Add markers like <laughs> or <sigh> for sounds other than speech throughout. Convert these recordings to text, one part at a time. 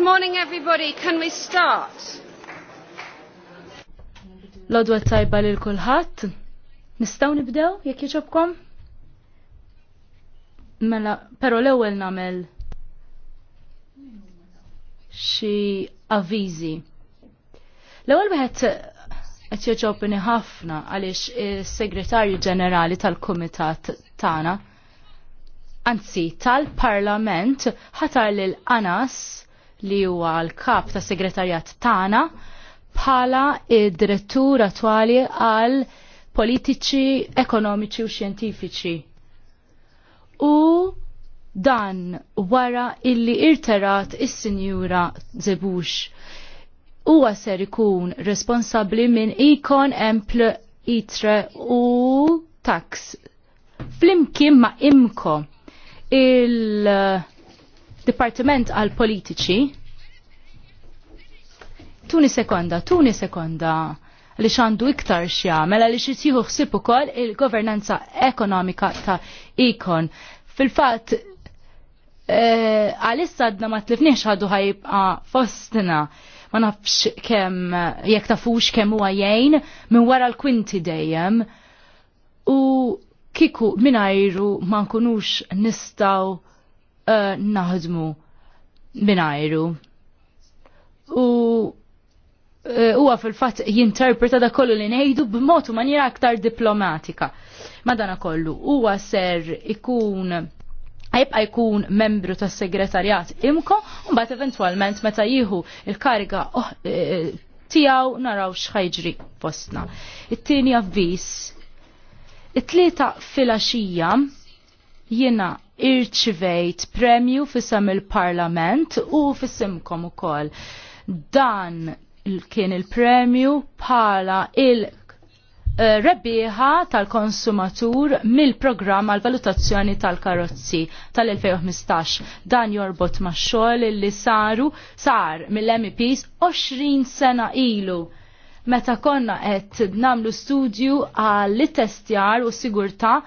Good morning everybody, can we start? Lodwa tajba lil kulħadd. Nistgħu nibdew jekk jiġobkom? Mela, però l-ewwel nagħmel xi avviżi. L-ewwel wieħed qed joġobni ħafna għaliex is-Segretarju Ġenerali tal-Kumitat tagħna anzi tal-Parlament ħatar lil Anas li huwa l-kap ta' segretarjat tagħna bħala id-direttur attwali għal politiċi, ekonomiċi u xjentifiċi. U dan wara illi irterat is-sinjura Zebux huwa ser ikun responsabbli minn ikon empl itre u tax flimkien ma' imko il Dipartiment għal politiċi. Tuni sekonda, tuni sekonda li xandu iktar mela li xitiħu xsipu ukoll il-governanza ekonomika ta' ikon. Fil-fat, eh, għalissa għadna ma tlifniex għadu ħajibqa fostna. Ma nafx kem, jek tafux kem huwa jgħin minn wara l-kwinti dejjem. U kiku minajru ma nkunux nistaw Uh, naħdmu minajru. U uh, huwa uh, fil-fatt jinterpreta da kollu li ngħidu b'mod u maniera aktar diplomatika. Madana kollu huwa ser ikun għajbqa jkun membru tas segretarjat imko, un bat eventualment meta jieħu il-kariga oh, e, eh, eh, tijaw naraw xħajġri postna. It-tini avvis. It-tlieta filaxija jiena irċivejt premju fissam il-parlament u fissimkom u koll. Dan kien il-premju pala il eh, rebbieħa tal-konsumatur mill-programm għal valutazzjoni tal-karozzi tal-2015. Dan jorbot ma' xogħol li saru sar mill-MEPs 20 sena ilu meta konna qed namlu studju għall-testjar u sigurtà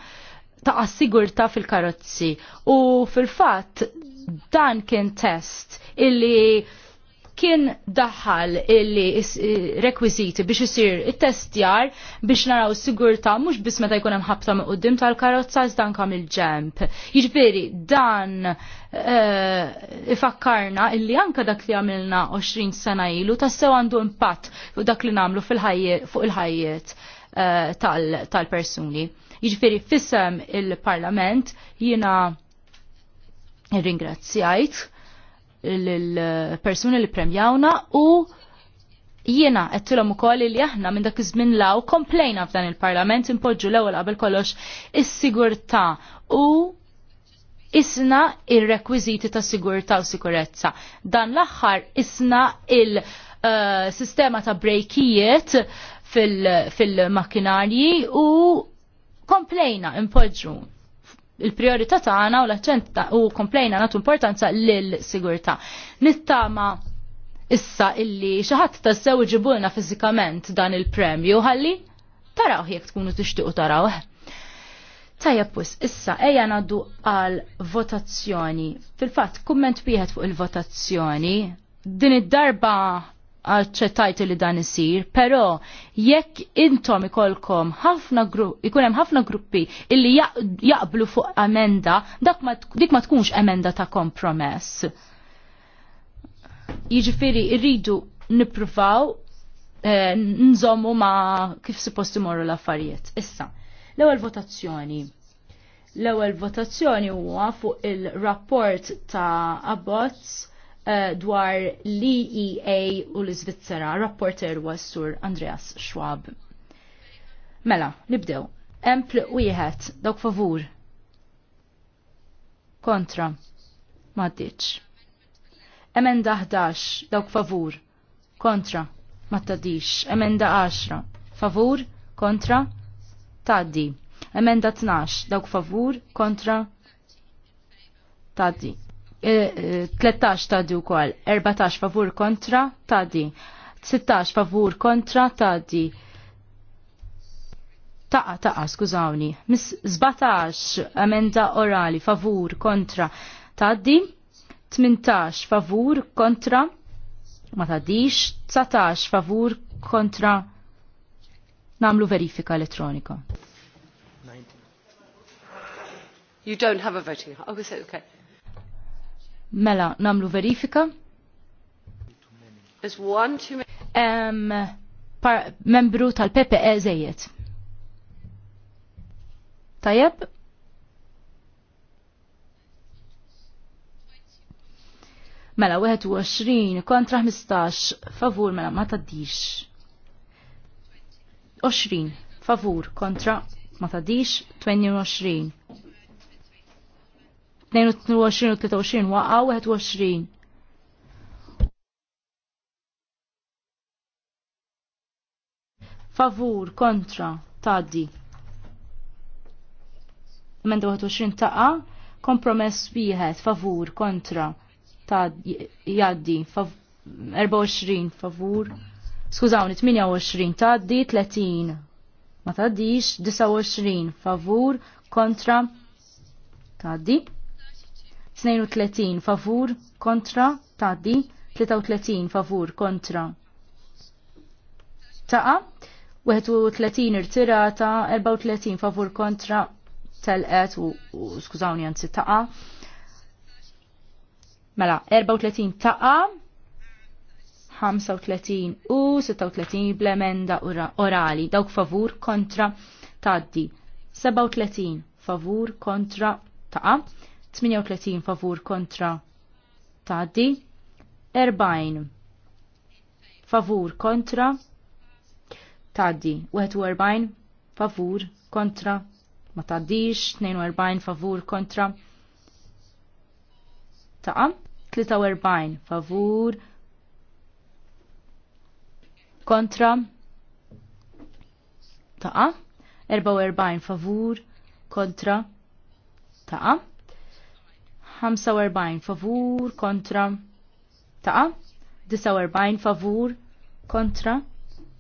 ta' sigurta fil-karozzi. U fil-fat dan kien test illi kien daħal illi rekwiziti biex isir it-testjar biex naraw sigurta mhux biss meta jkun hemm ħabta me qudiem tal-karozza dan kam il-ġemp. Jiġifieri dan uh, ifakkarna illi anka dak li għamilna 20 sena ilu tassew għandu impatt dak li nagħmlu fuq il-ħajjiet uh, tal-persuni. Tal Jiġifieri fissem il-Parlament jiena ringrazzjajt l-persuni li premjawna u jiena għettilom u koll li aħna minn dak iż-żmien law komplejna f'dan il-parlament impoġġu l-ewwel qabel kollox is-sigurtà u isna ir-rekwiżiti ta' sigurtà u sikurezza. Dan l-aħħar isna il-sistema eh, ta' brejkijiet fil-makkinarji u komplejna impoġġu il-priorità tagħna u l-aċċent u komplejna nagħtu importanza lil-sigurtà. Nittama issa illi xi ħadd tassew ġibulna fiżikament dan il-premju ħalli taraw jekk tkunu tixtiequ taraw. Tajja pus, issa ejja naddu għal votazzjoni. Fil-fatt, kumment wieħed fuq il-votazzjoni. Din id-darba aċċettajtu li dan isir, però jekk intom ikolkom ħafna gruppi, ikun hemm ħafna gruppi illi jaqblu fuq emenda, dak ma, dik ma tkunx emenda ta' kompromess. Jiġifieri irridu nippruvaw eh, nżommu ma' kif supposti imorru l-affarijiet. Issa, l-ewwel votazzjoni. L-ewwel votazzjoni huwa fuq il-rapport ta' abbozz Eh, dwar l-EEA u l-Svizzera, rapporter was sur Andreas Schwab. Mela, nibdew. Empl wieħed, dok favur. Kontra. Maddiċ. Emenda 11, dawk favur. Kontra. Mattadix. Emenda 10, favur. Kontra. Taddi. Emenda 12, dawk favur. Kontra. Taddi. 13 tadi u kol, 14 favur kontra tadi, 16 favur kontra tadi. Taqa, taqa, skużawni. Mis 17 amenda orali favur kontra tadi, 18 favur kontra ma tadix, 19 favur kontra namlu verifika elettronika. You don't have a voting. Oh, okay. Mela, namlu verifika. membru tal-PPE zejiet. Tajab? Mela, 21 kontra 15 favur, mela, ma taddix. 20 favur kontra ma tadix 22 22 u 23 waqaw 21. Favur, kontra, taddi. Emenda 21 taqa, kompromess wieħed, favur, kontra, taddi, jaddi, fav 24, favur, skużawni, 28 taddi, 30. Ma taddix, 29, favur, kontra, taddi. 32 favur kontra taddi 33 favur kontra taqa 31 irtirata 34 favur kontra telqet u, u skużawni għanzi taqa mela 34 taqa 35 u 36 blemenda orali dawk favur kontra taddi 37 favur kontra taqa 38 favur kontra taddi, 40 favur kontra taddi, 41 favur kontra ma taddix, 42 favur kontra taqa, 43 favur kontra taqa, 44 favur kontra taqa, 45 favur kontra taqa, 49 favur kontra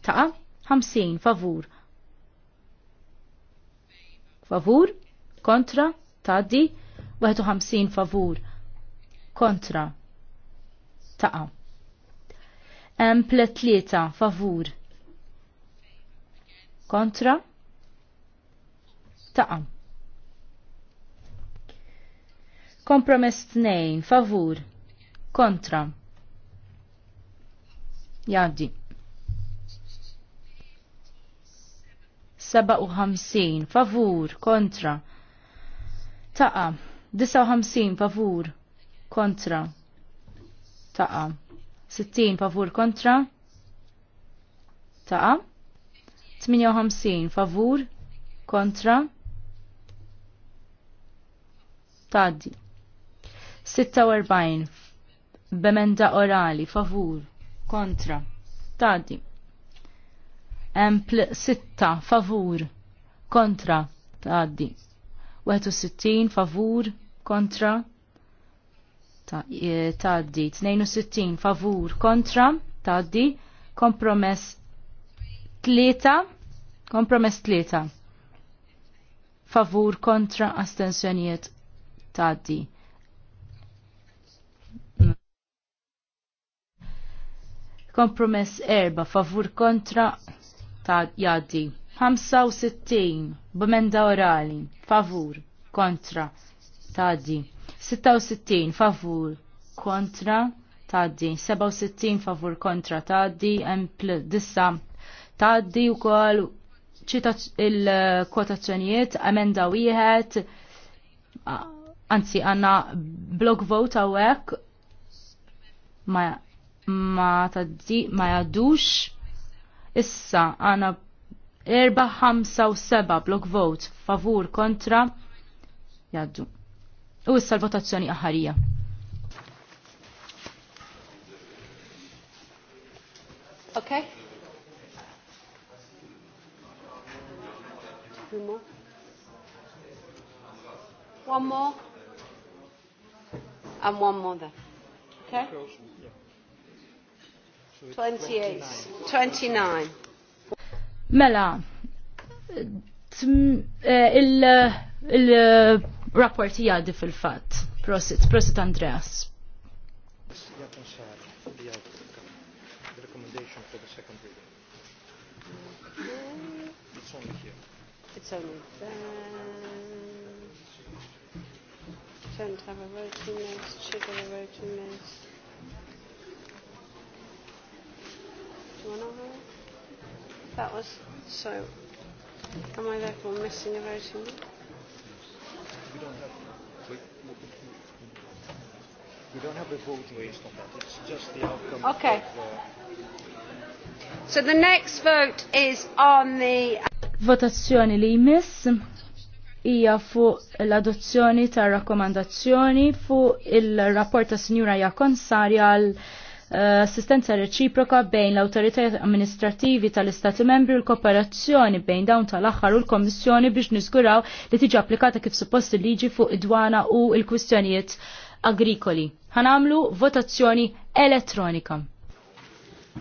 taqa, 50 favur. Favur kontra di 51 favur kontra ta' Em tlieta favur kontra taqa. Kompromess tnejn, favur, kontra. Jaddi. 57, favur, kontra. Taqa. 59, favur, kontra. Taqa. 60, favur, kontra. Taqa. 58, favur, kontra. Taddi. 46 b'emenda orali favur kontra tadi empl 6 favur kontra tadi 61 favur kontra e, tadi 62 favur kontra tadi kompromess tlieta, kompromess tlieta, favur kontra astensjonijiet tadi Kompromess erba' favur kontra ta' jaddi. 65 b'emenda orali favur kontra jaddi. 66 favur kontra jaddi. 67 favur kontra jaddi. Empl dissa jaddi u kol il-kotazzjonijiet emenda wieħed anzi għanna blog vote għawek ma ma taddi ma jaddux issa għana 4, 5 u 7 block vote favur kontra jaddu. U issa l-votazzjoni aħarija. Okay. One more. One more. And one more then. Okay? 29. Mela, eh, il-rapport jgħaddi fil-fat. Prosit, prosit Andreas. Don't have a voting list, should have a voting list. That was so. Am I therefore missing a voting? We don't have. We, we don't have a voting list on that. It's just the outcome. Okay. Of, uh, so the next vote is on the. Votazzjoni li jmiss hija fuq l-adozzjoni ta' rakkomandazzjoni fuq il-rapport ta' Sinjura Jakon Sarja l- għal assistenza reċiproka bejn l-autoritajiet amministrativi tal-Istati membri u l-kooperazzjoni bejn dawn tal-aħħar u l-Kommissjoni biex niżguraw li tiġi applikata kif suppost il-liġi fuq id-dwana u l-kwistjonijiet agrikoli. Ħanamlu votazzjoni elettronika.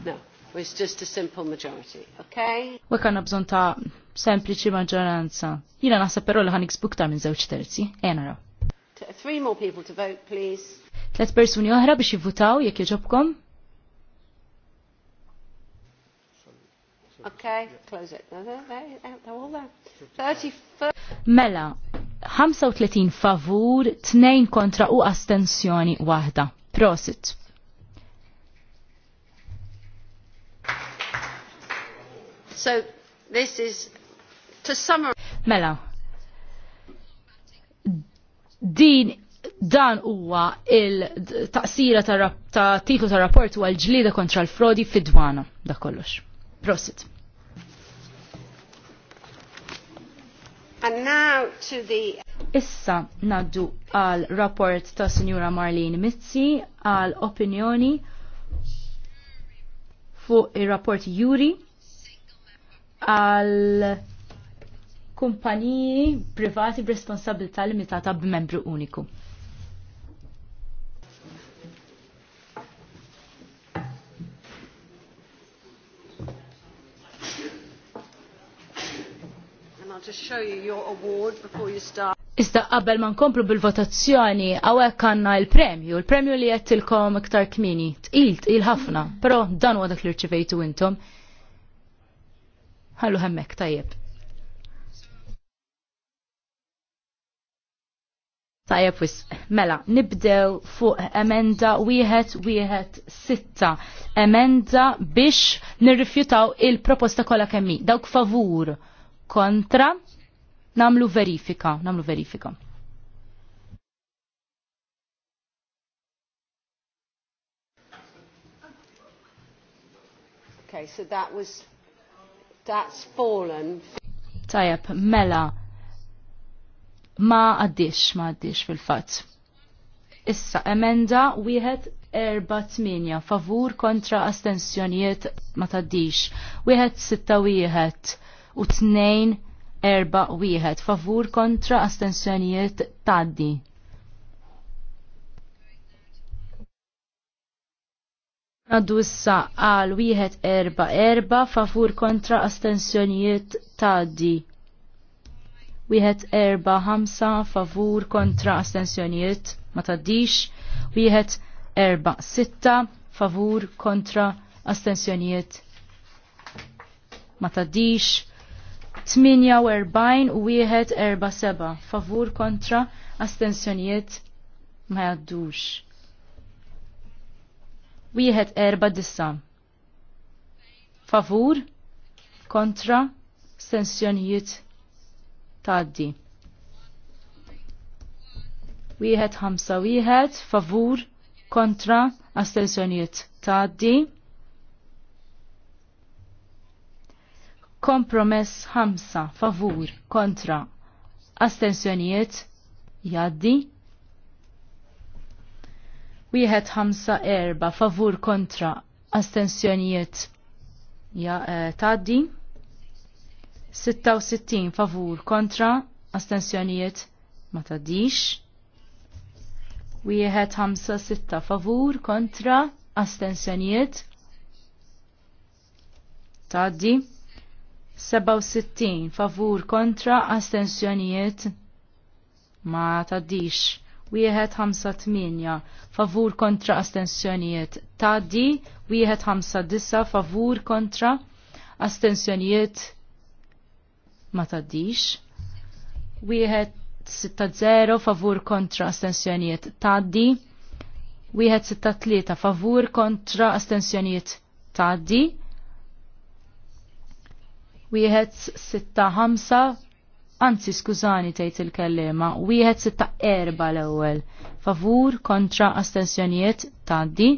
No, it's just a simple majority, okay? għanna bżon ta' sempliċi maġġoranza. Jina naħseb però li ħan iksbuk ta' minn zewċ terzi. Ejna Three more people to vote, please tlet persuni oħra biex jivvutaw jekk jġobkom. Okay, close it. No, no, no, Mela, 35 favur, 2 kontra u astensjoni wahda. Prosit. So, this is to summarize. Mela, din dan huwa il-taqsira ta' titlu ta' rapport huwa l-ġlida kontra l-frodi fid-dwana da' kollox. Prosit. And now to the Issa naddu għal rapport ta' Sinjura Marlene Mizzi għal opinjoni fuq il-rapport Juri għal kumpaniji privati b'responsabilità limitata b'membru uniku. want to show you your award before you start. Iżda qabel ma nkomplu bil-votazzjoni, għawek għanna il-premju, il-premju li jettilkom iktar kmini, tqil, tqil ħafna, pero dan għadak li rċivejtu intom. Ħallu hemmek, tajjeb. Tajjeb wis, mela, nibdew fuq emenda wieħed wieħed sitta emenda biex nirrifjutaw il-proposta kolla kemmi, dawk favur kontra, namlu verifika, namlu verifika. Okay, so that was, that's fallen. Tajab, mela, ma għaddix, ma għaddix fil-fat. Issa, emenda, wieħed erba tminja, favur kontra astensjonijiet ma taddix. Wieħed sitta wieħed, u tnejn erba wieħed favur kontra astensjonijiet taddi. Naddu issa għal wieħed erba erba favur kontra astensjonijiet taddi. Wieħed erba ħamsa favur kontra astensjonijiet ma taddix. Wieħed erba sitta favur kontra astensjonijiet ma taddix 48 u 147 favur kontra astensjoniet ma jaddux. Wieħed erba dissa. Favur kontra astensjonijiet taddi. Wieħed ħamsa wieħed favur kontra astensjonijiet taddi. Kompromess 5 favur kontra astensjonijiet jaddi. Wieħed 5 erba favur kontra astensjonijiet ja, eh, taddi. 66 favur kontra astensjonijiet ma taddix. Wieħed 5-6 favur kontra astensjonijiet taddi. 67 favur kontra astensjonijiet ma taddix. Wieħed 58 favur kontra astensjonijiet taddi, wieħed 59 favur kontra astensjonijiet ma taddix. Wieħed 60 favur kontra astensjonijiet taddi, wieħed 63 favur kontra astensjonijiet taddi, wieħed sitta ħamsa, anzi skużani tgħid il-kellema, wieħed sitta erba l-ewwel. Favur kontra astensjonijiet taddi.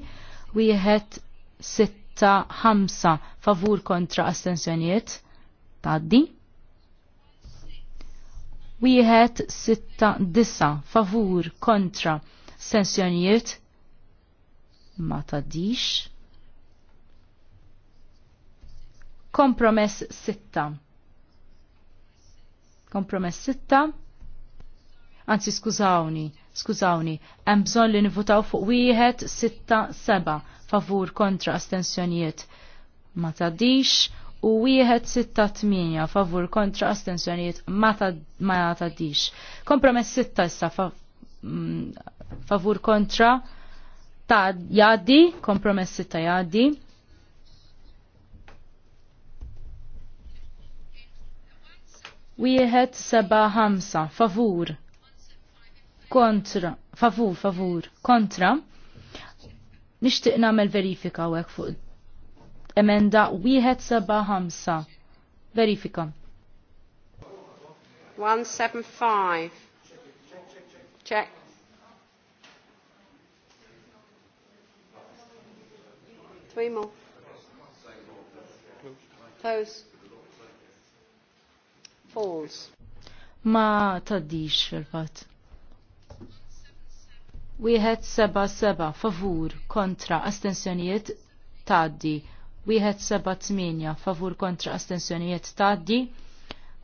wieħed sitta ħamsa favur kontra astensjonijiet taddi. Wieħed sitta disa favur kontra astensjonijiet ma taddix. Kompromess sitta. Kompromess sitta. Anzi, skużawni, skużawni, hemm bżonn li nivutaw fuq wieħed sitta seba' favur kontra astensjonijiet ma tadix u wieħed sitta tminja favur kontra astensjonijiet ma tadix. Kompromess sitta issa mm, favur kontra ta' jaddi, kompromess sitta jaddi. Wieħed seba' ħamsa favur kontra favur favur kontra nixtieq nagħmel verifika hekk fuq emenda wieħed seba' ħamsa. Verifika. 175. Check. Three more. Close. Falls. Ma taddix fil-fat. Wieħed seba seba favur kontra astensjonijiet taddi. Wieħed seba tminja favur kontra astensjonijiet taddi.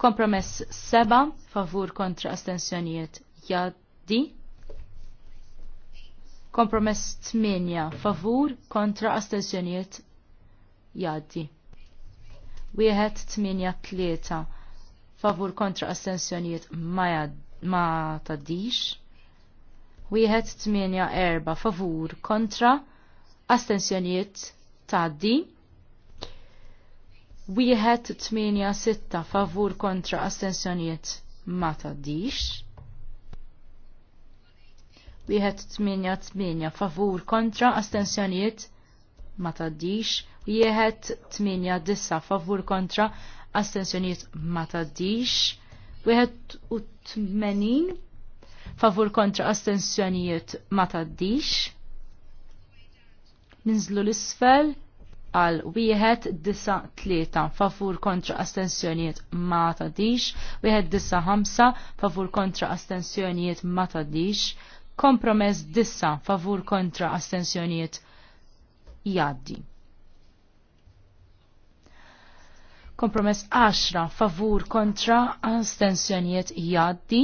Kompromess seba favur kontra astensjonijiet jaddi. Kompromess 8 favur kontra astensjonijiet jaddi. Wieħed 8 tlieta favur kontra astensjonijiet ma taddix. Wieħed tminja erba favur kontra astensjonijiet taddi. Wieħed tminja sitta favur kontra astensjonijiet ma taddix. Wieħed tminja tminja favur kontra astensjonijiet ma taddix. Wieħed tminja dissa favur kontra astensjoniet ma taddix, 81 favur kontra astensjonijiet ma taddix. Ninżlu l-isfel għal wieħed disa tlieta favur kontra astensjonijiet ma taddix, wieħed disa ħamsa favur kontra astensjoniet ma taddix, kompromess disa favur kontra astensjonijiet jaddi. Kompromess 10 favur kontra astensjonijiet jaddi.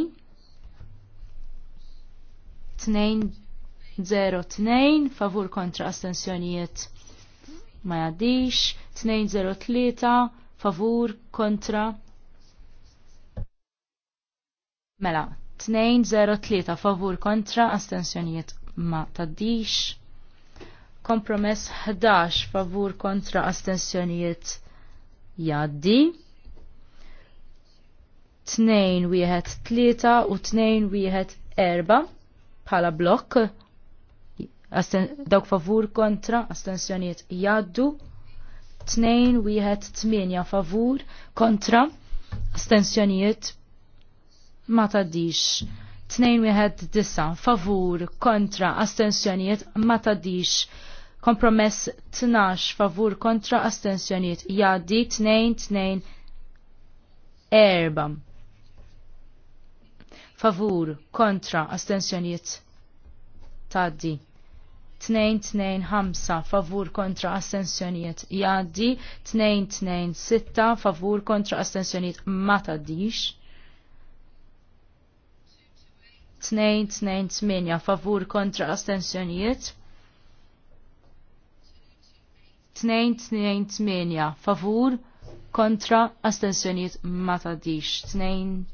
202 favur kontra astensjonijiet ma jaddix. 203 favur kontra Mela, 203 favur kontra astensjonijiet ma taddix. Kompromess 11 favur kontra astensjonijiet jaddi. Tnejn wieħed tlieta u tnejn wieħed erba bħala blokk. Dawk favur kontra astensjonijiet jaddu. Tnejn wieħed tminja favur kontra astensjonijiet ma taddix. Tnejn wieħed disa favur kontra astensjonijiet ma tadix. Kompromess 12 favur kontra astensjoniet jaddi 2-2 erba. Favur kontra astensjoniet taddi. 2-2-5 favur kontra astensjoniet jaddi, 2-2-6 favur kontra astensjoniet ma taddix. 2-2-8 favur kontra astensjoniet 2-2-8 2-2-8 favur kontra astensjoniet ma tadix 2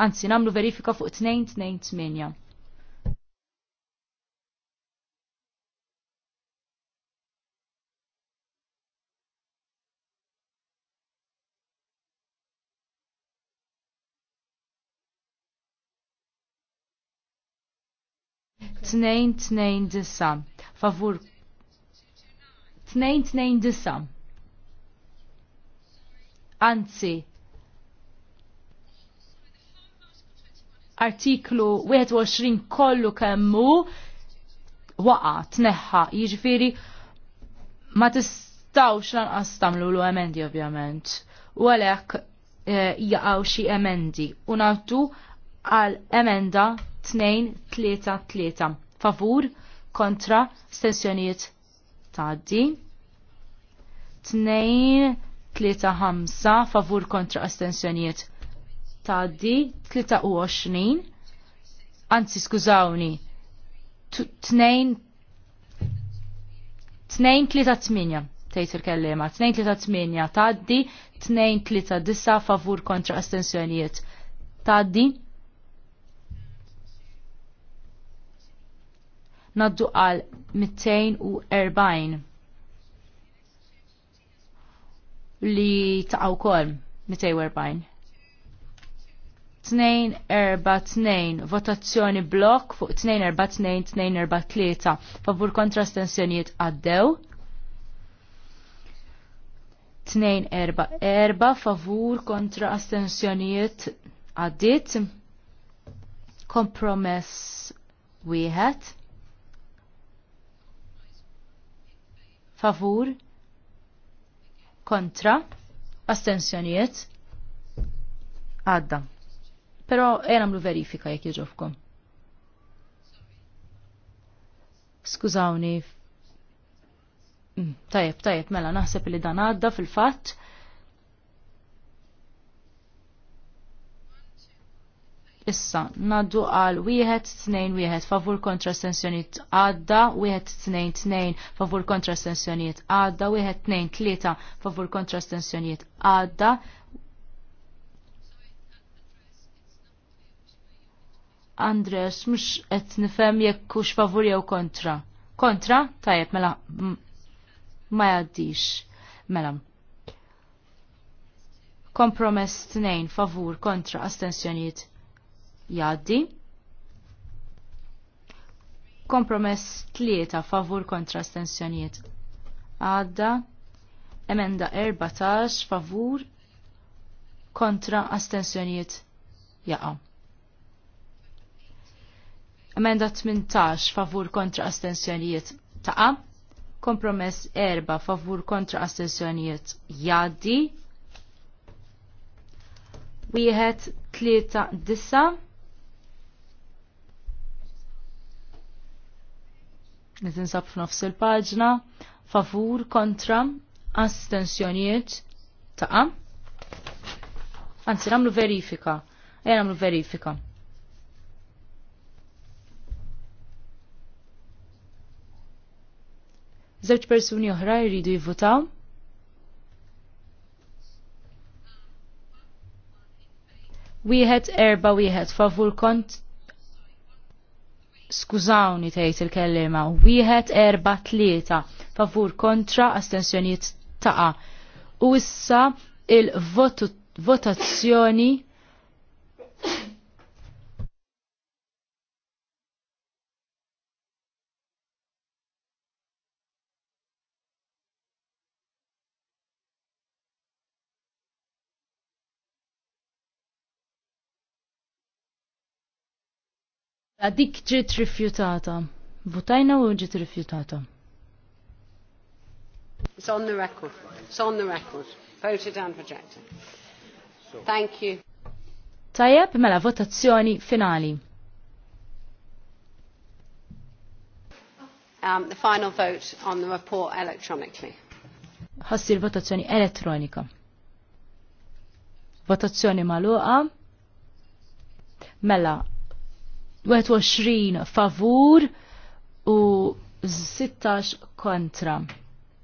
Anzi, namlu verifika fuq 2-2-8. Tnejn tnejn disa. Favur 229. Anzi, artiklu 21 kollu kemmu waqa tneħħa, jiġifiri ma tistawx lanqas tagħmlu l emendi ovvjament. U għalhekk eh, jaqgħu xi emendi u għal emenda 2-3-3 favur kontra stensjoniet stensjonijiet taddi. Tnejn, tlieta ħamsa, favur kontra astensjonijiet tgħaddi, tlieta u għoxnin, anzi skużawni, tnejn, tnejn tlieta tminja tejt il-kellima. 2-3-8 tgħaddi, 2-3-9 favur kontra astensjonijiet tgħaddi. Naddu għal 240. li taqaw kol 240. 2-4-2 votazzjoni blok fuq 2-4-2-2-4-3 favur kontra stensjoniet għaddew 2-4-4 favur kontra astensjonijiet għaddit kompromess wieħed favur kontra, astensjonijiet, għadda. Pero jena mlu verifika jek jġofkom. Skużawni. Mm, Tajep, tajjeb, mela naħseb li dan għadda fil-fatt. Issa, naddu għal 1-2-1 favur kontra sensjoniet għadda, 1-2-2 favur kontra sensjoniet għadda, 1-2-3 favur kontra sensjoniet għadda. Andres, mux et nifem jekk ux favur jew kontra. Kontra? Tajab, mela, ma jaddix. Mela, kompromess 2 favur kontra astensjoniet jaddi. Kompromess tlieta favur kontra astensjonijiet għadda. Emenda 14 favur kontra astensjonijiet jaqa. Emenda 18 favur kontra astensjonijiet taqa. Kompromess 4 favur kontra astensjonijiet jaddi. Wieħed tlieta disa' Nitinsab f'nofs il-paġna, favur kontra astensjonijiet ta' Anzi, namlu verifika. Ejja namlu verifika. Zewċ persuni oħra jridu jivvotaw. Wieħed erba wieħed favur kont skużawni tgħid il-kellima, wieħed erba' tlieta favur kontra astensjonijiet taqa. U issa il-votazzjoni Għadik ġiet rifjutata. Votajna u ġiet rifjutata. It's on the record. It's on the record. Voted and rejected. Thank you. Tajab, mela votazzjoni finali. Um, the final vote on the report electronically. Ħassi l-votazzjoni elettronika. Votazzjoni maluqa. Mela, 21 favur u 16 kontra.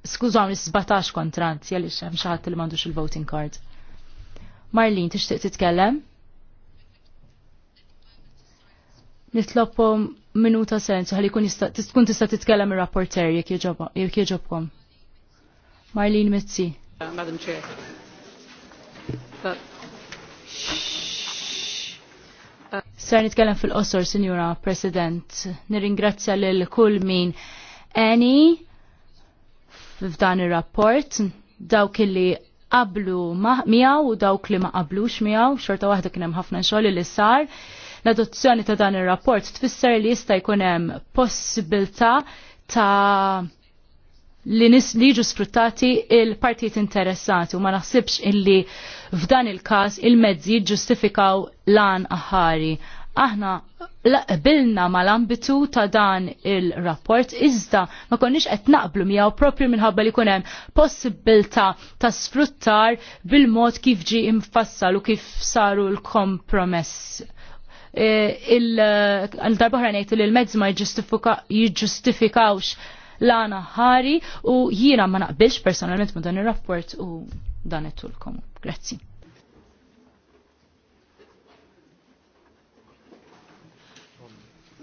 skużaw 17 kontra, jgħalli xem xaħat li mandux il-voting card. Marlin, tixtieq titkellem? Nitlobhom minuta sensu ħalli tkun tista' titkellem ir-rapporter jekk jogħġobkom. Marlin Mizzi. Madam Chair. Uh, Ser nitkellem fil-qosor, Sinjura President. Nirringrazzja lil kull min eni f'dan ir-rapport dawk li qablu miegħu u dawk li ma qablux miegħu, xorta waħda kien hemm ħafna xogħol li sar. L-adozzjoni ta' dan ir-rapport tfisser li jista' jkun hemm possibilità ta' li nis li ġu sfruttati il-partijiet interessati u ma naħsibx illi f'dan il-kas il-mezzi ġustifikaw lan aħari. Aħna laqbilna mal-ambitu ta' dan il-rapport iżda ma konniex qed naqblu miegħu propju minħabba li kunem possibilità ta' sfruttar bil-mod kif ġi imfassal u kif saru l-kompromess eh, il-darba ħranajtu li l-mezz ma jġustifikawx lana ħari u jiena ma naqbilx personalment ma dan ir-rapport u dan it-tulkom. Grazzi.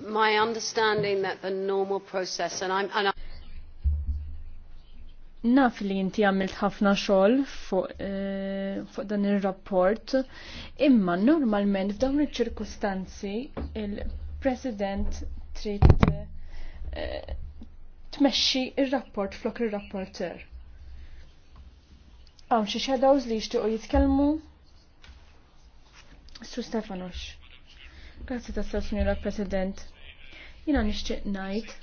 My understanding that the normal process and I'm, and I'm naf li inti għamilt ħafna xogħol fuq eh, fu dan ir-rapport, imma normalment f'dawn iċ-ċirkustanzi il-President trid eh, tmexxi ir-rapport flok ir-rapporter. Għam xi shadows li jixtiequ jitkellmu? Su Stefanox. Grazzi ta' sew, Signora President. Jina nixtieq ngħid.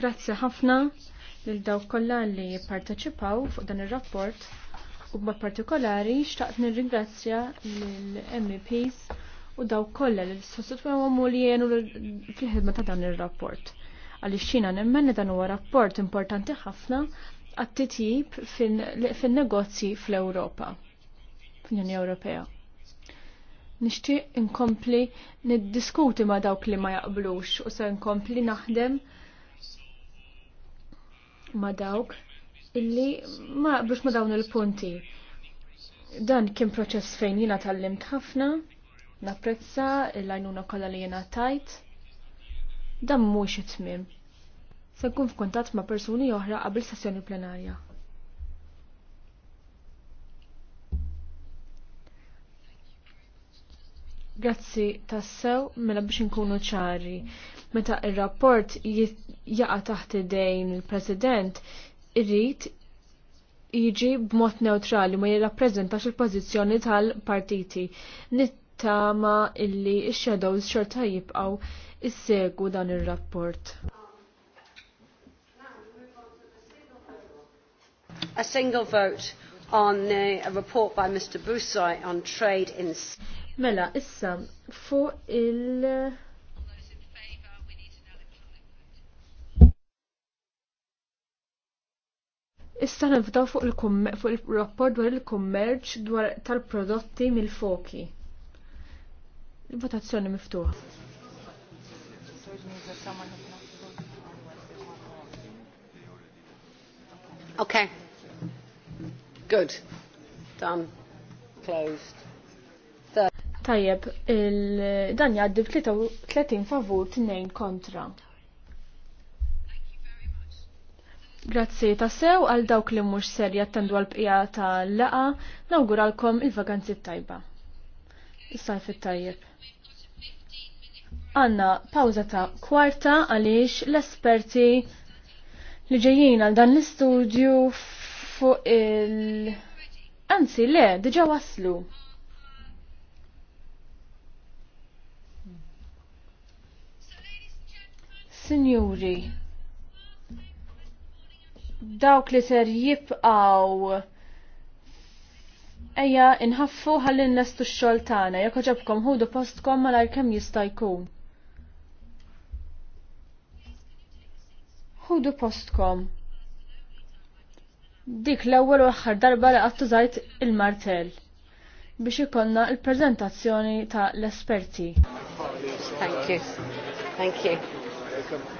Grazzi ħafna lil dawk kollha li jipparteċipaw fuq dan ir-rapport u b'mod partikolari xtaqt nirringrazzja lill meps u dawk kollha li sostitwewhom u li jgħinu fil-ħidma ta' dan ir-rapport għaliex xina nemmen dan huwa rapport importanti ħafna għat-titjib fin-negozji fl-Ewropa, fl-Unjoni Ewropea. Nixtieq inkompli niddiskuti ma' dawk li ma jaqblux u se nkompli naħdem ma' dawk illi ma jaqblux ma dawn il-punti. Dan kien proċess fejn jina tal-limt ħafna, napprezza l lajnuna kolla li jina tajt, dan mux it-tmim se nkun f'kuntatt ma' persuni oħra qabel sessjoni plenarja. Grazzi tassew mela biex inkunu ċari. Meta ir-rapport jaqa' taħt idejn il-President, irrid jiġi b'mod neutrali ma jirrappreżentax il-pożizzjoni tal-partiti. Nittama illi x-shadows xorta jibqgħu issegu dan ir-rapport. a single vote on a report by Mr. Boussai on trade in... Mela, issa, fuq il... Issa nifdaw fuq il-rapport dwar il-kummerċ dwar tal-prodotti mill-foki. Il-votazzjoni miftuħa. Okay. Good. Done. Closed. Tajjeb, dan jgħaddi 33 favur 2 kontra. Grazzi ta' sew għal dawk li mhux ser jattendu għal bqija ta' laqa, nawguralkom il-vakanzi tajba. Is-sajf tajjeb. Għanna pawza ta' kwarta għaliex l-esperti li ġejjin għal dan l-istudju fuq il... Anzi, le, diġa waslu. Signori, dawk li ser jibqaw Eja, inħaffu ħallin nestu x jako ġabkom ħudu postkom malar kem jista' jkun. Ħudu postkom dik l-ewwel u aħħar darba li qatt użajt il-martell biex ikonna il-preżentazzjoni ta' l-esperti. Thank you. Thank you.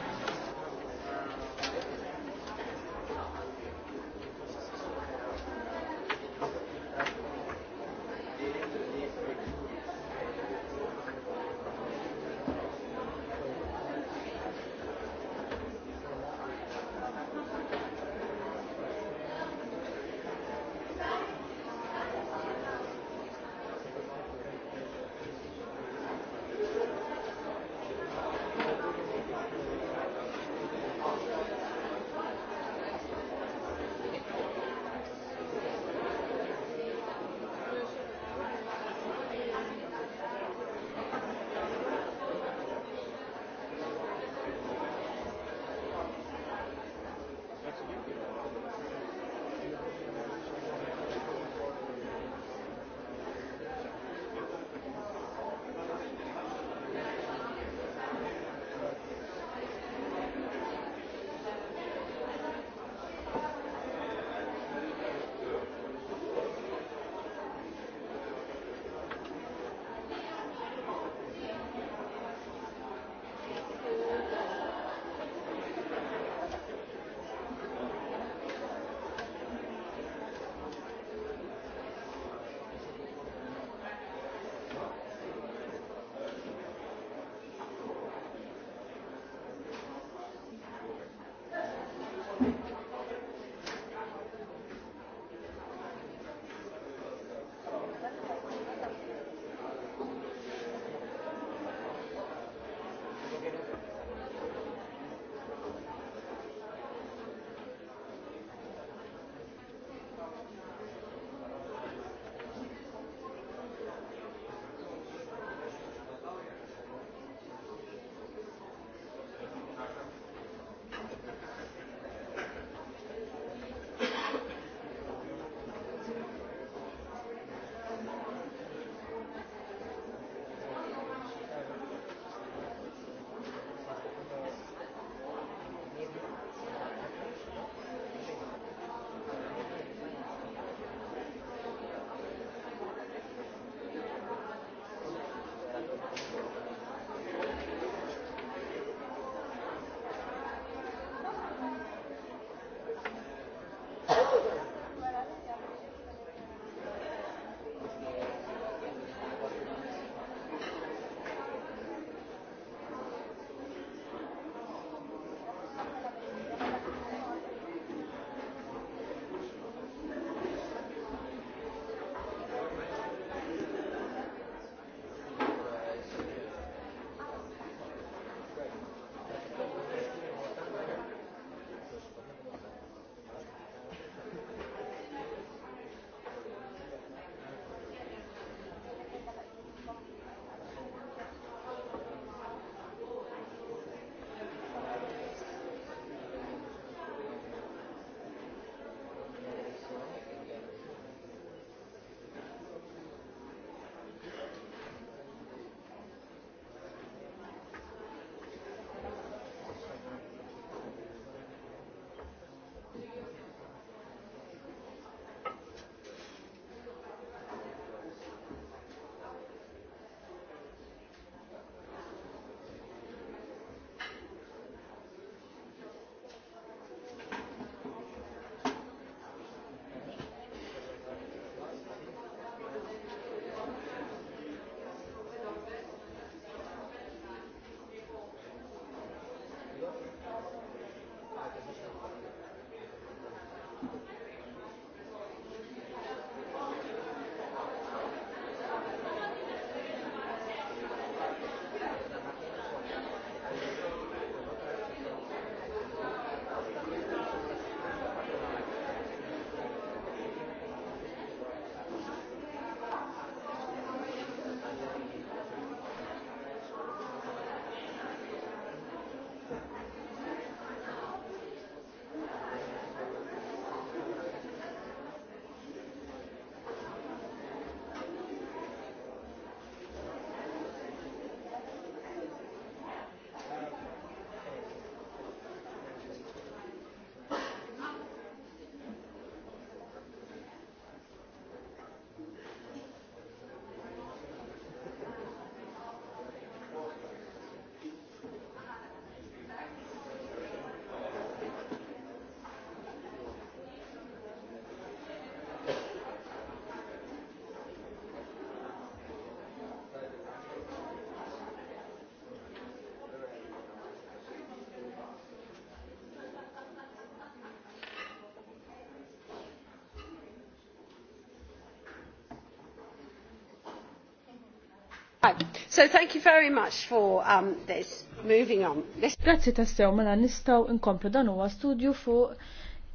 So thank you very much for um, this. Moving on. Grazie Grazzi tassew mela nistaw inkomplu dan huwa studju fuq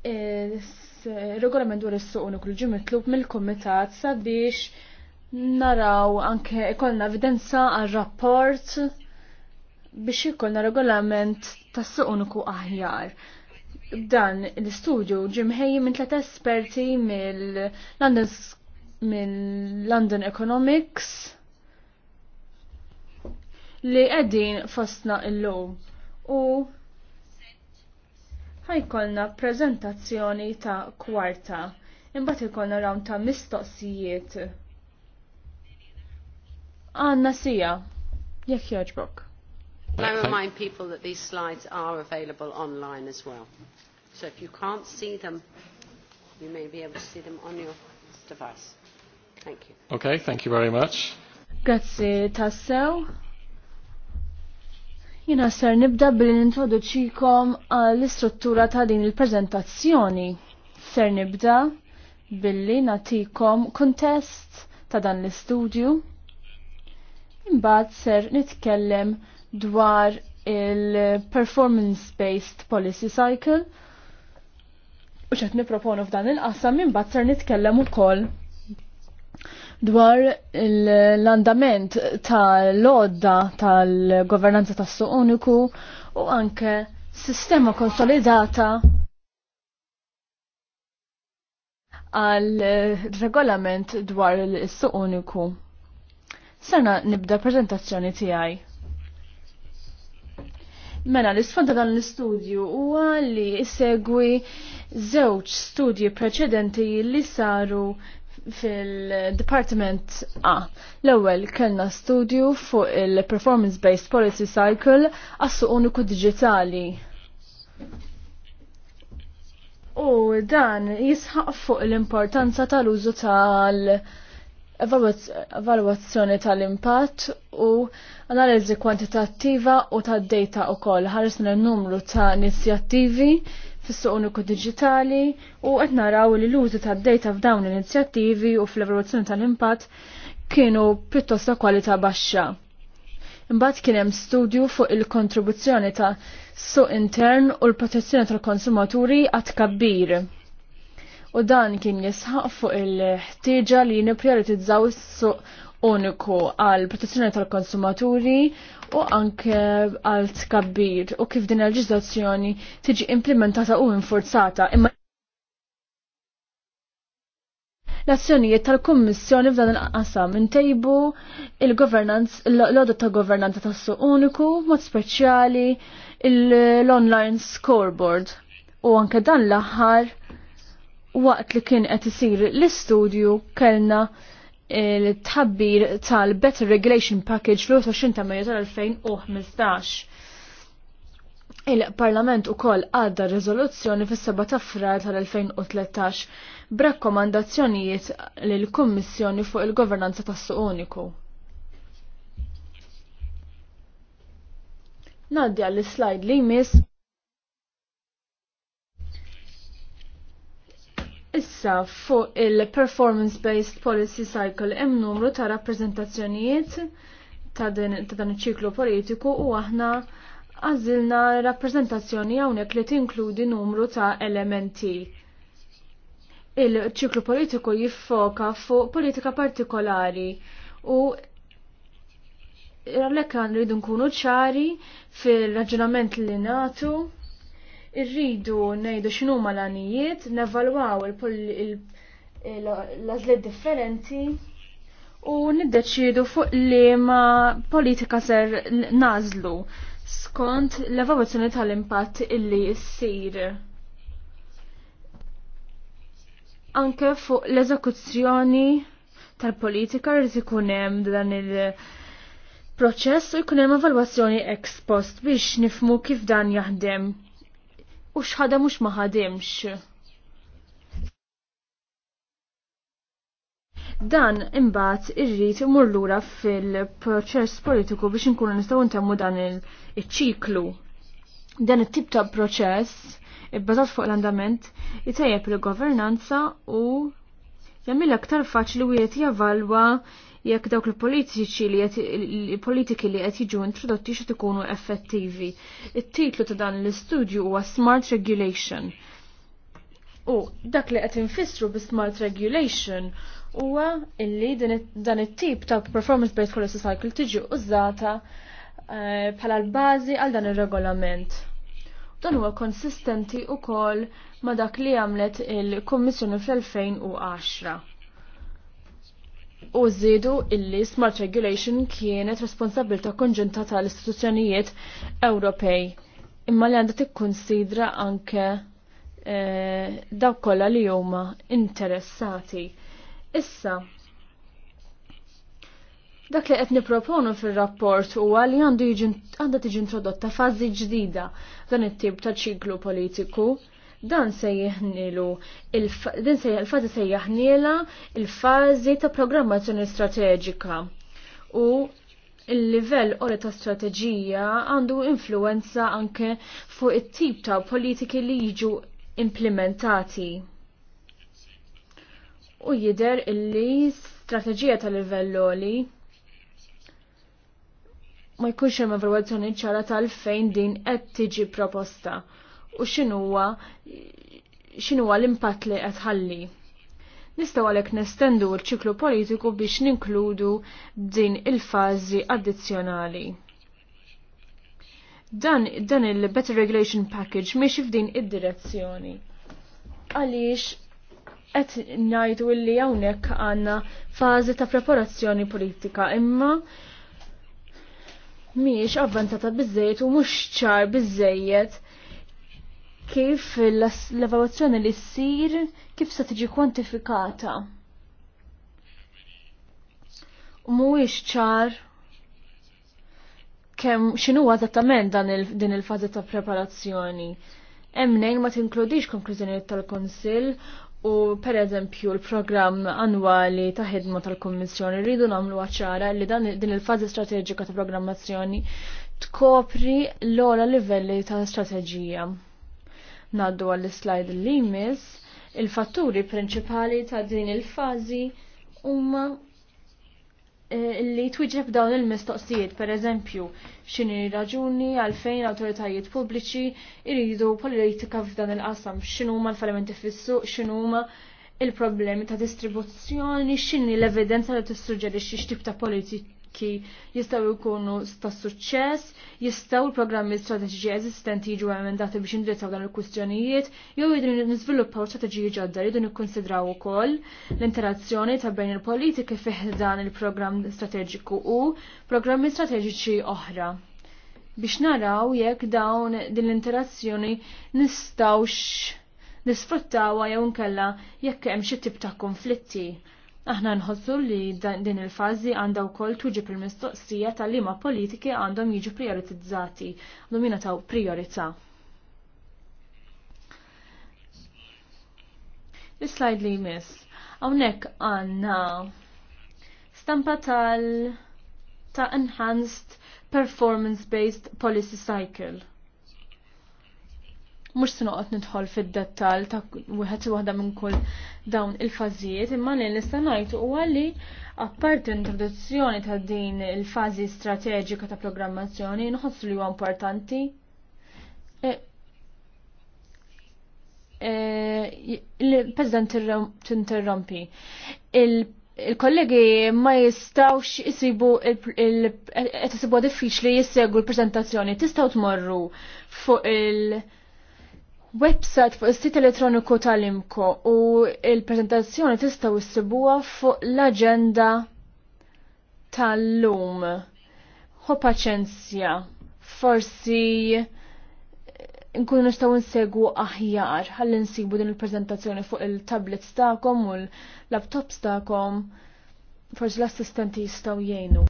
eh, eh, regolament dwar is-suq unikru ġi mitlub mill-kumitat sabiex naraw anke ikollna evidenza għal rapport biex ikollna regolament tas-suq uniku aħjar. Dan l-istudju ġimħej minn tlet esperti mill-London mill London Economics li qegħdin fostna llum u ħajkolna prezentazzjoni ta' kwarta. Imbagħad ikolna rawn ta' mistoqsijiet. Għanna sija, jek jogħġbok. I remind people that these slides are available online as well. So if you can't see them, you may be able to see them on your device. Thank you. Okay, thank you very much. Grazie Tassel. Jina ser nibda billi nintroduċikom għall-istruttura ta' din il-prezentazzjoni. Ser nibda billi natikom kontest ta' dan l-istudju. Imbagħad ser nitkellem dwar il-performance-based policy cycle u xed niproponu f'dan il-qasam imbagħad ser nitkellem ukoll dwar l-andament tal-lodda tal-governanza tas suq uniku u anke sistema konsolidata għal regolament dwar l suq uniku. Sena nibda prezentazzjoni tiegħi. Mela l-isfond dan l-istudju huwa li segwi żewġ studji preċedenti li saru fil department A. L-ewwel kellna studju fuq il-Performance Based Policy Cycle għassu uniku digitali. U dan jisħaq fuq l-importanza tal-użu tal-evaluazzjoni tal-impatt u analiżi kwantitattiva u tad-data u koll ħarisna l-numru ta' inizjattivi fis-suq uniku diġitali u qed naraw li l-użu tad-data f'dawn l-inizjattivi u fl-evoluzzjoni tal-impatt kienu pjuttost ta' kwalità baxxa. Imbagħad kien hemm studju fuq il-kontribuzzjoni ta' suq intern u l-protezzjoni tal-konsumaturi għat kabbir. U dan kien jisħaq fuq il-ħtieġa li nipprioritizzaw is-suq uniku għal protezzjoni tal-konsumaturi u anke għal tkabbir u kif din il-ġizzazzjoni tiġi implementata u infurzata. Imma l-azzjonijiet tal-Kommissjoni f'dan il-qasam intejbu il-governance, l-għodu ta' governanza tas suq uniku, mod speċjali l-online scoreboard. U anke dan l-aħħar waqt li kien qed isir l-istudju kellna il tabbir tal-Better Regulation Package l-20 ta' Mejju tal-2015. Il-Parlament u koll għadda rezoluzzjoni fis-7 ta' frar tal-2013 b'rakkomandazzjonijiet lill-Kummissjoni fuq il-Governanza tas-Suq Uniku. Naddi għall-slide li jmiss Issa fuq il-performance-based policy cycle hemm numru ta' rappreżentazzjonijiet ta' dan iċ-ċiklu politiku u aħna għażilna rappreżentazzjoni hawnhekk li tinkludi numru ta' elementi. Il-ċiklu politiku jiffoka fuq politika partikolari u l-ekkan rridu nkunu ċari fil-raġunament li natu irridu ngħidu x'inhuma l-għanijiet, nevalwaw l-għażliet differenti u niddeċidu fuq li ma politika ser nażlu skont l-evaluazzjoni tal-impatt illi ssir. Anke fuq l-eżekuzzjoni tal-politika rizikunem hemm dan il- proċess u jkun hemm evalwazzjoni ex post biex nifmu kif dan jaħdem u xħadem mux maħadimx. Dan imbagħad irrid imur lura fil-proċess politiku biex inkunu nistgħu ntemmu dan il-ċiklu. Dan it-tip ta' proċess ibbażat fuq l-andament jitejjeb il-governanza u jagħmilha aktar faċli wieħed javalwa jekk dawk il-politiċi li politiki li qed jiġu introdotti xi ikunu effettivi. It-titlu ta' dan l-istudju huwa Smart Regulation. U dak li qed infissru bi Smart Regulation huwa illi dan it-tip ta' performance based policy cycle tiġi użata eh, bħala l-bażi għal dan ir-regolament. Dan huwa konsistenti wkoll ma' dak li għamlet il kummissjoni fl-2010 u zidu illi Smart Regulation kienet responsabilta konġunta tal-istituzzjonijiet Ewropej. Imma li għandha tikkunsidra anke eh, daw kollha li huma interessati. Issa, dak li qed niproponu fir-rapport huwa li għandu għandha tiġi introdotta fażi ġdida dan it-tip ta' ċiklu politiku Dan se jihnilu, din se il-fazi se jihnila il-fazi ta' programmazzjoni strateġika. U il-livell ori ta' strateġija għandu influenza anke fuq it-tip ta' politiki li jiġu implementati. U jider illi strateġija ta' oli ma jkunx hemm evalwazzjoni ċara tal-fejn din qed tiġi proposta u x'inhuwa x'inhuwa l-impatt li qed ħalli. Nistgħu għalhekk nestendu l-ċiklu politiku biex ninkludu din il-fażi addizzjonali. Dan, dan il-Better Regulation Package miex f'din id-direzzjoni. Għaliex qed ngħidu illi hawnhekk għandna fażi ta' preparazzjoni politika imma miex avvantata bizzejt u mhux ċar biżejjed kif l-evaluazzjoni li ssir kif se tiġi kwantifikata. Mu mhuwiex ċar kemm xinu eżattament din il-fażi ta' preparazzjoni. Hemm ma tinkludix konklużjonijiet tal-Kunsill U per eżempju l-programm annwali ta' ħidma tal-Kommissjoni rridu namlu ċara li dan din il-fażi strateġika ta' programmazzjoni tkopri l-ola livelli ta' strateġija. Naddu għall-slide li jmiss, il-fatturi prinċipali ta' din il-fazi huma eh, li twiġeb dawn il-mistoqsijiet, per eżempju, xini raġuni għalfejn autoritajiet pubbliċi iridu politika f'dan il-qasam, xinu ma l-falimenti fissu, xinu ma il-problemi ta' distribuzzjoni, xini l-evidenza li t-sugġerixi xtib ta' politika Ki jistgħu jkunu ta' suċċess, jistgħu l-programmi strateġiċi eżistenti jiġu emendati biex indirizzaw dan il-kwistjonijiet, jew jidru niżviluppaw strateġiji ġodda jridu nikkonsidraw ukoll l-interazzjoni ta' bejn il-politika fih dan il-programm strateġiku u programmi strateġiċi oħra biex naraw jekk dawn din l-interazzjoni nistawx nisfruttawa jew nkella jekk hemm xi tip ta' konflitti. Aħna nħossu li din il-fazi għandha wkoll tuġi pil mistoqsija tal-liema politiki għandhom jiġu prioritizzati, għandhom taw priorita. is slide li jmiss. Hawnhekk għandna stampa tal ta' enhanced performance-based policy cycle mux sinoqot nidħol fil-dettal ta' wieħed waħda minn kull dawn il-fażijiet, imma li nista' ngħid huwa li apparti l-introduzzjoni ta' din il-fażi strateġika ta' programmazzjoni nħossu li huwa importanti. E, e, Il-President tinterrompi. Il-kollegi ma jistawx jisibu il-qed diffiċli jissegu l-preżentazzjoni, tistgħu tmorru fuq il-, il website fuq is-sit elettroniku tal-Imko u il-prezentazzjoni tistgħu issibuha fuq l-aġenda tal-lum. Ho paċenzja, forsi eh, nkunu nistgħu nsegwu aħjar ħalli nsibu din il prezentazzjoni fuq il-tablets tagħkom u l-laptops tagħkom. Forsi l-assistenti jistgħu jgħinu.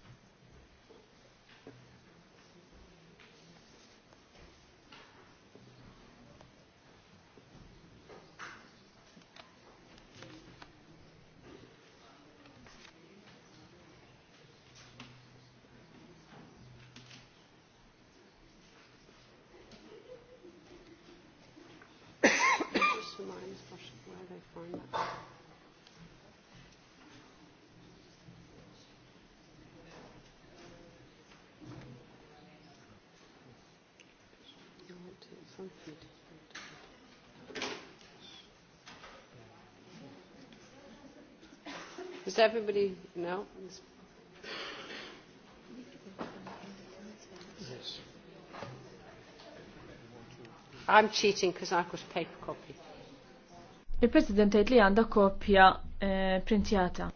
Does everybody know? Yes. I'm cheating because I've got a paper copy. Il-President li għanda kopja eh, printjata.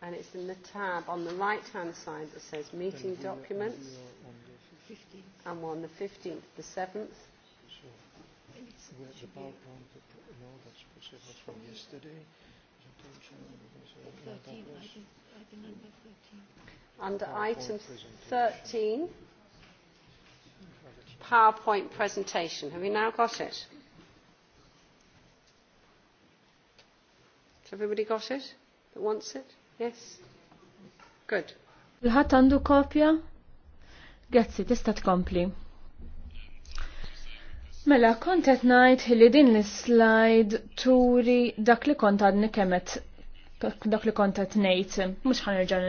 And it's in the tab on the right hand side that says meeting documents and on the 15th, the 7th. So, the PowerPoint, no, that's possible from yesterday. Uh, Under item 13, PowerPoint presentation. Have you now got it? Has everybody got it that wants it? Yes? Good. Il-ħat copy? kopja? Grazzi, tista' tkompli. Mela, kont qed ngħid li din l-slide turi dak li kont għadni kemet dak li kont qed ngħid, mhux irġan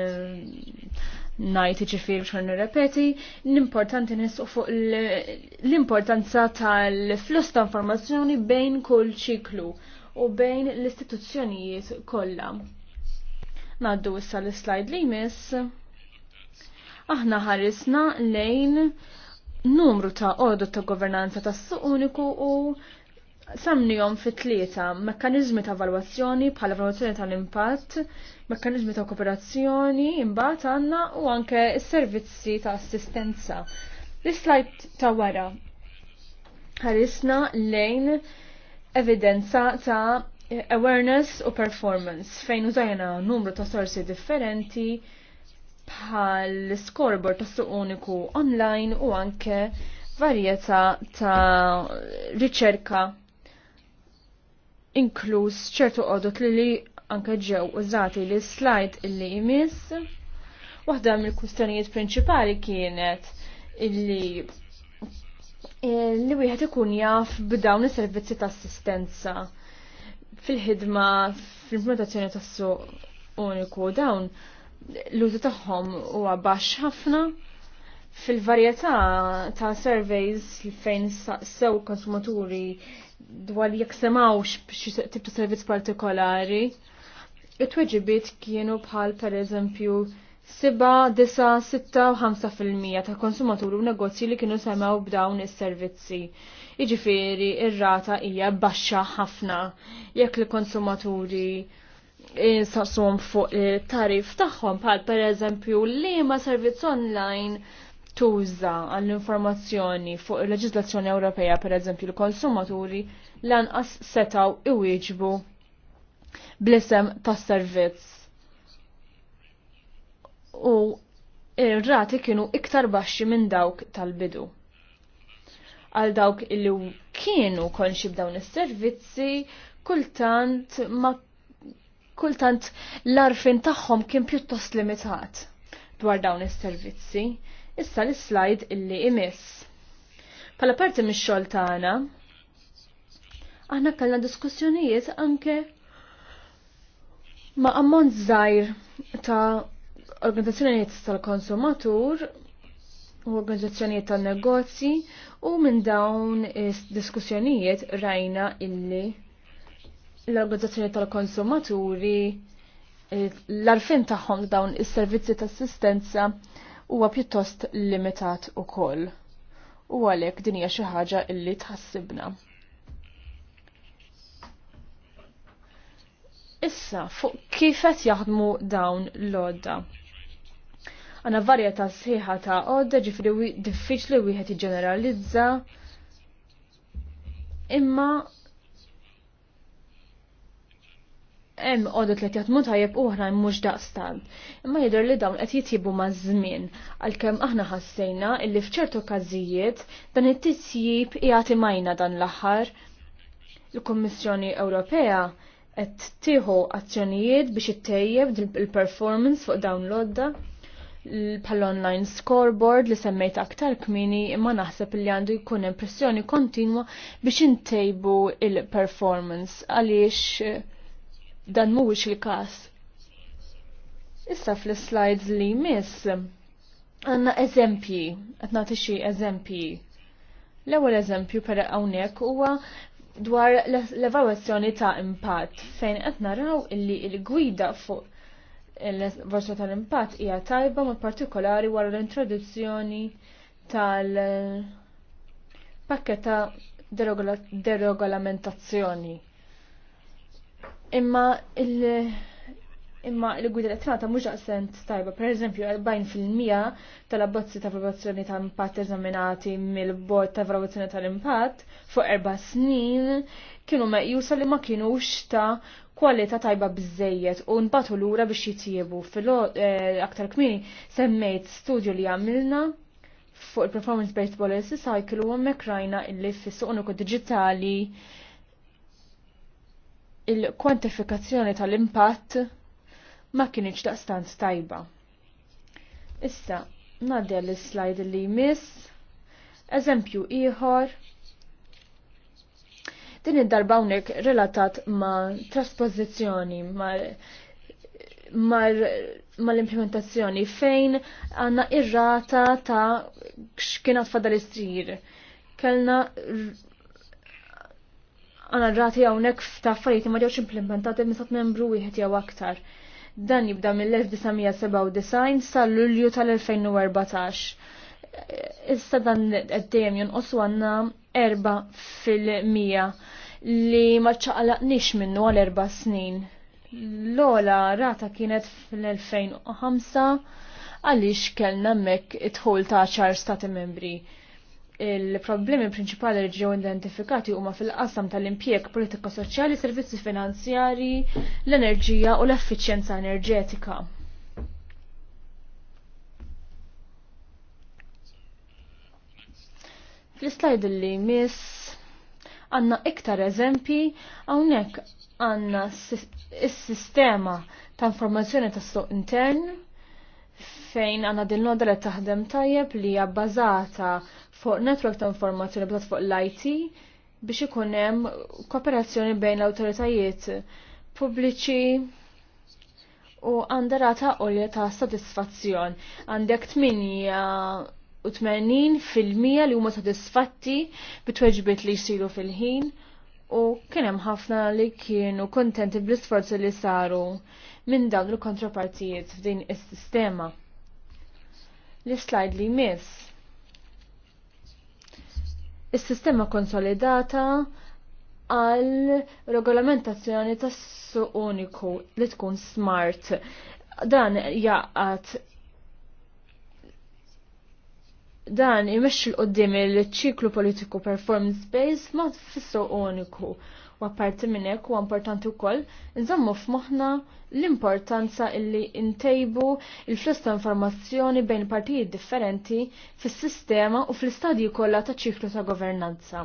ngħid iġifir biex nirrepeti, l-importanti nisqu fuq l-importanza tal-flus ta' informazzjoni bejn kull ċiklu u bejn l-istituzzjonijiet kollha. Naddu issa l-slide li jmiss aħna ħarisna lejn numru ta' ordu ta' governanza ta' suq uniku u samnijom fit tlieta mekkanizmi ta' valwazzjoni bħala valwazzjoni tal-impatt, mekkanizmi ta' kooperazzjoni, imbagħad għandna u anke s-servizzi ta' assistenza. l slajt ta' wara ħarisna lejn evidenza ta' awareness u performance fejn użajna numru ta' sorsi differenti bħal scoreboard ta' suq uniku online u anke varjetà ta' riċerka inkluż ċertu qodot li li anke ġew użati li slide illi jmiss. Waħda mill-kustjonijiet prinċipali kienet illi e, li wieħed ikun jaf b'dawn is-servizzi ta' assistenza fil-ħidma fil-implementazzjoni tas-suq uniku dawn l-użu tagħhom huwa baxx ħafna fil-varjetà ta' surveys fejn sew konsumaturi dwar jekk semawx b'xi tip ta' servizz partikolari. It-tweġibiet kienu bħal pereżempju siba, disa, sitta u ħamsa fil-mija ta' konsumaturi u negozji li kienu semaw b'dawn is-servizzi. Iġifieri ir-rata hija baxxa ħafna jekk li konsumaturi insasum fuq tarif tagħhom bħal pereżempju li ma servizz online tuża għall-informazzjoni fuq il-leġislazzjoni Ewropea, per eżempju, l-konsumaturi lanqas setaw iwieġbu bl-isem tas servizz. U ir-rati kienu iktar baxxi minn dawk tal-bidu. Għal dawk illi kienu konxib dawn is-servizzi, kultant ma kultant l-arfin tagħhom kien pjuttost limitat dwar dawn is-servizzi. Issa l-slide illi imess. Pala parti mix-xogħol tagħna, aħna kellna diskussjonijiet anke ma' ammont żgħir ta' organizzazzjonijiet tal-konsumatur u organizzazzjonijiet tan-negozji u minn dawn diskussjonijiet rajna illi l-organizzazzjoni tal-konsumaturi, eh, l-arfin tagħhom dawn is-servizzi ta' assistenza huwa pjuttost limitat ukoll. U għalhekk din hija xi ħaġa illi tħassibna. Issa, fuq kif qed jaħdmu dawn l-odda. Għana varjetà sħiħa ta' odda ġifri diffiċli wieħed jiġġeneralizza imma hemm għodot li jaħdmu tajjeb uħra mhux daqstan. Imma jidher li dawn qed jitjibu maż-żmien għalkemm aħna ħassejna illi f'ċertu każijiet dan it tisjib jagħti majna dan l-aħħar. Il-Kummissjoni Ewropea qed tieħu azzjonijiet biex ittejjeb il-performance fuq dawn l-odda pal-online scoreboard li semmejt aktar kmini imma naħseb li għandu jkun impressjoni kontinwa biex intejbu il-performance għaliex Dan mhuwiex il-każ. Issa fl-slides li miss għanna eżempji, qed nagħti xi eżempji. L-ewwel eżempju per hawnhekk huwa dwar l-evalwazzjoni ta' impatt fejn qed naraw illi l-gwida fuq l-evalwazzjoni tal-impatt hija tajba mod partikolari wara l-introduzzjoni tal pakketta deregolamentazzjoni. Imma il- imma l-gwida elettrata mhux sent tajba. pereżempju eżempju, fil-mija tal-abbozzi ta' probazzjoni ta' impatt eżaminati mill bot ta' probazzjoni tal-impatt fuq erba' snin kienu meqjusa li ma kienux ta' kwalità tajba biżejjed u nbatu lura biex jitjiebu. Fil-aktar eh, kmini semmejt studju li għamilna fuq il-Performance Based Policy Cycle u għammek rajna il fis-suq digitali digitali il-kwantifikazzjoni tal-impatt ma kienieċ daqstant tajba. Issa, nadja l-slide li jmiss, eżempju ieħor, din id-darba hawnhekk relatat ma' traspożizzjoni ma' mal-implementazzjoni fejn għanna irrata ta' x'kienet fadal istrir. Kellna għana rati għawnek f'taffariet ma ġewx implementati minn membru wieħed jew aktar. Dan jibda mill-1997 sal-Lulju tal-2014. Issa dan qed jonqos għandna 4 fil-mija li ma ċaqlaqnix minnu għal 4 snin. L-ola rata kienet fil-2005 għaliex kellna mek it-ħol ta' ċar stati membri il-problemi prinċipali li ġew identifikati huma fil-qasam tal-impjeg politika soċjali, servizzi finanzjari, l-enerġija u l-effiċjenza enerġetika. Fl-slajd li miss għanna iktar eżempi għawnek għanna s-sistema ta' informazzjoni ta' suq intern fejn għanna din l-nodra taħdem tajjeb li hija bbażata fuq network ta' informazzjoni bżat fuq l-IT biex ikun hemm kooperazzjoni bejn l-awtoritajiet pubbliċi u għandha rata għolja ta' satisfazzjon. Għandek 88 fil-mija li huma satisfatti bit-tweġbiet li jsiru fil-ħin u kien hemm ħafna li kienu kontenti bl-isforzi li saru minn dawn il-kontrapartijiet f'din is-sistema. L-slide li miss is-sistema konsolidata għal regolamentazzjoni tas-suq uniku li tkun smart. Dan jaqat dan imexxi l-qoddim il-ċiklu politiku performance based ma' fis uniku. U apparti minn hekk huwa importanti wkoll nżammu f'moħna l-importanza illi ntejbu il-flus ta' informazzjoni bejn partijiet differenti fis-sistema u fl-istadji kollha ta' ċiklu ta' governanza.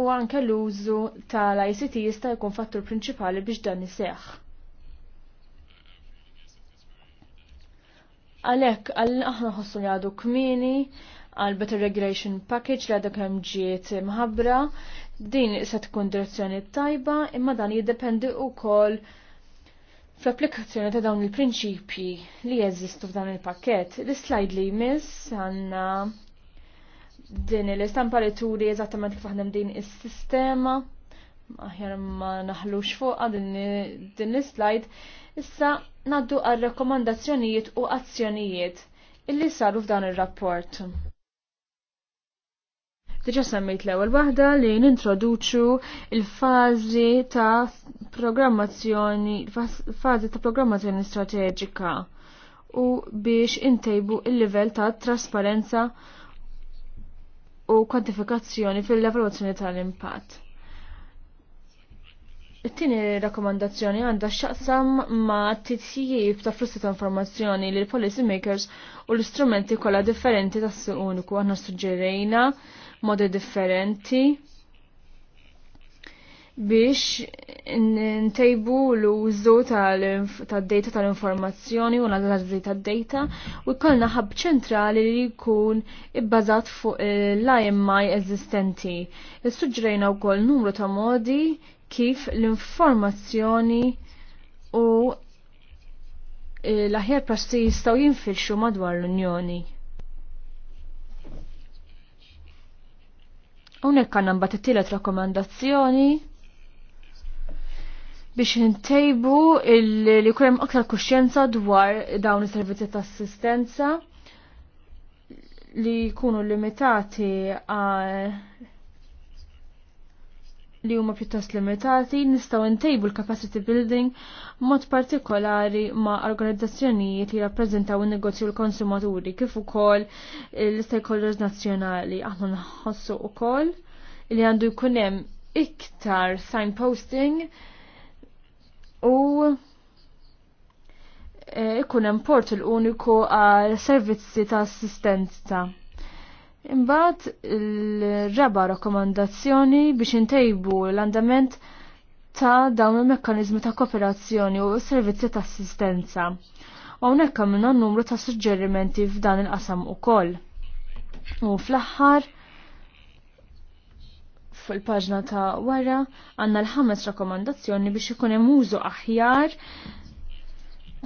U anke l-użu tal-ICT jista' jkun fattur prinċipali biex dan iseħħ. Għalhekk għal aħna ħossu jgħadu kmini għal Better Regulation Package li għadha kemm ġiet mħabbra. Din se tkun direzzjoni tajba imma dan jiddependi wkoll fl-applikazzjoni ta' dawn il-prinċipji li jeżistu f'dan il-pakket. L-slide li jmiss għandna din l-istampa li turi eżattament kif aħna din is-sistema aħjar ma naħlux fuqa din l-slide, issa naddu għal rekomandazzjonijiet u azzjonijiet illi saru f'dan ir rapport Diġa semmejt l-ewwel waħda li nintroduċu il-fażi ta' programmazzjoni fażi ta' programmazzjoni strateġika u biex intejbu il-livell ta' trasparenza u kwantifikazzjoni fil-evaluazzjoni tal-impatt. It-tieni rakkomandazzjoni għandha x'aqsam ma' titjib ta' flussi ta' informazzjoni li l-policy makers u l-istrumenti kollha differenti tas-suq uniku aħna suġġerejna modi differenti biex ntejbu l-użu tad-data tal-informazzjoni u l analizi tad-data u jkollna ħab ċentrali li jkun ibbażat fuq l-IMI eżistenti. Suġġerejna wkoll numru ta' modi kif l-informazzjoni u l-aħjar prassi jistgħu jinfilxu madwar l-Unjoni. Unek kanna mbat it-tielet rakkomandazzjoni biex ntejbu li kurem aktar kuxjenza dwar dawn is-servizzi ta' assistenza li jkunu limitati għal li huma pjuttost limitati, nistgħu ntejbu l-capacity building mod partikolari ma' organizzazzjonijiet li rappreżentaw in-negozju l-konsumaturi kif ukoll l-stakeholders nazzjonali. Aħna nħossu ukoll li għandu jkun hemm iktar signposting u eh, ikun hemm portal uniku għal servizzi ta' assistenza. Imbagħad il-raba rakkomandazzjoni biex intejbu l-andament ta' dawn il-mekkaniżmi ta' kooperazzjoni u s servizzi ta' assistenza. Hawnhekk għamilna numru ta' suġġerimenti f'dan il-qasam ukoll. U fl-aħħar fil-paġna ta' wara għandna l-ħames rakkomandazzjoni biex ikun hemm użu aħjar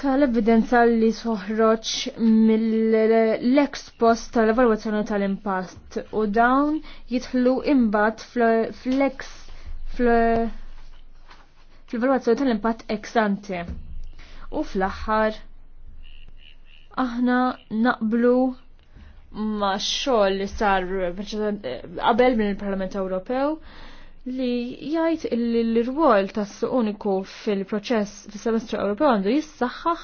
tal-evidenza li soħroċ mill-ex post tal-evalwazzjoni tal-impatt u dawn jitħlu imbat fl-ex fl-evalwazzjoni tal-impatt ex ante. U fl-aħħar aħna naqblu ma' xogħol li sar qabel mill-Parlament Ewropew li jgħid l-rwol tas uniku fil-proċess fil-semestru Ewropew għandu jissaħħaħ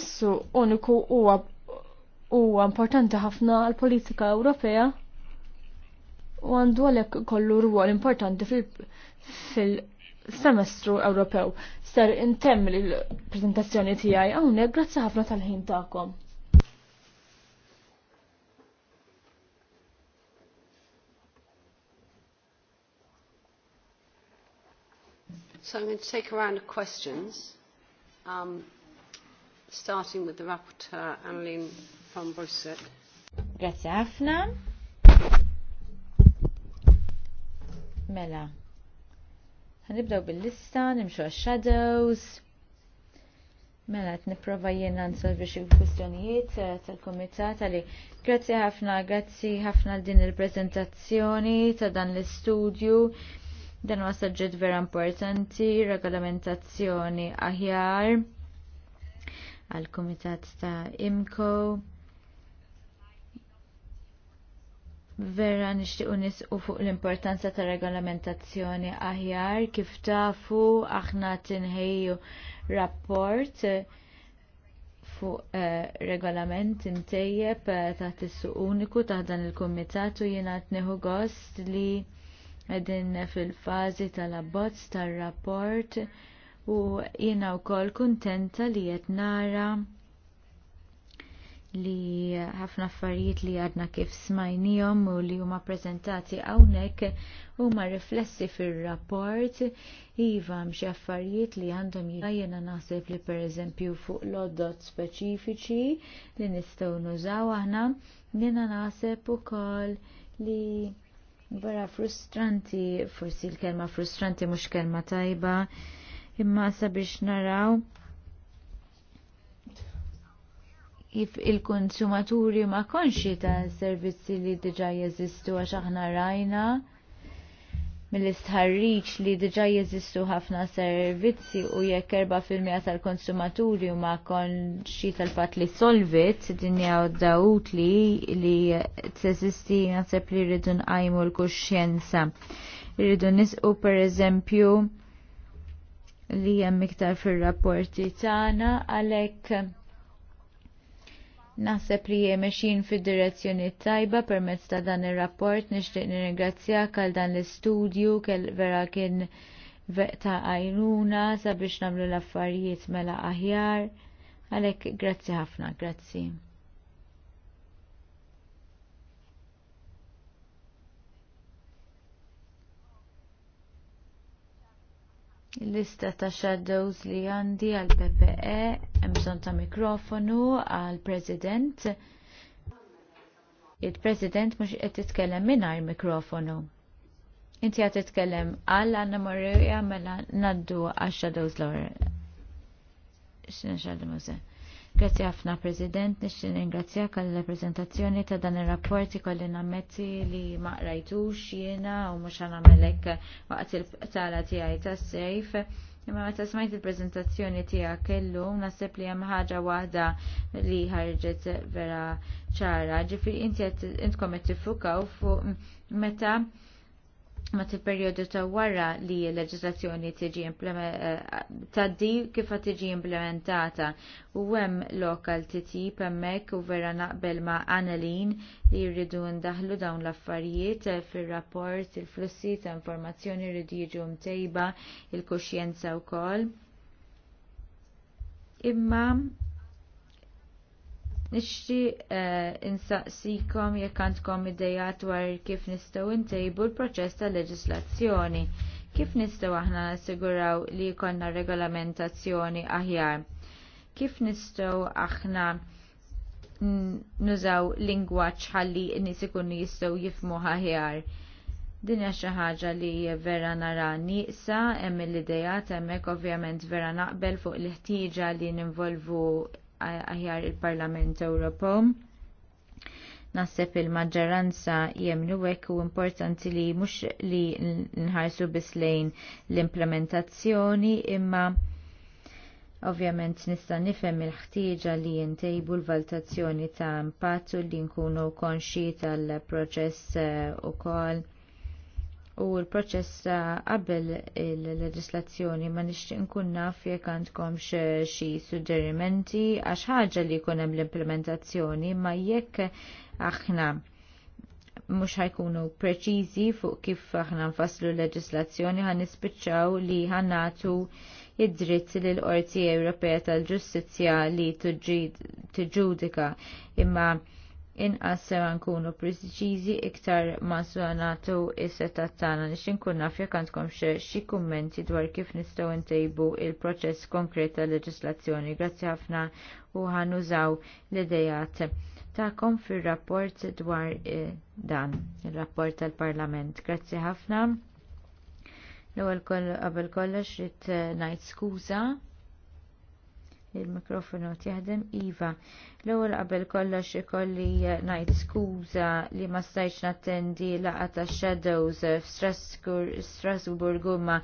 issu uniku huwa huwa importanti ħafna għal politika Ewropea u għandu għalhekk kollu rwol importanti fil-semestru fil Ewropew. Ser intemm lill prezentazzjoni tiegħi hawnhekk grazzi ħafna tal-ħin tagħkom. So I'm going to take a round of questions, um, starting with the rapporteur, Annalene van Brusset. Grazie Afna. Mela. Ħanibdew bil-lista, nimxu għax-shadows. Mela, qed nipprova jiena nsolvi xi kwistjonijiet eh, tal komitat għali. Grazie, ħafna, grazie, ħafna għal din il prezentazzjoni ta' dan l studio Dan huwa saġġett vera importanti, regolamentazzjoni aħjar għal kumitat ta' IMCO. Vera nixtiequ nisqu fuq l-importanza ta' regolamentazzjoni aħjar kif tafu aħna tinħejju rapport fuq eh, regolament intejjeb eh, ta' tissu uniku ta' dan il-kumitat u jiena tneħu gost li Edin fil-fazi tal-abbozz tal-rapport u jiena wkoll kuntenta li qed nara li ħafna affarijiet li għadna kif smajnijom u li huma prezentati hawnhekk huma riflessi fir-rapport iva mxi affarijiet li għandhom jgħajjena naħseb li pereżempju fuq loddot speċifiċi li nistgħu nużaw aħna jiena naħseb ukoll li Vera frustranti, forsi l-kelma frustranti mhux kelma tajba, imma sabiex naraw if il-konsumaturi ma konxi ta' servizzi li diġa jeżistu għax aħna rajna mill-istħarriċ li diġa jeżistu ħafna servizzi u jekk 4% tal-konsumaturi u ma tal-fat li solvit dinja u dawt li li t-sesisti li jridu nqajmu l-kuxjenza. Rridu nisqu per eżempju li hemm iktar fil-rapporti tana għalek Naħseb li jemexin fid direzzjoni tajba permezz ta' dan ir-rapport nixtieq nirringrazzjak għal dan l-istudju kell vera kien ta' għajnuna sabiex nagħmlu l-affarijiet mela aħjar. Għalhekk grazzi ħafna, grazzi. Lista ta' shadows li għandi għal PPE, bżonn ta' mikrofonu għal President. Il-President mhux qed titkellem mingħajr mikrofonu. Inti għad titkellem għal Anna Maria mela naddu għax shadows l-għor. X'na xaddu mużen? Grazzi ħafna President, nixtieq ningrazzja għal reprezentazzjoni ta' dan ir rapporti kolli nammetti li ma qrajtux jiena u mhux ħanamelek waqt il tala tiegħi tas-sejf. Imma meta smajt il prezentazzjoni tiegħek kellu, naħseb li hemm ħaġa waħda li ħarġet vera ċara. Ġifri, inti intkom qed tiffukaw fuq meta ma il-periodu ta' wara li l-leġislazzjoni tiġi eh, taddi kif tiġi implementata u hemm lokal titi hemmhekk u vera naqbel ma' Annelin li jridu ndaħlu dawn l-affarijiet eh, fir-rapport il-flussi ta' informazzjoni jridu jiġu mtejba il-kuxjenza wkoll. Imma Nixti eh, insaqsikom jekk għandkom ideja dwar kif nistgħu ntejbu l-proċess ta' leġislazzjoni. Kif nistgħu aħna nassiguraw li jkollna regolamentazzjoni aħjar? Kif nistgħu aħna nużaw lingwaġġ ħalli nis ikunu jistgħu jifmu aħjar? Dinja xi ħaġa li vera nara nieqsa hemm l-idejat hemmhekk ovvjament vera naqbel fuq l-ħtieġa li ninvolvu aħjar il-Parlament Ewropew. Naħseb il-maġġoranza jemnu hekk u importanti li mhux li nħarsu biss lejn l-implementazzjoni imma Ovvjament nista' nifhem il-ħtieġa li jintejbu l-valutazzjoni ta' impatt u li nkunu konxji tal-proċess eh, ukoll. Uh, u l-proċess qabel il-leġislazzjoni ma nixtieq nkun naf jekk għandkom xi suġġerimenti għax ħaġa li jkun hemm l-implementazzjoni ma jekk aħna mhux ħajkunu preċiżi fuq kif aħna nfasslu l-leġislazzjoni ħan nispiċċaw li ħanatu id-dritt lil qorti Ewropea tal-Ġustizzja li tiġġudika imma inqas sewa nkunu preċiżi iktar ma nagħtu is-setat tagħna nix inkun naf jekk għandkom xi kummenti dwar kif nistgħu ntejbu il-proċess konkret tal-leġislazzjoni. Grazzi ħafna u ħanużaw l-idejat tagħkom fir-rapport dwar eh, dan, ir-rapport tal-Parlament. Grazzi ħafna. L-ewwel qabel kollox rid eh, ngħid skuża il-mikrofonu tieħdem. Iva. L-ewwel qabel kollox ikolli eh, ngħid skuża li ma stajtx nattendi laqgħa tax-Shadows f'Strasburg eh, huma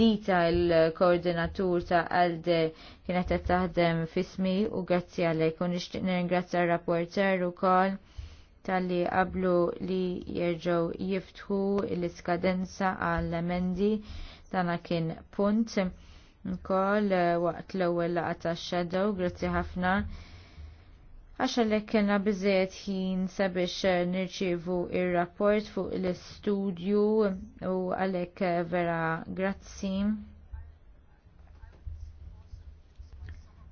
dita l-koordinatur ta' Alde kienet qed taħdem fismi u grazzi għalek u nixtieq nirringrazzja r-rapporter ukoll tal-li qablu li jerġgħu jiftħu l-iskadenza għall-emendi dana kien punt nkoll eh, waqt l-ewwel laqgħa tax-shadow, grazzi ħafna. Għax għalhekk kellna biżejjed ħin sabiex eh, nirċievu ir-rapport fuq l-istudju u għalhekk eh, vera grazzi.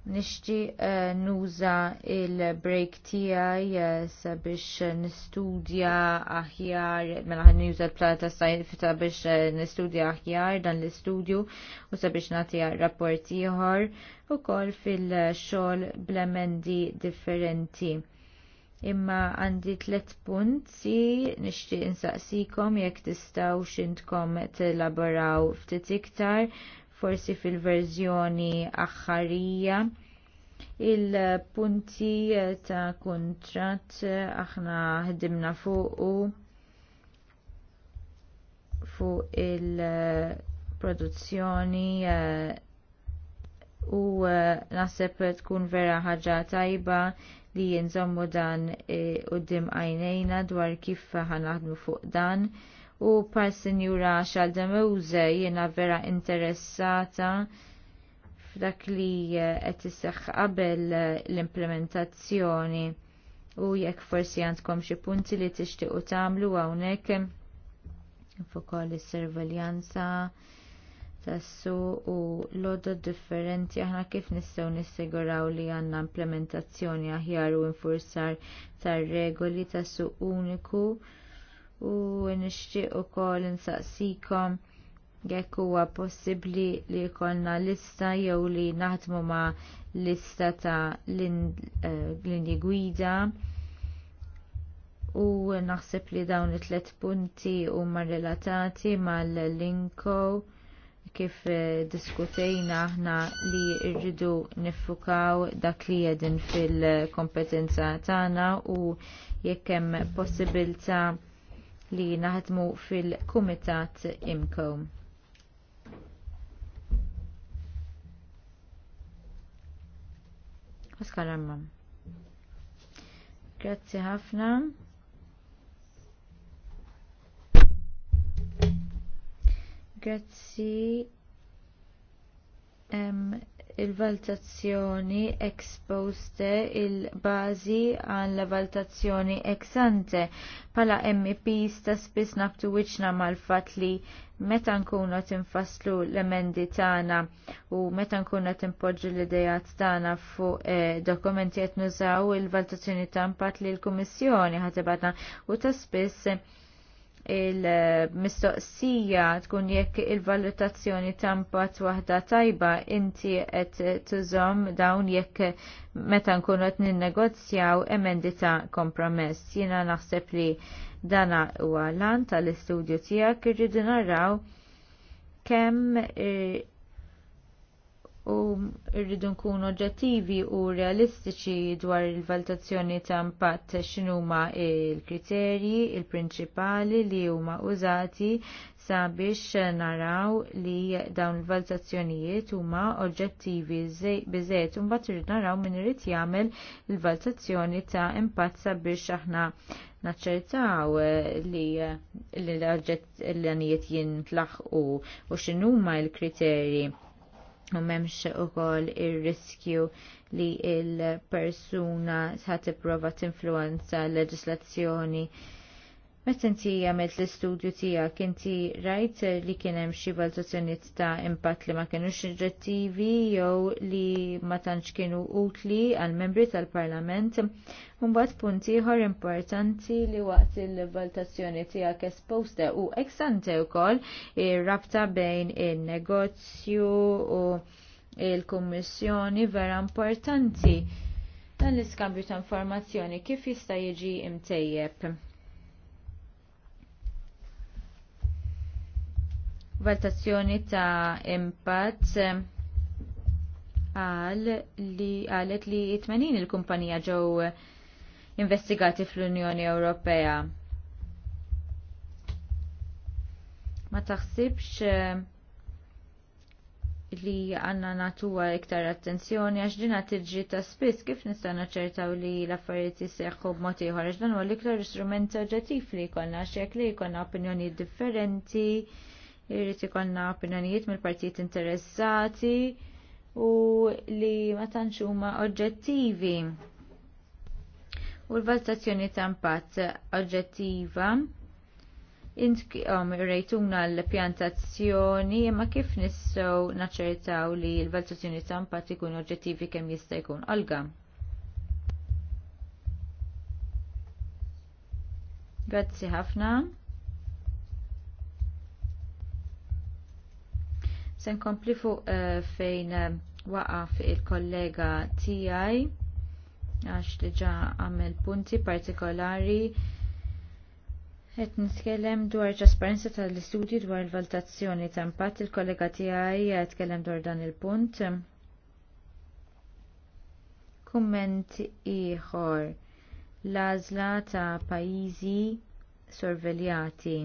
Nixti eh, nuża il-break tiegħi eh, sabiex nistudja aħjar, mela ħan nuża l-plata sajfita sabiex eh, nistudja aħjar dan l-istudju u sabiex nagħtiha rapport ieħor ukoll fil-xogħol blemendi differenti. Imma għandi tlet punti nixtieq insaqsikom jekk tistgħu xintkom telaboraw ftit iktar forsi fil-verżjoni aħħarija il-punti eh, ta' kuntratt eh, aħna ħdimna fuqu fuq il-produzzjoni eh, u naħseb tkun vera ħaġa tajba li jinżommu dan u għajnejna dwar kif ħanaħdmu fuq dan u par sinjura xaldemewze jiena vera interessata f'dak li eh, qed iseħħ qabel eh, l-implementazzjoni u jekk forsi għandkom xi punti li tixtiequ tagħmlu hawnhekk fukoll is-servaljanza tassu u loda differenti aħna kif nistgħu nissiguraw li għandna implementazzjoni aħjar u infurzar tar-regoli tas-suq uniku u nixtieq ukoll insaqsikom jekk huwa possibbli li jkollna lista jew li naħdmu ma' lista ta' eh, linji gwida u naħseb li dawn it-tlet punti huma relatati mal-linko kif eh, diskutejna aħna li rridu niffukaw dak li jedin fil-kompetenza tagħna u jekk hemm possibilità li naħdmu fil-Kumitat IMCO. Oskar Ammam. Grazzi ħafna. Grazzi. Um, il-valutazzjoni ex poste il-bażi għal valutazzjoni ex ante pala MEP sta spiss nabtu wiċna mal-fat li meta nkunu tinfasslu l-emendi tagħna u meta nkunu tinpoġġu l-idejat tagħna fuq eh, dokumenti qed nużaw il-valutazzjoni ta' li l-Kummissjoni ħatibadna u ta' spiss il-mistoqsija tkun jekk il-valutazzjoni tampat waħda tajba inti qed tużom dawn jekk meta nkunu qed ninnegozjaw emendi ta' kompromess. Jiena naħseb li dana huwa lan tal-istudju tiegħek irridu naraw kemm eh, u rridu nkunu oġġettivi u realistiċi dwar il-valutazzjoni ta' impatt x'inhuma il-kriterji il-prinċipali li huma użati sabiex naraw li dawn il-valutazzjonijiet huma oġġettivi biżejt u mbagħad irid naraw min irid jagħmel il-valutazzjoni ta' impatt sabiex aħna naċċertaw li l-anijiet jintlaħqu u x'inhuma l-kriterji u memx u kol il-riskju li il-persuna sa' tipprova tinfluenza l-leġislazzjoni Meta inti għamilt l-istudju tiegħek inti rajt li kien hemm xi valutazzjonijiet ta' impatt li ma kienu irrettivi jew li ma tantx kienu utli għal membri tal-Parlament. Mbagħad punt ieħor importanti li waqt il-valutazzjoni tiegħek esposta u eksante ante wkoll ir-rabta bejn in-negozju u il-Kummissjoni vera importanti dan l-iskambju ta' informazzjoni kif jista' jiġi imtejjeb valutazzjoni ta' impatt eh, għal li għalet li 80 il-kumpanija ġew investigati fl-Unjoni Ewropea. Ma taħsibx eh, li għanna natuwa iktar attenzjoni għax dina tiġi ta' spiss kif nista' naċċertaw li l-affarijiet jisseħħu b'mod ieħor għax dan huwa l-iktar istrument oġġettiv li jkollna għax jekk li jkollna opinjoni differenti irrid ikollna opinjonijiet mill-partijiet interessati u li ma tantx huma oġġettivi. U l-valutazzjoni ta' impatt oġġettiva intkom rejtuna l-pjantazzjoni imma kif nissew naċċertaw li l-valutazzjoni ta' impatt ikun oġġettivi kemm jista' jkun Olga. Grazzi ħafna. Se nkompli fuq eh, fejn eh, waqaf il-kollega tiegħi għax diġà għamel punti partikolari qed nitkellem dwar trasparenza tal-istudju dwar il-valutazzjoni ta' impatt il-kollega tiegħi tkellem dwar dan il-punt. Kumment ieħor l-għażla ta' pajjiżi sorveljati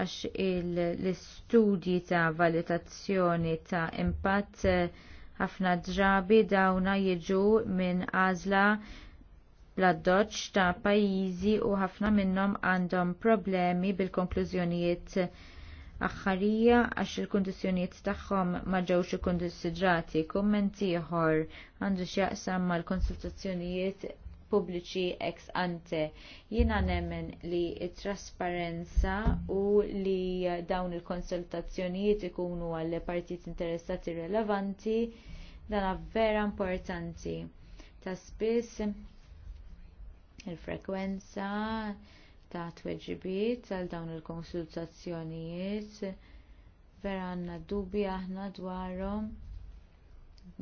għax l-istudji ta' valutazzjoni ta' impatt eh, ħafna drabi dawna jiġu minn għażla l-addoċ ta' pajjiżi u ħafna minnhom għandhom problemi bil-konklużjonijiet aħħarija għax il-kundizzjonijiet tagħhom ma ġewx ikkunsidrati. Kumment ieħor għandu x'jaqsam mal-konsultazzjonijiet pubbliċi ex ante. Jiena nemmen li t trasparenza u li dawn il-konsultazzjonijiet ikunu għall partijiet interessati rilevanti dan vera importanti. Ta' spiss il-frekwenza ta' tweġibiet għal dawn il-konsultazzjonijiet vera għandna dubi aħna dwarhom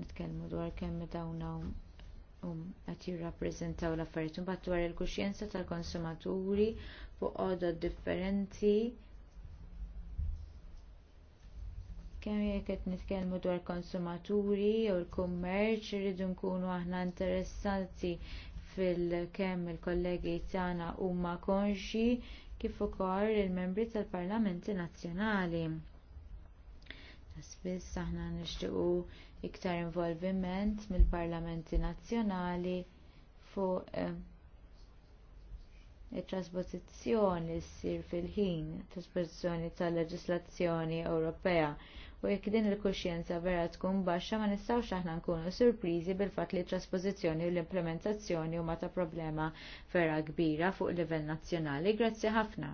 nitkellmu dwar kemm dawn hawn um qed jirrappreżentaw l-affarijiet imbagħad dwar il-kuxjenza tal-konsumaturi fuq għodod differenti kemm jekk qed nitkellmu dwar konsumaturi jew il-kummerċ irridu nkunu aħna interessati fil-kemm il-kollegi tagħna huma konxi kif ukoll il-membri tal-Parlamenti Nazzjonali. Spiss aħna nixtiequ iktar involviment mill-parlamenti nazzjonali fuq eh, it-trasposizzjoni ssir fil-ħin, trasposizzjoni tal-leġislazzjoni Ewropea u jekk din il-kuxjenza vera tkun baxxa ma nistgħux aħna nkunu surpriżi bil-fatt li t trasposizzjoni u l-implementazzjoni huma ta' problema vera kbira fuq livell nazzjonali. Grazzi ħafna.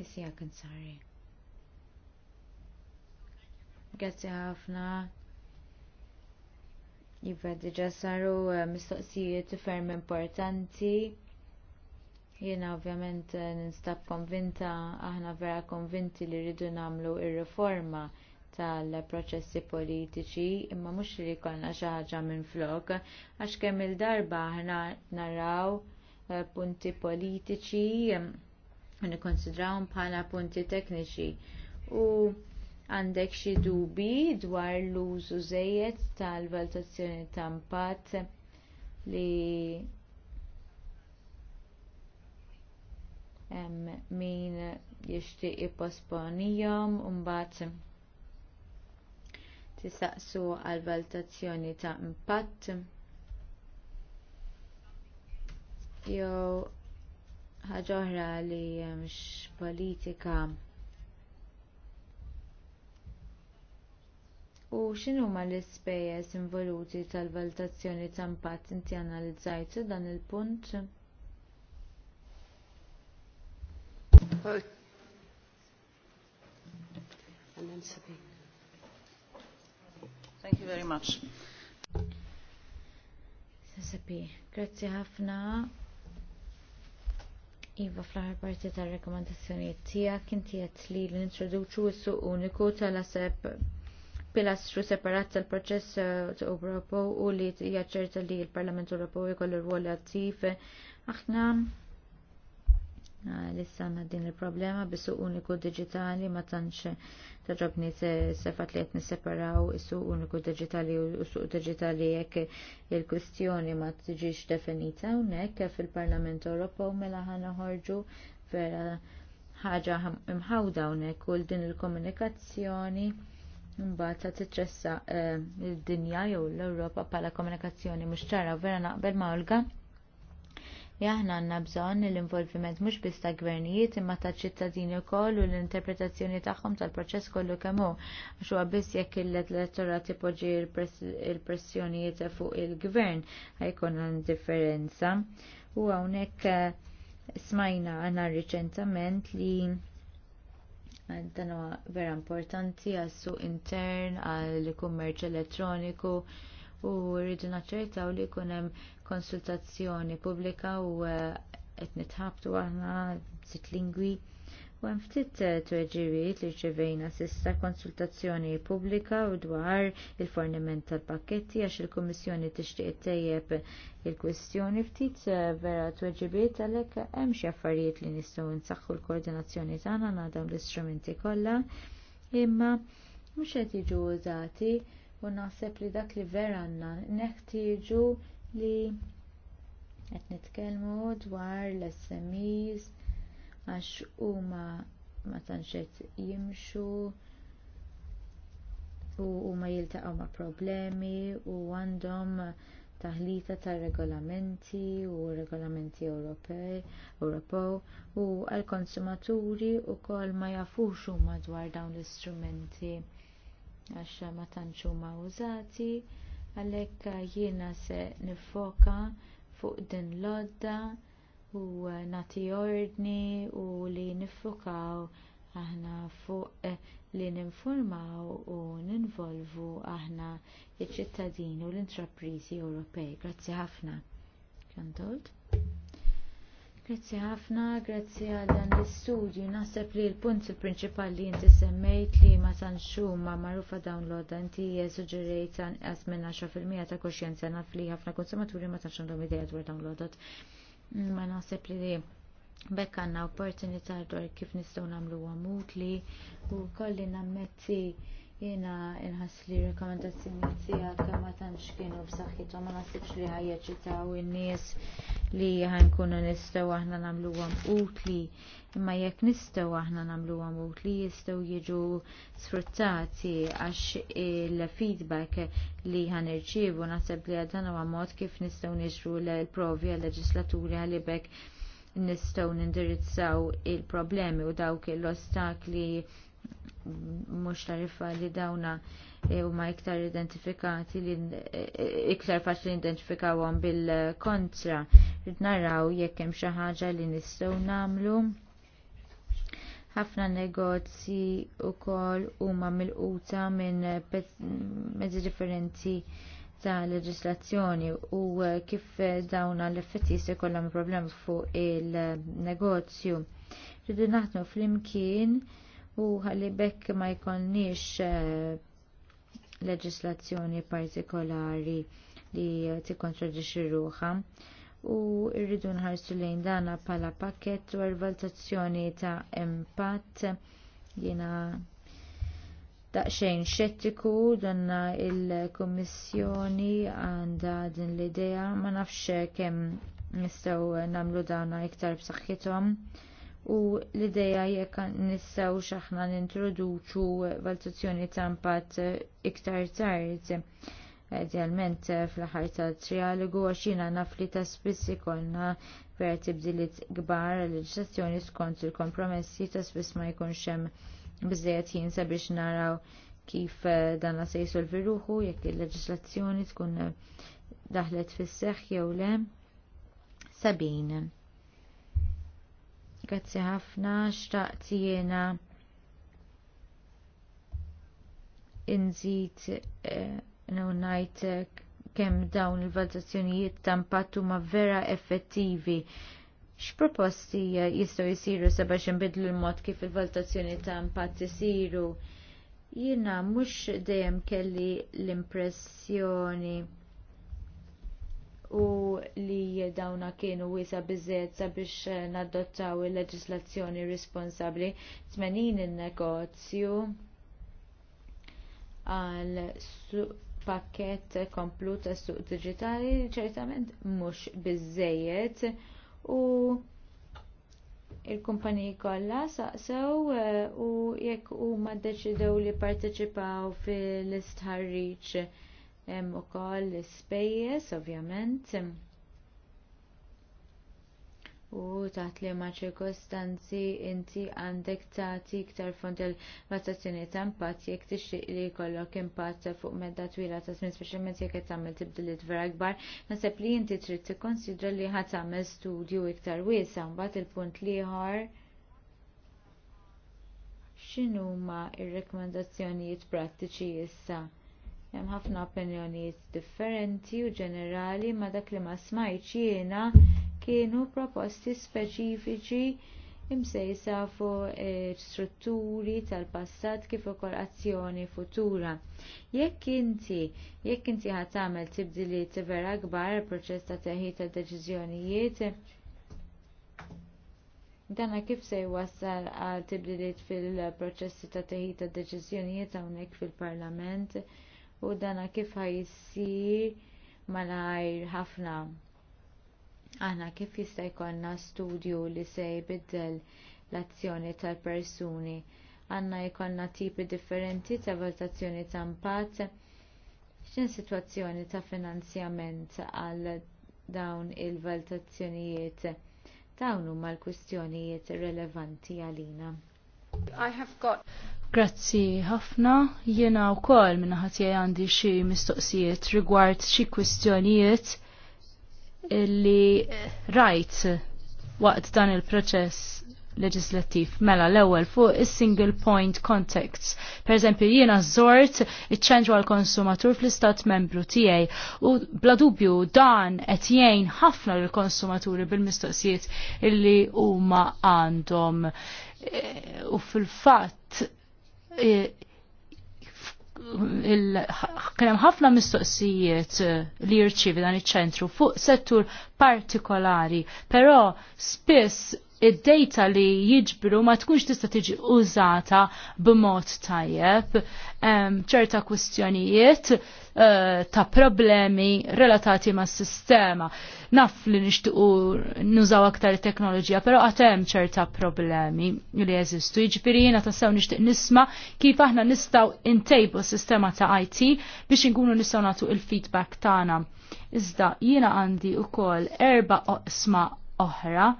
Nisija Kansari. Grazie ħafna. Iva diġa saru eh, mistoqsijiet ferm importanti. Jiena ovvjament eh, nistab konvinta, aħna vera konvinti li rridu nagħmlu ir-riforma tal-proċessi politiċi, imma mhux li jkollna xi ħaġa flok, għax kemm il-darba aħna naraw eh, punti politiċi nikkonsidrawhom bħala punti tekniċi. U għandek xi dubi dwar l-użu żejjed tal-valutazzjoni ta' impatt li hemm min jixtieq jipposponijhom u mbagħad tisaqsu għal valutazzjoni ta' impatt jew ħaġa oħra li mhux politika U x'inhuma l-ispejjeż involuti tal-valutazzjoni ta' impatt inti analizzajt dan il-punt? Thank you very much. grazzi ħafna. Iva fl-aħħar parti tar-rekomandazzjonijiet tiegħek inti qed li l-introduċu s-suq uniku tal-aseb pilastru separat tal-proċess eh, Ewropew u li jaċċerta li l-Parlament Ewropew jkollu rwol attiv. Aħna eh, lissa issanna din il-problema bis-suq uniku digitali ma tantx taġobni sefat li qed nisseparaw is-suq uniku digitali u suq digitali jekk il-kwistjoni ma tiġix definita hawnhekk fil-Parlament Ewropew mela ħorġu vera ħaġa imħawda hawnhekk u din il-komunikazzjoni Mbagħad ta' titressa eh, id-dinja jew l-Ewropa bħala komunikazzjoni mhux ċara vera naqbel ma' Olga. Li aħna għandna bżonn l-involviment mhux biss ta' gvernijiet imma ta' ċittadini wkoll u l-interpretazzjoni tagħhom tal-proċess kollu kemm hu għax huwa biss jekk l-elettorat poġġi l-pressjonijiet fuq il-gvern ħajkun differenza. U hawnhekk eh, smajna għana riċentament li Dan huwa vera importanti għas intern, għall-kummerċ elettroniku u rridu naċċertaw li jkun hemm konsultazzjoni pubblika u eh, qed nitħabtu aħna sit lingwi U hemm ftit eh, tweġibiet li ġevejna sissa konsultazzjoni pubblika u dwar il-forniment tal-pakketti għax il-Kummissjoni tixtieq tejjeb il-kwistjoni ftit eh, vera tweġibiet għalhekk hemm xi affarijiet li nistgħu nsaħħu l-koordinazzjoni tagħna għal dawn l-istrumenti kollha imma mhux qed jiġu użati u naħseb li dak li vera għandna neħtieġu li qed nitkellmu dwar l-SMEs għax huma ma tantx jimxu u huma jiltaqgħu ma' problemi u għandhom taħlita tar regolamenti u regolamenti Ewropej, Ewropew u għall konsumaturi wkoll ma jafux huma dwar dawn l-istrumenti għax ma tantx huma użati għalhekk jiena se nifoka fuq din l-odda u nagħti ordni u li niffukaw aħna fuq eh, li ninformaw u ninvolvu aħna iċ-ċittadini u l-intrapriżi Ewropej. Grazzi ħafna. Kantolt? Grazzi ħafna, grazzi għal dan l-istudju. Naħseb li l-punt il-prinċipali inti semmejt li ma tanxuma magħrufa dawn l-odda inti suġġerejt għas fil 10% ta' koxjenza naf li ħafna konsumaturi ma tantx għandhom idea dwar dawn l ma naħseb li bekk għanna opportunità dwar kif nistgħu nagħmlu għamut li u kolli nammetti Jiena inħass li rekomendazzjoni tijak ma tantx kienu b'saħħithom ma naħsibx li ħajjeċitaw in-nies li ħankunu nistgħu aħna nagħmluhom utli imma jekk nistgħu aħna nagħmluhom utli jistgħu jiġu sfruttati għax il-feedback li ħanirċievu naħseb li dan huwa mod kif nistgħu nġru l-provi għal-leġislaturi għalibek nistgħu nindirizzaw il-problemi u dawk l-ostakli mhux tarifa li dawna eh, huma iktar identifikati li eh, iktar faċli identifikawhom bil-kontra. Rid naraw jekk hemm xi ħaġa li nistgħu nagħmlu. Ħafna negozji wkoll huma milquta minn mezzi differenti ta' leġislazzjoni u eh, kif dawna l-effetti se kollha problemi fuq il-negozju. Rridu naħdmu flimkien u ħalli bekk ma jkonniex eh, leġislazzjoni partikolari li tikkontradixxi ruħha u rridu nħarsu lejn dana bħala pakket u valutazzjoni ta' impatt jiena daqsxejn xettiku danna il-Kummissjoni għandha din l-idea ma nafx kemm nistgħu nagħmlu dana iktar b'saħħithom u l-ideja jekk nissaw xaħna nintroduċu valutazzjoni ta' impatt eh, iktar tard. Eh, idealment eh, fl-aħħar ta' trialogu għax jiena naf li ta' spiss ikollna vera tibdiliet kbar l-leġislazzjoni skont il-kompromessi ta' spiss ma jkunx hemm biżejjed jien sabiex naraw kif dan se jisolvi ruħu jekk il-leġislazzjoni tkun daħlet fis-seħħ jew le. Sabin Grazzi ħafna, xtaqt jiena inżid eh, ngħid eh, kemm dawn il-valutazzjonijiet ta' impatt huma vera effettivi. X'proposti eh, jistgħu jsiru sabiex inbidlu l-mod kif il-valutazzjoni ta' impatt isiru? Jiena mhux dejjem kelli l-impressjoni u li dawna kienu wisa bizzet sabiex eh, nadottaw il-leġislazzjoni responsabli 80 il-negozju għal pakket komplut tas suq digitali ċertament mhux biżżejjed u l kumpaniji kollha saqsew eh, u jekk huma ddeċidew li parteċipaw fil-istħarriġ hemm ukoll l-ispejjeż ovvjament. U taħt li ma' ċirkostanzi inti għandek tagħti iktar fond il-valutazzjoni ta' impatt jekk tixtieq li jkollok impatt fuq medda twila ta' żmien speċjalment jekk qed tagħmel tibdiliet vera kbar, naħseb li inti trid tikkonsidra li ħadd tagħmel studju iktar wiesa' mbagħad il-punt ieħor x'inhuma r-rekomendazzjonijiet prattiċi issa Hemm ħafna opinjonijiet differenti u ġenerali ma dak li ma smajt jiena kienu proposti speċifiċi imsejsa fuq eh, strutturi tal-passat kif ukoll azzjoni futura. Jekk inti, jekk inti ħadd tagħmel tibdiliet vera kbar il-proċess ta' teħid ta' deċiżjonijiet, Dana kif se jwassal għal tibdiliet fil-proċessi ta' teħid ta' deċiżjonijiet hawnhekk fil-Parlament. fil parlament u dana kif ħajsir malajr ħafna. Aħna kif jista' jkollna studju li se jbiddel l-azzjoni tal-persuni. Għanna jkollna tipi differenti ta' valutazzjoni ta' impatt x'in situazzjoni ta' finanzjament għal dawn il-valutazzjonijiet. Dawn huma l-kwistjonijiet relevanti għalina. I have got Grazzi ħafna, jena u kol minna ħatija għandi xi mistoqsijiet rigward xi kwistjonijiet li rajt waqt dan il-proċess leġislattiv. Mela l-ewwel fuq is-single point context. Per eżempju jiena żort iċ-ċentru għal konsumatur fl-istat membru tiegħi u bla dubju dan qed jgħin ħafna lill konsumaturi bil-mistoqsijiet illi huma għandhom e, u fil-fatt kienem ħafna mistoqsijiet eh, li jirċivi dan iċ-ċentru fuq settur partikolari, però spiss id-data li jiġbru ma tkunx tista' tiġi użata b'mod tajjeb ċerta kwistjonijiet eh, ta' problemi relatati ma' sistema. Naf li nixtiqu nużaw aktar teknoloġija, pero għatem ċerta problemi li jeżistu. Jiġifieri jiena tassew nixtieq nisma kif aħna nistgħu intejbu sistema ta' IT biex inkunu nistgħu nagħtu il-feedback tagħna. Iżda jiena għandi ukoll erba' oqsma oħra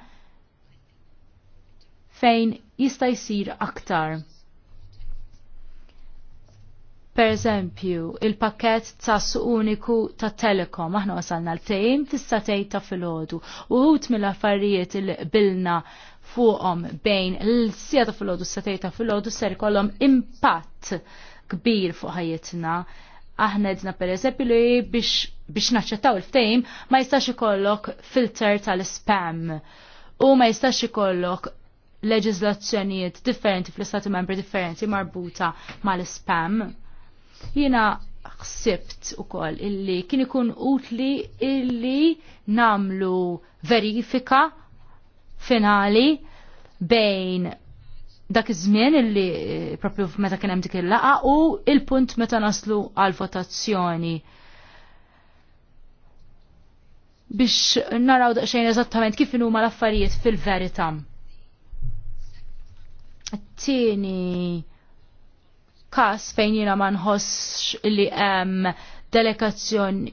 fejn jista' jsir aktar. Per eżempju, il-pakket ta' uniku ta' telekom, aħna wasalna l tejn tista' tgħid ta' filgħodu u wħud mill-affarijiet il-bilna fuqhom bejn l-sija ta' filgħodu s ta' filgħodu ser ikollhom impatt kbir fuq ħajjitna. Aħna edna per eżempju li biex biex naċċettaw il-ftejm ma jistax ikollok filter tal-spam u ma jistax ikollok leġizlazzjonijiet differenti fl-istati membri differenti marbuta mal-spam. Jiena xsibt u koll illi kien ikun utli illi namlu verifika finali bejn dak iż-żmien illi eh, propju meta kien hemm dik il-laqa u il-punt meta naslu għal votazzjoni biex naraw daqsxejn eżattament kif inhuma l-affarijiet fil-verità. Tieni kas fejn jiena ma nħossx li hemm delegazzjoni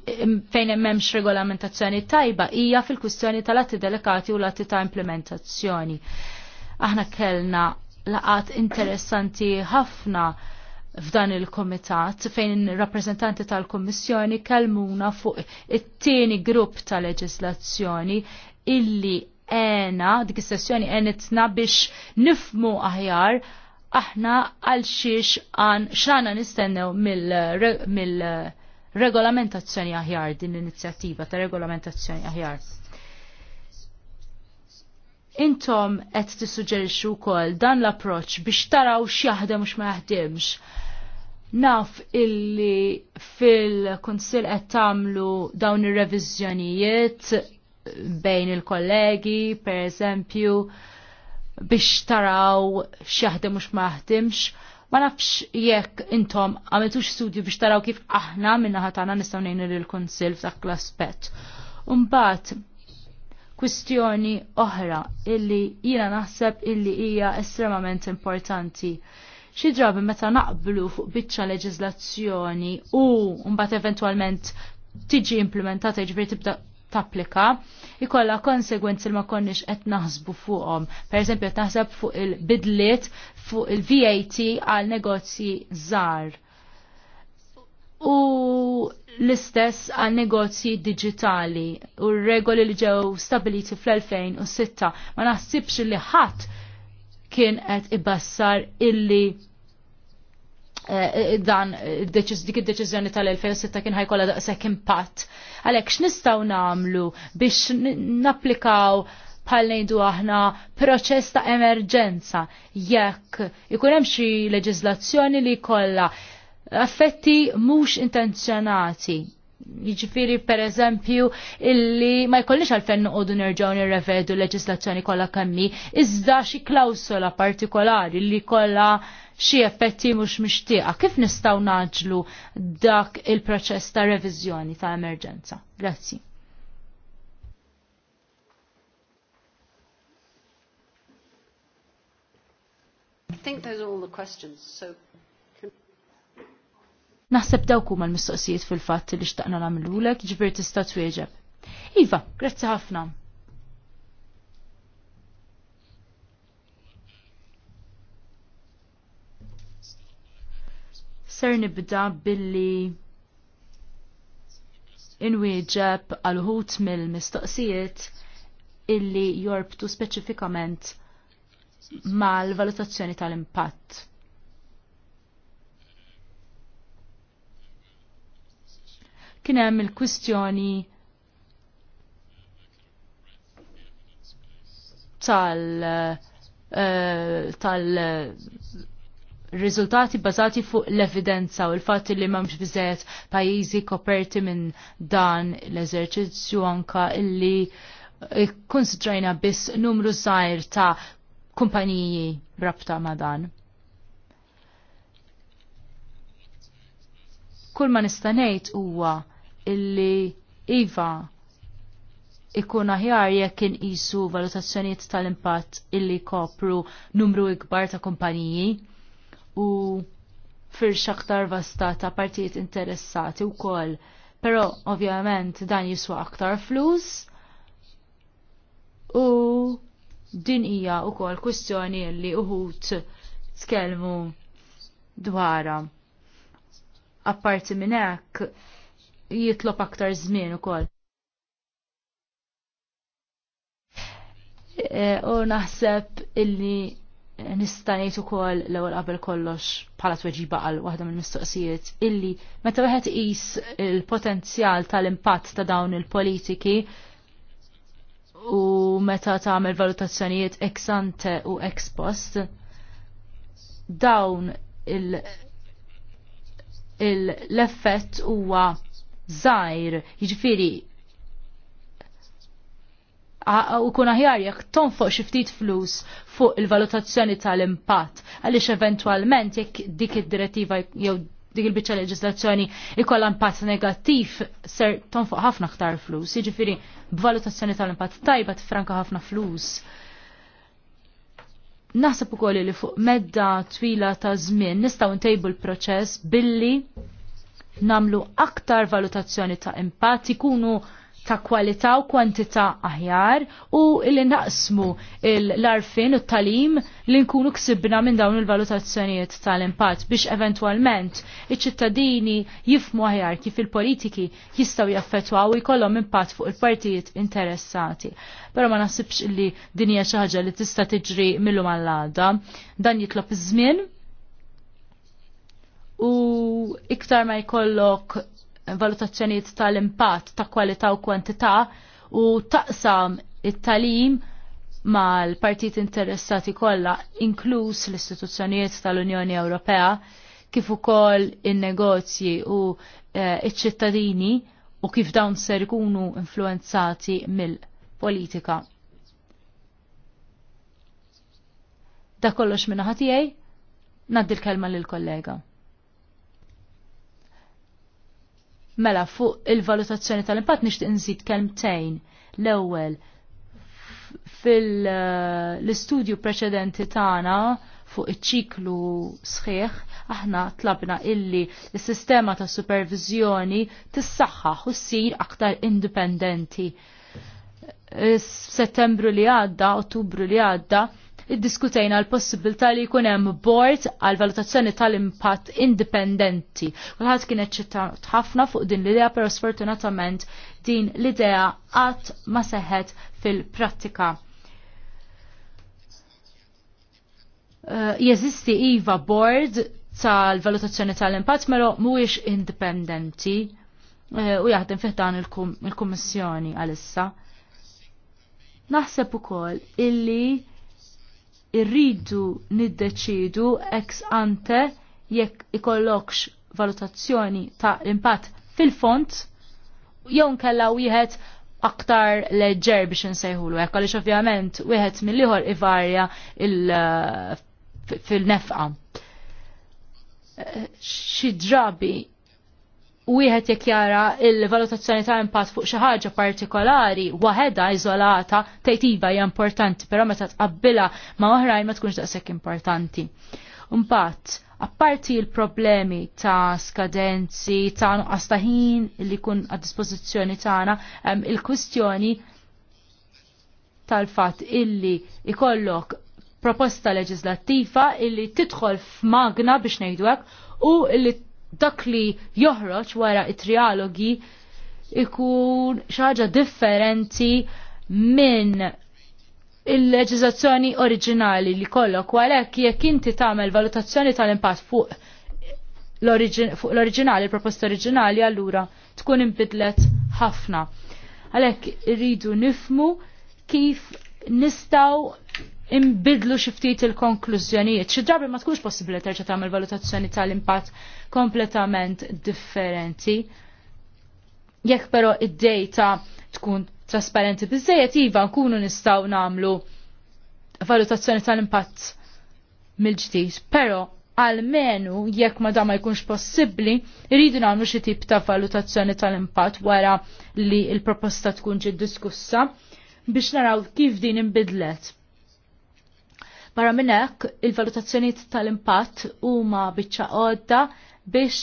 fejn memx regolamentazzjoni tajba hija fil-kwistjoni tal-atti delegati u l-atti ta' implementazzjoni. Aħna kellna laqat interessanti ħafna f'dan il-komitat fejn rappresentanti tal-Kommissjoni kelmuna fuq it-tieni grupp ta' leġislazzjoni illi ena, dik is-sessjoni enitna biex nifmu aħjar aħna għal xiex għan xana nistennew mill-regolamentazzjoni mil aħjar din l-inizjattiva ta' regolamentazzjoni aħjar. Intom qed tissuġġerixxu wkoll dan l-approċċ biex taraw x'jaħdem u x'ma jaħdimx. Naf illi fil-Kunsill qed tagħmlu dawn ir-reviżjonijiet bejn il-kollegi, per eżempju, biex taraw xaħdem mhux maħdimx. Ma nafx jekk intom għamiltux studju biex taraw kif aħna minna ħatana nistaw nejnu l-konsil f'dak l-aspet. Umbat, kwistjoni oħra illi jina naħseb illi hija estremament importanti xi drabi meta naqblu fuq biċċa leġiżlazzjoni u mbagħad eventwalment tiġi implementata jiġifieri tibda tapplika ikolla konsegwenzi li ma konniex qed naħsbu fuqhom. Pereżempju qed naħseb fuq il-bidliet fuq il-VAT għal negozji żgħar. U l-istess għal negozji digitali u r-regoli li ġew stabiliti fl-2006 ma naħsibx li ħadd kien qed ibassar illi Eh, eh, dan eh, dik id-deċiżjoni tal-2006 kien ħajkolla daqshekk impatt. Għalhekk x'nistgħu nagħmlu biex napplikaw bħal ngħidu aħna proċess ta' emerġenza jekk ikun hemm xi leġiżlazzjoni li jkollha affetti mhux intenzjonati. Jiġifieri pereżempju illi ma jkollix għalfejn noqogħdu nerġgħu nirrevedu l-leġiżlazzjoni kollha kemmi, iżda xi klawsola partikolari li kollha xi effetti mhux mixtieqa. Kif nistgħu naġlu dak il-proċess ta' reviżjoni ta' emerġenza? Grazzi. I think those are all the questions, so Naħseb dawk huma l-mistoqsijiet fil-fatt li xtaqna nagħmlulek, ġifier tista' twieġeb. Iva, grazzi ħafna. ser nibda billi inwieġeb għal-ħut mill-mistoqsijiet illi jorbtu speċifikament mal-valutazzjoni tal-impatt. Kienem il-kwistjoni tal- eh, tal- riżultati bazati fuq l-evidenza u l-fatt li m'hemmx biżejjed pajjiżi koperti minn dan l-eżerċizzju anka illi eh, konsidrajna biss numru zaħir ta' kumpaniji rabta ma' dan. Kull ma nistanejt huwa illi iva ikun aħjar jekk inqisu valutazzjonijiet tal-impatt illi kopru numru ikbar ta' kumpaniji u firxa aktar vasta ta' partijiet interessati u kol. Pero ovvjament dan jiswa aktar flus u din hija kol kwistjoni li uħut tkellmu dwarha. Apparti minn hekk jitlob aktar żmien ukoll. E, u naħseb illi nista' ngħid ukoll l-ewwel qabel kollox bħala tweġiba baqal waħda mill-mistoqsijiet illi meta wieħed qis il-potenzjal tal-impatt ta' dawn il-politiki u meta tagħmel valutazzjonijiet ex ante u ex post dawn l-effett huwa żgħir jiġifieri u kun aħjar jekk tonfoq xi ftit flus fuq il-valutazzjoni tal-impatt għaliex eventwalment jekk dik id-direttiva jew dik il-biċċa leġislazzjoni ikolla impatt negattiv ser tonfoq ħafna ktar flus. Jiġifieri b'valutazzjoni tal-impatt tajba franka ħafna flus. Naħseb ukoll li fuq medda twila ta' żmien nistgħu ntejbu l-proċess billi namlu aktar valutazzjoni ta' impatt ikunu ta' kwalità u kwantità aħjar u li naqsmu l-arfin u t-talim li nkunu ksibna minn dawn il-valutazzjonijiet tal-impatt biex eventualment iċ-ċittadini jifmu aħjar kif il-politiki jistaw jaffetwaw u jkollhom impatt fuq il-partijiet interessati. Però ma naħsibx li din hija xi ħaġa li tista' tiġri millum għall-għada. Dan jitlob iż-żmien u iktar ma jkollok valutazzjonijiet tal-impatt ta' kwalità u kwantità u taqsam it-talim mal-partit interessati kollha inkluż l-istituzzjonijiet tal-Unjoni Ewropea kif ukoll in-negozji u eh, iċ-ċittadini u kif dawn ser ikunu influenzati mill-politika. Da kollox minna ħatijaj, ngħaddi l-kelma lill kollega Mela fuq il-valutazzjoni tal-impatt nixtieq nżid kelmtejn. L-ewwel fil-istudju eh, preċedenti tagħna fuq iċ-ċiklu sħiħ, aħna tlabna illi s-sistema ta' supervizjoni tissaħħaħ u ssir aktar indipendenti. Settembru li għadda, Ottubru li għadda, iddiskutejna l-possibilità li jkun hemm board għal valutazzjoni tal-impatt indipendenti. Kulħadd kien eċċitat ħafna fuq din l-idea però sfortunatament din l-idea qatt ma seħħet fil-prattika. Uh, jeżisti iva board tal-valutazzjoni tal-impatt mero mhuwiex indipendenti uh, u jaħdem fih dan il-kummissjoni il għalissa. Naħseb ukoll illi irridu niddeċidu ex ante jekk ikollokx valutazzjoni ta' impatt fil-font jew nkella wieħed aktar leġġer biex nsejħulu hekk għaliex ovvjament wieħed mill-ieħor ivarja eh, fil-nefqa. Eh, xi drabi wieħed jekk jara il-valutazzjoni ta' impatt fuq xi ħaġa partikolari waħedha iżolata tejtiba hija importanti, però meta tqabbilha ma' oħrajn ma tkunx daqshekk importanti. Mbagħad, apparti l-problemi ta' skadenzi, ta' nuqqas ta' ħin li kun għad dispożizzjoni tagħna, il-kwistjoni tal-fatt illi ikollok proposta leġislattiva illi tidħol f'magna biex ngħidu u illi dak li joħroġ wara it-trialogi ikun xaġa differenti minn il-leġizazzjoni oriġinali li kollok għalhekk jekk inti tagħmel valutazzjoni tal-impatt fuq l-oriġinali, il-proposta oriġinali, allura tkun imbidlet ħafna. Għalhekk irridu nifmu kif nistaw imbidlu xiftit il-konklużjonijiet. Xi drabi ma tkunx possibbli terġa' tagħmel valutazzjoni tal-impatt kompletament differenti. Jekk però id-data tkun trasparenti biżejjed iva nkunu nistgħu nagħmlu valutazzjoni tal-impatt mill-ġdid. Però għalmenu jekk ma da ma jkunx possibbli, rridu nagħmlu xi tip ta' valutazzjoni tal-impatt wara li l-proposta tkun ġid diskussa biex naraw kif din inbidlet Barra minn hekk, il-valutazzjonijiet tal-impatt huma biċċa għodda biex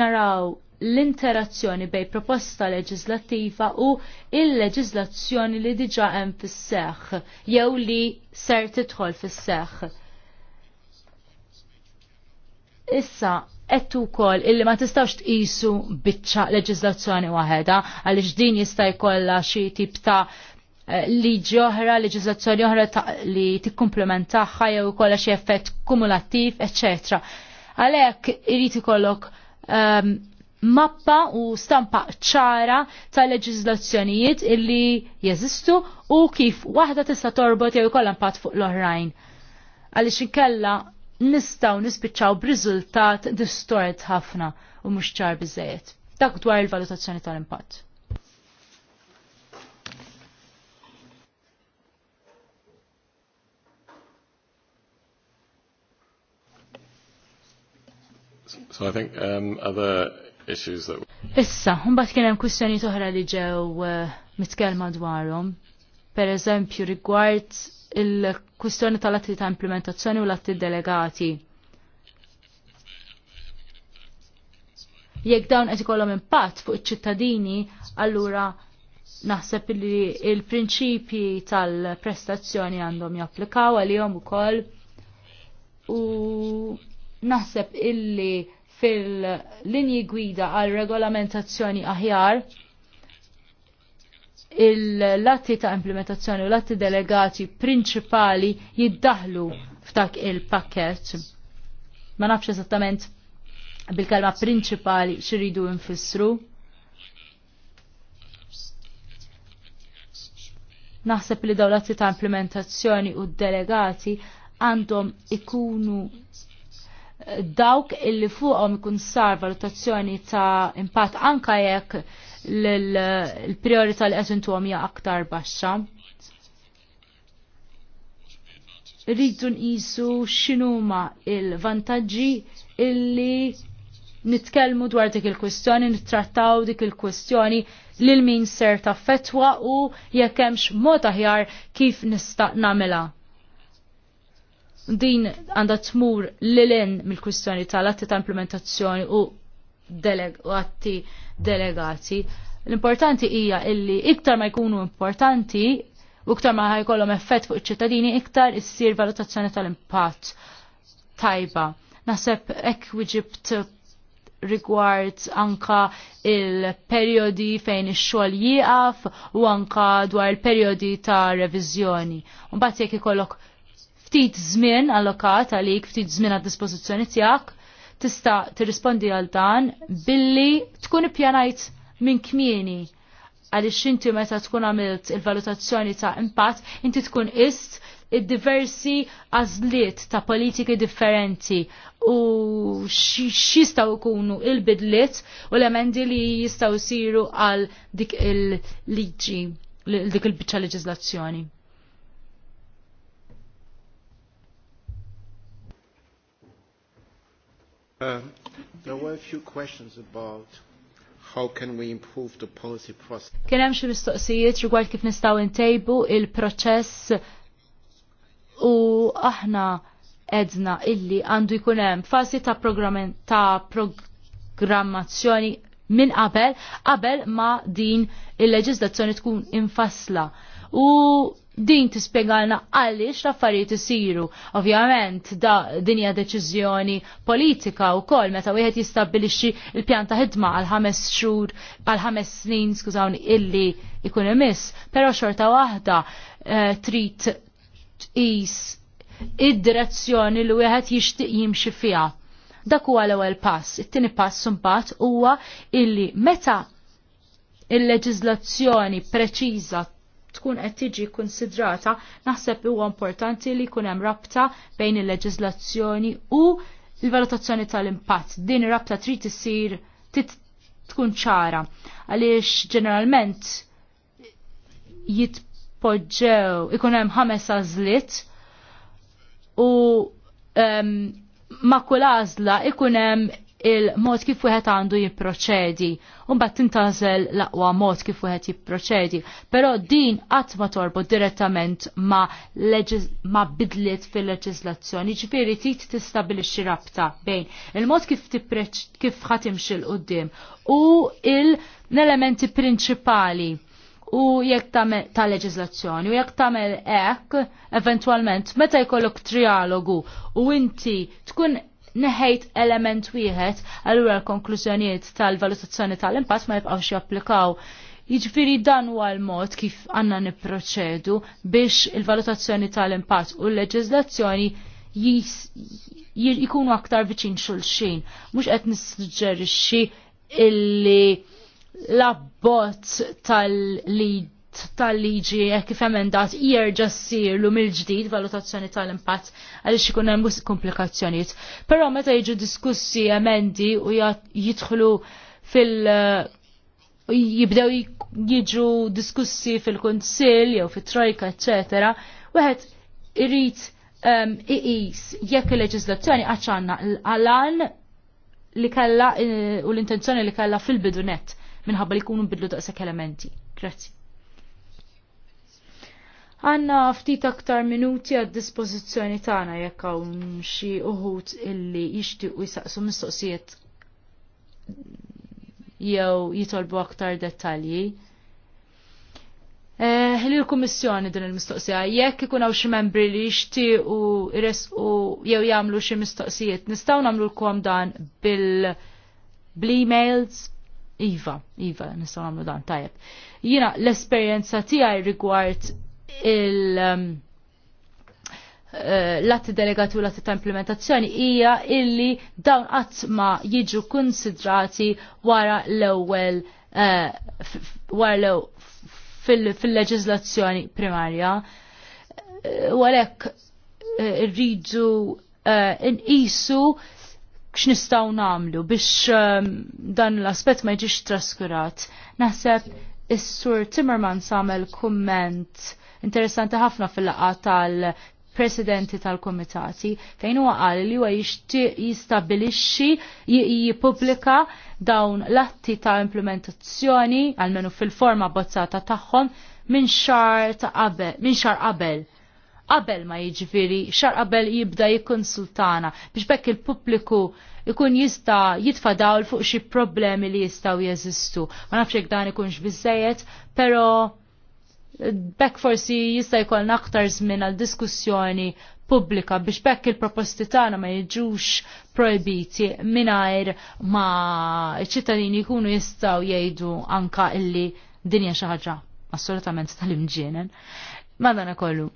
naraw l-interazzjoni bej proposta leġislattiva u il-leġislazzjoni li diġa hemm fis-seħħ jew li ser tidħol fis-seħħ. Issa, ettu kol illi ma tistawx tqisu bitċa leġizlazzjoni waħedha għaliex din jista' jkollha xi tip ta' liġi oħra, leġiżlazzjoni oħra li tikkumplementaħħa jew ikolla xi effett kumulattiv, eċetera. Għalhekk irid ikollok um, mappa u stampa ċara ta' leġiżlazzjonijiet illi jeżistu u kif waħda tista' torbot jew ikollha impatt fuq l-oħrajn. Għaliex inkella nistgħu nispiċċaw b'riżultat distort ħafna u mhux ċar biżejjed. Dak dwar il-valutazzjoni tal-impatt. So I think um, other issues that... Issa, mbagħad kien hemm kwistjoni oħra li ġew uh, mitkellma dwarhom. Per eżempju rigward il-kwistjoni tal-atti ta' implementazzjoni u l-atti delegati. Jekk dawn qed ikollhom impatt fuq iċ-ċittadini, allura naħseb li il-prinċipji tal-prestazzjoni għandhom japplikaw għalihom ukoll u naħseb illi fil-linji gwida għal regolamentazzjoni aħjar il-latti ta' implementazzjoni u latti delegati prinċipali jiddaħlu f'dak il-pakket. Ma nafx esattament bil-kelma prinċipali xiridu infissru. Naħseb li daw latti ta' implementazzjoni u delegati għandhom ikunu dawk illi fuqhom ikun sar valutazzjoni ta' impatt anka jekk l-priorità li qed hija aktar baxxa. Rridu nqisu x'inhuma il-vantaġġi illi nitkellmu dwar dik il-kwistjoni, nittrattaw dik il-kwistjoni lil min ser ta' fetwa u jekk hemmx mod aħjar kif nista' nagħmilha din għandha tmur l-len mill-kwistjoni tal-atti ta' implementazzjoni u għatti atti delegati. L-importanti hija illi iktar ma jkunu importanti u iktar ma ħajkollhom effett fuq iċ-ċittadini iktar issir valutazzjoni tal-impatt tajba. Naħseb hekk wiġibt rigward anka il-periodi fejn ix-xogħol jieqaf u anka dwar il-periodi ta' reviżjoni. Mbagħad jekk ikollok ftit żmien allokat għalik, ftit żmien għad dispożizzjoni tiegħek, tista' tirrispondi għal dan billi tkun pjanajt minn kmieni għaliex inti meta tkun għamilt il-valutazzjoni ta' impatt, inti tkun ist id-diversi għazliet ta' politiki differenti u xistaw kunu il-bidliet u l-emendi li jistaw siru għal dik il-liġi, dik il-bicċa leġizlazzjoni. Um, there were a few questions about how can we improve the policy process. Kien hemm xi mistoqsijiet rigward kif nistgħu ntejbu il-proċess u aħna edna illi għandu jkun hemm fażi ta' ta' programmazzjoni minn qabel qabel ma din il-leġiżlazzjoni tkun infassla. U din tispjegalna għaliex l-affarijiet isiru. Ovvjament da din hija deċiżjoni politika wkoll meta wieħed jistabbilixxi l-pjan ta' ħidma għal ħames xhur għal ħames snin skużawni illi ikun imiss, però xorta waħda uh, trid is id-direzzjoni li wieħed jixtieq jimxi fiha. Dak huwa l-ewwel pass. It-tieni pass imbagħad huwa illi meta il-leġiżlazzjoni preċiża tkun qed tiġi konsidrata, naħseb huwa importanti li jkun hemm rabta bejn il-leġiżlazzjoni u l-valutazzjoni tal-impatt. Din rabta trid isir tkun ċara għaliex ġeneralment jitpoġġew ikun hemm ħames għażliet u um, ma' kull għażla ikun hemm il-mod kif wieħed għandu jipproċedi. mbagħad tintażel l-aqwa mod kif wieħed jipproċedi. Però din qatt ma torbod direttament ma, ma bidliet fil-leġislazzjoni, ġifieri trid tistabilixxi rabta bejn il-mod kif kif ħatimx il qudiem u l-elementi prinċipali u jekk ta' leġislazzjoni u jekk tagħmel hekk eventwalment meta jkollok trialogu u inti tkun neħejt element wieħed, allura l-konklużjonijiet tal-valutazzjoni tal-impatt ma jibqgħux japplikaw. Jiġifieri dan huwa l-mod kif għandna nipproċedu biex il-valutazzjoni tal-impatt u l-leġiżlazzjoni jikunu aktar viċin xulxin. Mhux qed nissuġġerixxi illi l-abbozz tal-lead tal-liġi eh, kif emendat jerġa' ssirlu mill-ġdid valutazzjoni tal-impatt għaliex ikun hemm komplikazzjonijiet. Però meta jiġu diskussi emendi u jidħlu fil- eh, jibdew jiġu diskussi fil-Kunsill jew fit-Trojka, eċetera, wieħed irid ehm, iqis jekk il-leġiżlazzjoni għaċċanna l-qalan li kella eh, u l-intenzjoni li kella fil-bidunet minħabba li jkunu bidlu daqshekk elementi. Grazzi. Għanna ftit aktar minuti għad dispożizzjoni tagħna jekk hawn xi uħud illi jixtiequ jisaqsu mistoqsijiet jew jitolbu aktar dettalji. Eh, l-Kummissjoni din il-mistoqsija, jekk ikun hawn xi membri li jixtiequ jresqu jew jagħmlu xi mistoqsijiet, nistgħu lkom dan bil bl-emails. Iva, Iva, nistgħu nagħmlu dan tajjeb. Jiena l-esperjenza tiegħi rigward il- um, eh, l-atti delegati u l att ta' implementazzjoni hija illi dawn qatt ma jiġu konsidrati wara l-ewwel eh, wara fil-leġiżlazzjoni primarja. Eh, u għalhekk irridu nqisu x'nistgħu nagħmlu biex dan l-aspett ma jiġix traskurat. Naħseb is-Sur Timmerman samel kumment interessanti ħafna fil laqqa tal-presidenti tal-komitati fejn huwa qal li huwa jistabilixxi jippubblika dawn l-atti ta' implementazzjoni għalmenu fil-forma bozzata tagħhom minn xar ta' qabel minn xar qabel qabel ma jiġifieri xar qabel jibda jikkonsultana biex bekk il-pubbliku ikun jista jitfa dawl fuq xi problemi li jistgħu jeżistu. Ma nafx jekk dan ikunx biżejjed, però Bekk forsi jista' jkollna aktar żmien għal diskussjoni pubblika biex bekk il-proposti tagħna ma jiġux projbiti mingħajr ma ċittadini jkunu jistgħu jgħidu anka illi dinja xi ħaġa assolutament tal-imġienen. Madana kollu,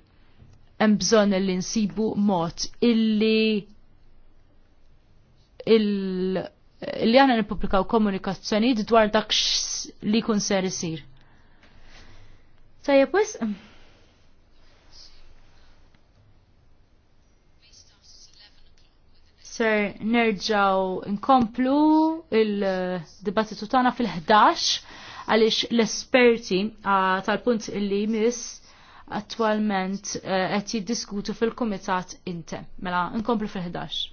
hemm bżonn li nsibu mod illi il li għana nipublikaw komunikazzjoni dwar dak li kun ser isir. Tajja pues? Ser nerġaw nkomplu il-dibattitu tagħna fil-11 għaliex l-esperti tal-punt li jmiss attualment eh, qed jiddiskutu fil-kumitat inte. Mela nkomplu fil-11.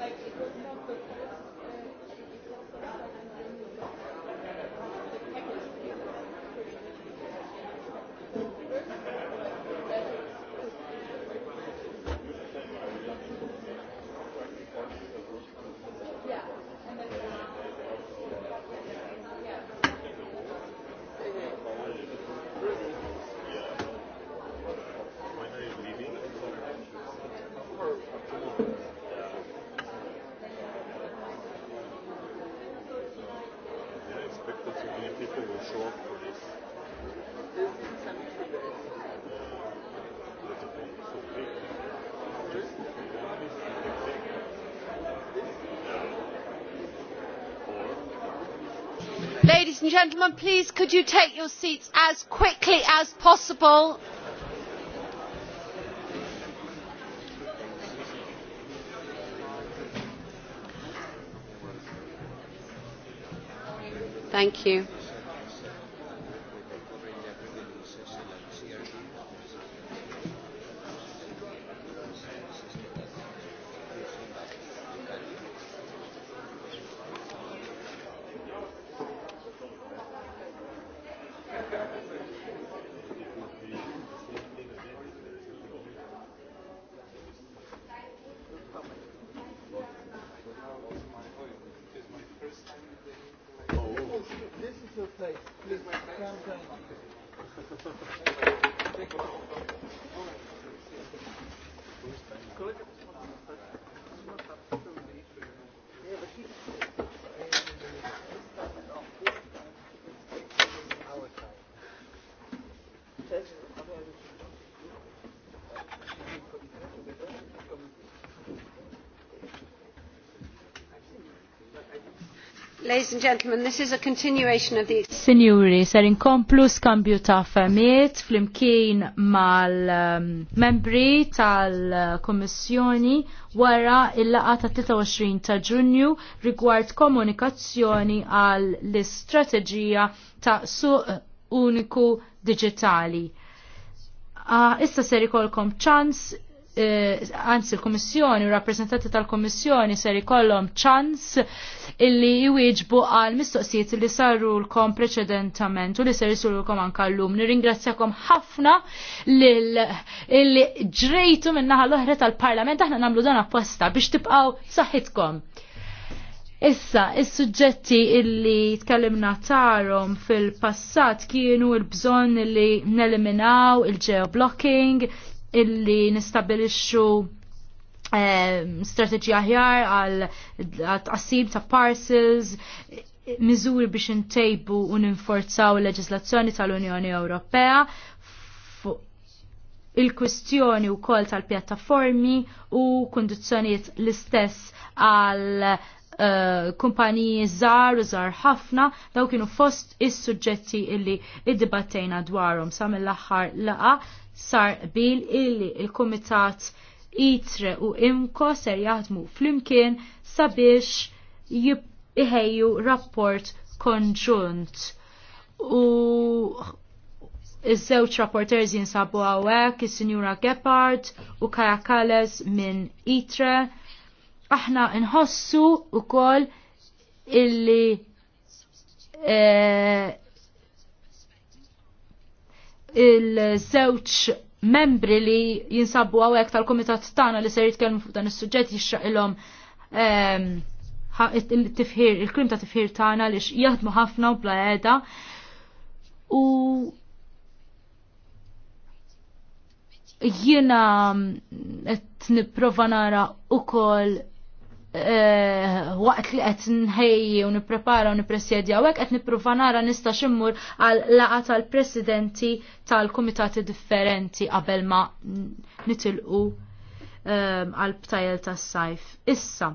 Thank you. and gentlemen, please could you take your seats as quickly as possible? Thank you. Ladies and gentlemen, this is a continuation of the... Signori, ser inkomplu skambju ta' fermiet flimkien mal-membri um, tal-Kommissjoni wara il-laqa ta' 23 ta' ġunju rigward komunikazzjoni għal l-istrateġija ta' suq uniku digitali. Ah, issa ser ikolkom ċans eh, anzi l-Komissjoni, u rappresentanti tal-Komissjoni ser ikollhom ċans illi jwieġbu għal mistoqsijiet li saru l-kom preċedentament u li ser jisulkom anka l-lum. Niringrazzjakom ħafna li ġrejtu minna l-oħra tal-parlament aħna namlu dan apposta biex tibqaw saħitkom. Issa, is-suġġetti illi tkellimna tarom fil-passat kienu il-bżon illi neliminaw il-geoblocking, illi nistabilixxu Ehm, strateġija aħjar għal tqassib ta' parcels, miżuri biex intejbu u ninforzaw il-leġislazzjoni tal-Unjoni Ewropea il-kwistjoni u kol tal-pjattaformi u kondizjoniet l-istess għal uh, kumpaniji zar u zar ħafna daw kienu fost is-suġġetti illi id-dibattejna dwarhom sa mill-aħħar laqa sar bil illi il-Kumitat il ITRE u imko ser jaħdmu flimkien sabiex jibħeju rapport konġunt. U iż-żewġ rapporters jinsabu għawek, is-Sinjura Gepard u Kaja Kales minn ITRE. Aħna nħossu u koll illi e, il-żewġ membri li jinsabu għawek tal-komitat tana li ser jitkellmu fuq dan is-suġġett jixxaqilhom il om ehm, il-krim ta' tifħir tagħna li jaħdmu ħafna u bla edha U jiena qed nipprova nara ukoll Eh, waqt li qed nħejji u nipprepara u nippresjedja u hekk qed nippruva nara nista' ximmur għal laqa tal-presidenti tal-kumitati differenti qabel ma nitilqu ehm, għal btajel tas sajf. Issa,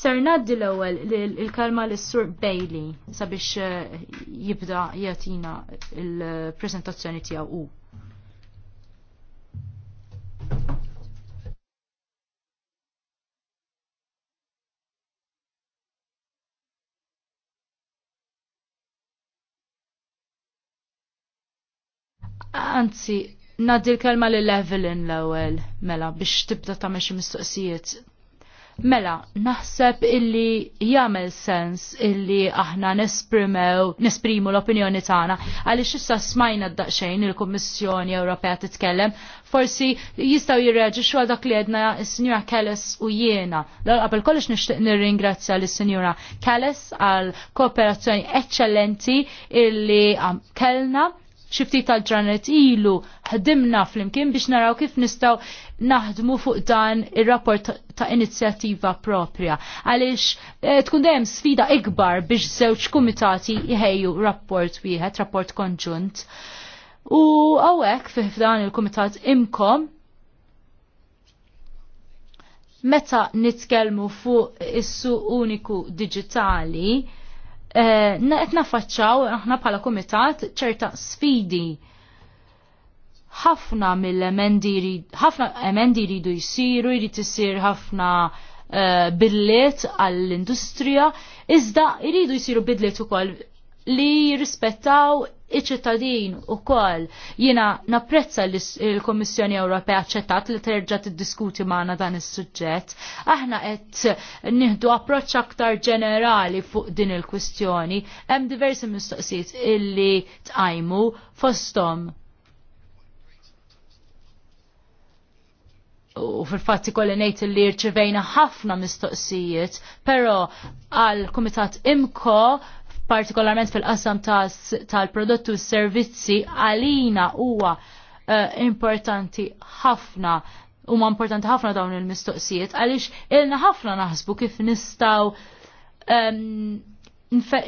ser naddi l-ewel il-kalma l-sur Bailey sabiex eh, jibda jatina il preżentazzjoni tijaw u. Anzi, Naddi l-kelma li levelin l-ewel, mela, biex tibda ta' meċi mistoqsijiet. Mela, naħseb illi jagħmel sens illi aħna nesprimew, nesprimu l-opinjoni tagħna għaliex issa smajna d-daqsxejn il-Kummissjoni Ewropea titkellem, forsi jistgħu jirreġixxu għal dak li għedna s-Sinjura Kelles u jiena. L qabel kollox nixtieq nirringrazzja lis sinjura Kelles għal kooperazzjoni eċċellenti illi kellna xi ftit tal-ġranet ilu ħdimna flimkien biex naraw kif nistgħu naħdmu fuq dan ir-rapport ta' inizjattiva propria. Għaliex eh, tkun dejjem sfida ikbar biex żewġ kumitati jħejju rapport wieħed, rapport konġunt. U għawek f'dan il-kumitat imkom meta nitkellmu fuq is-suq uniku digitali, Eh, qed naffaċċaw aħna bħala kumitat ċerta sfidi. Ħafna mill emendiri ħafna emendi jridu jsiru, jrid isir ħafna eh, bidliet għall-industrija, iżda jridu jsiru bidliet ukoll li jirrispettaw iċ-ċittadin u kol jina napprezza li l-Komissjoni Ewropea ċettat li terġa t-diskuti maħna dan is suġġett Aħna qed nieħdu approċ aktar ġenerali fuq din il-kwistjoni. Hemm diversi mistoqsijiet illi tqajmu fostom u fil-fatti kolli nejt li rċivejna ħafna mistoqsijiet, pero għal Kumitat Imko partikolarment fil-qasam tal-prodotti ta s servizzi għalina huwa uh, importanti ħafna u ma importanti ħafna dawn il-mistoqsijiet għaliex ilna ħafna naħsbu kif nistaw um,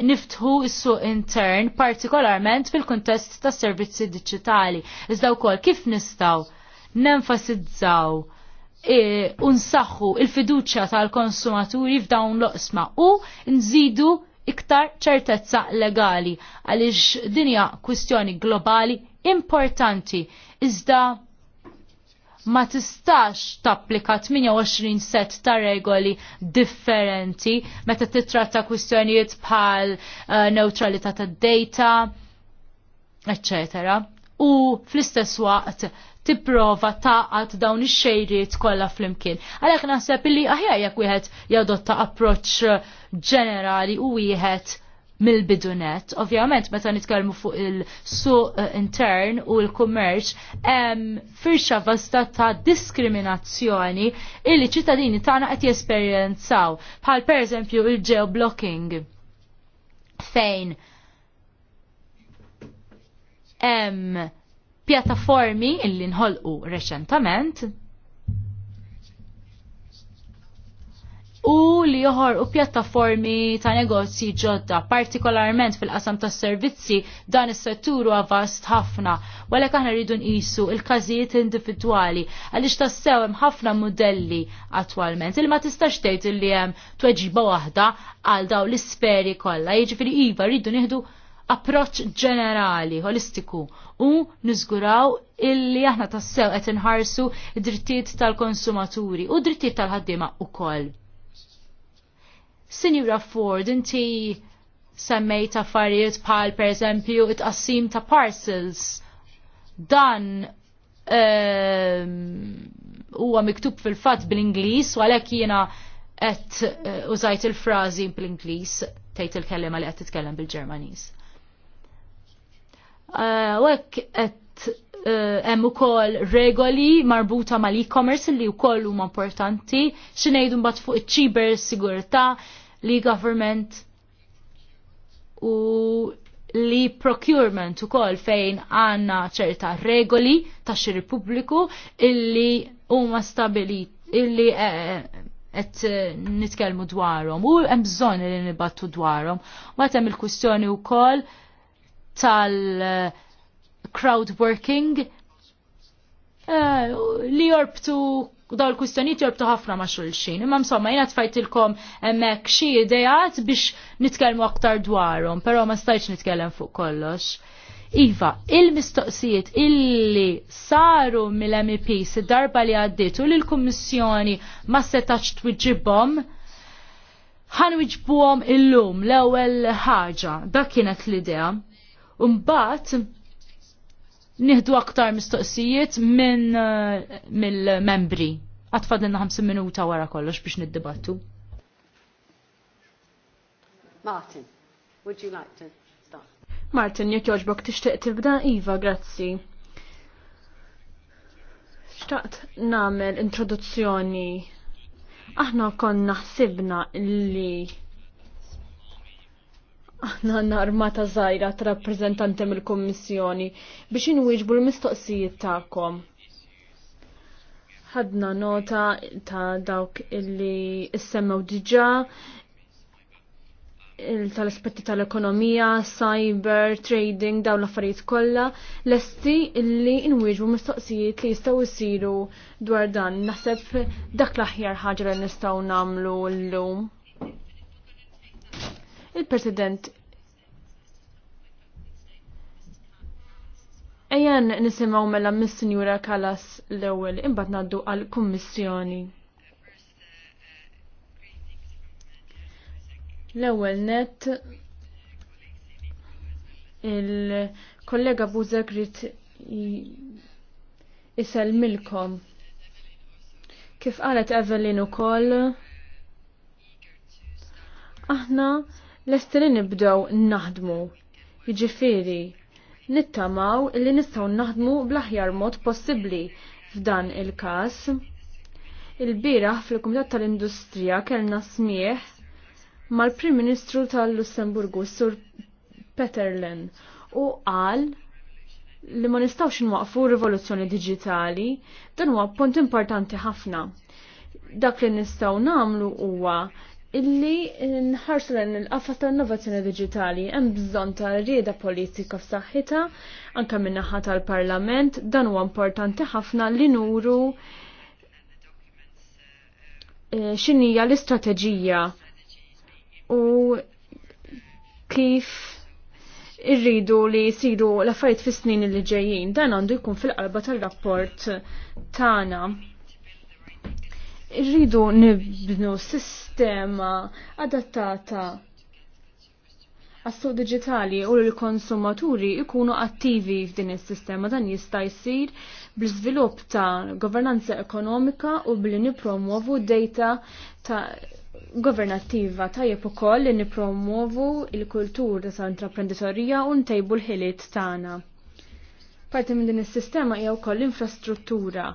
niftħu s-suq intern partikolarment fil-kontest ta' servizzi digitali. Iżda wkoll kif nistaw nenfasizzaw eh, unsaxu il-fiduċja tal-konsumaturi f'dawn l osma u nżidu iktar ċertezza legali għaliex dinja kwistjoni globali importanti iżda ma tistax tapplika 28 set ta' regoli differenti meta titratta kwistjonijiet bħal uh, neutralità tad data, eccetera u fl-istess waqt tipprova taqat dawn ix-xejriet kollha flimkien. Għalhekk naħseb illi aħjar jekk wieħed jadotta approċċ ġenerali u wieħed mill-bidunet. Ovvjament, meta nitkellmu fuq il-suq eh, intern u l-kummerċ, hemm firxa vasta ta' diskriminazzjoni illi ċittadini tagħna qed jesperjenzaw, bħal pereżempju il-geoblocking fejn Hemm pjattaformi illi nħolqu reċentament u li joħorqu pjattaformi ta' negozji ġodda, partikolarment fil-qasam tas servizzi dan is-settur huwa ħafna, għalhekk aħna rridu nqisu il-każijiet individwali għaliex tassew hemm ħafna modelli attwalment. Il ma tistax tgħid li hemm tweġiba waħda għal daw l-isferi kollha, jiġifieri iva rridu nieħdu approċ ġenerali, holistiku, u nizguraw illi aħna tassew qed inħarsu drittijiet tal-konsumaturi u drittijiet tal-ħaddiema ukoll. Sinjura Ford, inti semmejt affarijiet bħal per eżempju it-qassim ta' parcels. Dan ehm, huwa um, miktub fil-fatt bil ingliż u għalhekk jiena qed eh, użajt il-frażi bl-Ingliż tgħid il-kellima li qed titkellem bil-Ġermaniż. Eh, u hekk qed eh, hemm ukoll regoli marbuta mal-e-commerce li wkoll huma importanti, xi ngħidu mbagħad fuq iċ-ċiber sigurtà li government u li procurement ukoll fejn għandna ċerta regoli ta' xiri pubbliku illi huma stabili illi eh, qed nitkellmu dwarhom u hemm bżonn li nibattu dwarhom. ma hemm il-kwistjoni wkoll tal-crowd working eh, li jorbtu daw l-kustjoniet jorbtu ħafna ma' xulxin. Imma msomma jina tfajtilkom emmek xi idejat biex nitkellmu aktar dwarhom, però ma stajtx nitkellem fuq kollox. Iva, il-mistoqsijiet illi saru mill mep id-darba li għaddit u l-Kummissjoni ma setax twiġibhom ħan wiġbuhom illum l-ewwel ħaġa, dak kienet l-idea. Umbat, nieħdu aktar mistoqsijiet minn eh, mill-membri. Għatfadilna 50 minuta wara kollox biex niddibattu. Martin, would you like to start? Martin, jek joġbok tixtieq tibda? Iva, grazzi. Xtaqt namel introduzzjoni. Aħna konna ħsibna li Aħna għanna armata zaħira ta' rappresentanti mill kommissjoni biex inwieġbu l-mistoqsijiet tagħkom. Ħadna nota ta' dawk illi issemmew diġà tal-aspetti tal-ekonomija, cyber, trading, dawn l-affarijiet kollha, lesti illi inwieġbu mistoqsijiet li jistgħu jsiru dwar dan. Naħseb dak l-aħjar ħaġa li nistgħu nagħmlu llum Il-President Ejjan nisimaw mela mis-Sinjura Kalas l-ewwel imbagħad ngħaddu għall-Kummissjoni. L-ewwel net il-kollega Buzek rid Milkom. Kif qalet Evelyn ukoll aħna ah, Lestri nibdew naħdmu. Jiġifieri, nittamaw li nistgħu naħdmu bl-aħjar mod possibbli f'dan il-każ. Il-biraħ fil-Kumitat tal-Industrija kellna smieħ mal-Prim Ministru tal-Lussemburgu, Sur Peterlen, u qal li ma nistawx nwaqfu rivoluzzjoni diġitali, dan huwa punt importanti ħafna. Dak li nistaw namlu huwa illi nħarsu l il-qafa ta' innovazzjoni digitali hemm bżonn ta' rieda politika f'saħħitha anke min-naħa tal-Parlament dan huwa importanti ħafna li nuru eh, x'inhija l-istrateġija u kif irridu li jsiru l-affarijiet fis-snin li ġejjin dan għandu jkun fil-qalba tar-rapport tagħna. Irridu nibnu sistema adattata għas-suq digitali u l-konsumaturi ikunu attivi f'din is-sistema dan jista' jsir bl-iżvilupp ta' governanza ekonomika u billi nipromuovu data ta' governattiva tajjeb ukoll li nipromuovu il-kultur ta' intraprenditorija u ntejbu l-ħiliet tagħna. Parti minn din is-sistema hija wkoll l-infrastruttura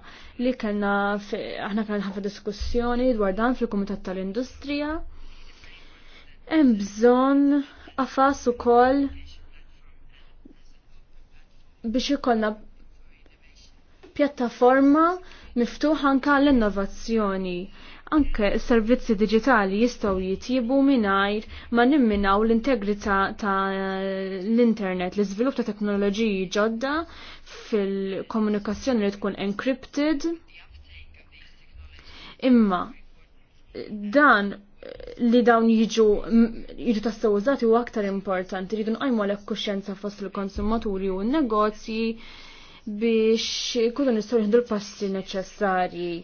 li kellna aħna kellna ħafna diskussjoni dwar dan fil-Kumitat tal-Industrija. Hemm bżonn qafas ukoll biex ikollna pjattaforma miftuħa anke għall innovazzjoni Anke s-servizzi digitali jistgħu jitjibu mingħajr ma nimminaw l-integrità ta' l-internet, l-iżvilupp ta' teknoloġiji ġodda fil-komunikazzjoni li tkun encrypted. Imma dan li dawn jiġu jiġu tassew użati u aktar importanti jiġu nqajmu għalek kuxenza fost il-konsumaturi u n-negozji biex kullu nistgħu jieħdu l-passi neċessarji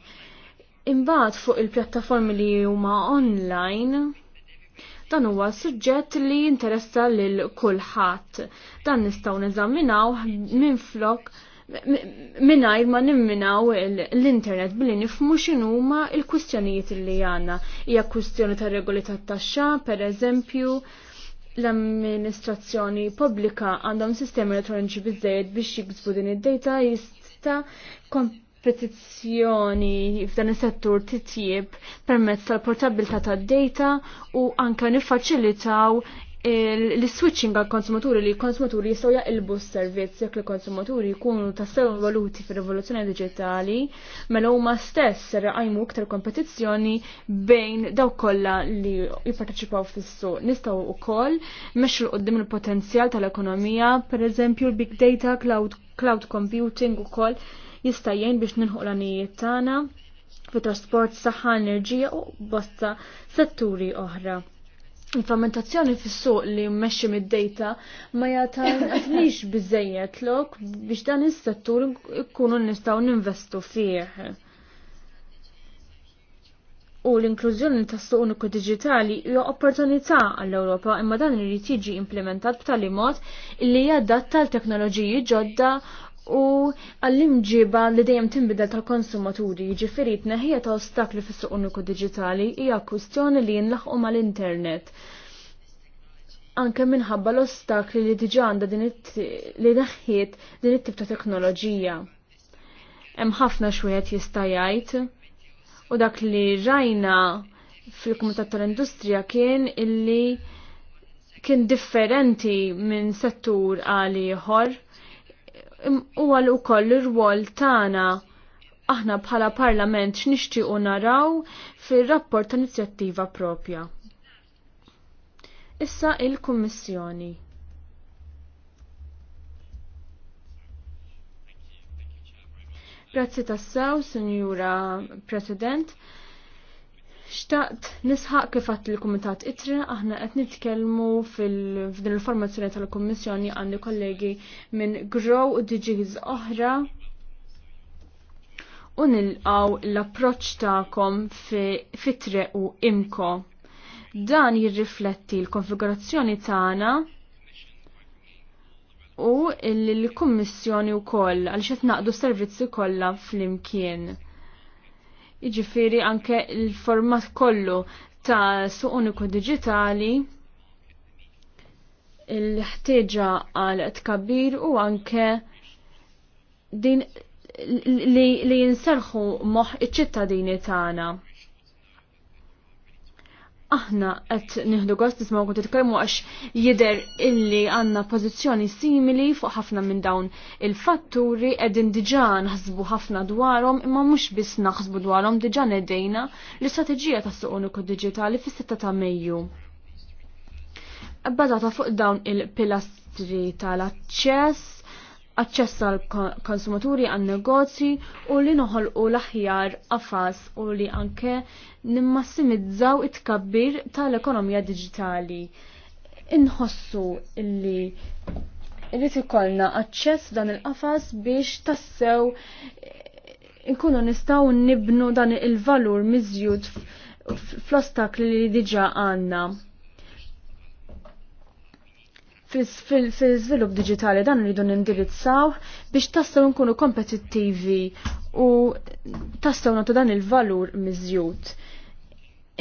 Imbagħad fuq il-pjattaformi li huma online, dan huwa suġġett li jinteressa lil kulħadd. Dan nistgħu neżaminaw minn flok minnajr ma nimminaw l-internet billi nifmu x'inhuma l kwistjonijiet li għandna. Hija kwistjoni ta' regoli tat-taxxa, pereżempju, l-amministrazzjoni pubblika għandhom sistemi elettroniċi biżejjed biex jiksbu din id-data jista' petizzjoni f'dan is-settur titjib permezz tal-portabilità tad-data u anke niffaċilitaw l-switching għal konsumaturi li konsumaturi jistaw jaqilbu s-servizz jekk li konsumaturi jkunu tassew valuti fir rivoluzzjoni digitali mela huma stess għajmu iktar kompetizzjoni bejn daw kollha li jipparteċipaw fis-suq. Nistgħu wkoll mexxu l qoddim il-potenzjal tal-ekonomija, pereżempju l-big data, cloud, cloud computing ukoll jista' jgħin biex ninħuq l-għanijiet tagħna fit-trasport, saħħa, enerġija u bosta setturi oħra. Il-frammentazzjoni fis-suq li mmexxi mid-dejta ma jagħtanix <laughs> biżejjed lok biex dan is-settur ikunu nistgħu ninvestu fih. U l-inklużjoni tas-suq uniku diġitali hija opportunità għall-Ewropa imma dan irid jiġi implementat b'tali mod li jadatta l-teknoloġiji ġodda u għall-imġiba li dejjem tinbidel tal-konsumaturi jiġifieri tneħħija ta' ostakli fis-suq uniku digitali hija kwistjoni li jinlaħqu mal-internet. Anke minħabba l-ostakli li diġà għandha din li neħħiet din it-tip ta' teknoloġija. Hemm ħafna xwiet jista' jgħid u dak li rajna fil-Kumitat tal-Industrija kien illi kien differenti minn settur għal ieħor u għal ukoll ir-rwol tagħna aħna bħala parlament x'nixtiequ naraw fir-rapport ta' inizjattiva propja. Issa il-Kummissjoni. Grazzi tassew, Sinjura President. Xtaqt nisħaq kif għat il-Kumitat Itri, aħna qed nitkellmu f'din il-formazzjoni tal-Kummissjoni għandi kollegi minn Grow Digis oħra u nilqaw l-approċ tagħkom fitre u imko. Dan jirrifletti l-konfigurazzjoni tagħna u l-Kummissjoni wkoll għaliex qed naqdu servizzi kollha flimkien Iġifiri anke il-format kollu ta' suq uniku digitali il-ħtieġa għal tkabbir u anke din li, li jinserħu moħ iċ-ċittadini tagħna aħna qed nieħdu gost nisma' kont titkellmu għax jidher illi għandna pożizzjoni simili fuq ħafna minn dawn il-fatturi qegħdin diġà naħsbu ħafna dwarhom imma mhux biss naħsbu dwarhom diġà ngħidejna l-istrateġija tas-suq uniku diġitali fis-6 ta' Mejju. Bbażata fuq dawn il-pilastri tal-aċċess aċċess għal konsumaturi għan negozji u li noħolqu l-aħjar għafas u li anke nimmassimizzaw it-kabbir tal-ekonomija digitali. Inħossu li li ikollna aċċess dan il-qafas biex tassew inkunu nistaw nibnu dan il-valur miżjud fl-ostakli li diġa għanna fil svilup digitali dan rridu nindirizzaw biex tastaw nkunu kompetittivi u tastaw nagħtu dan il-valur miżjud.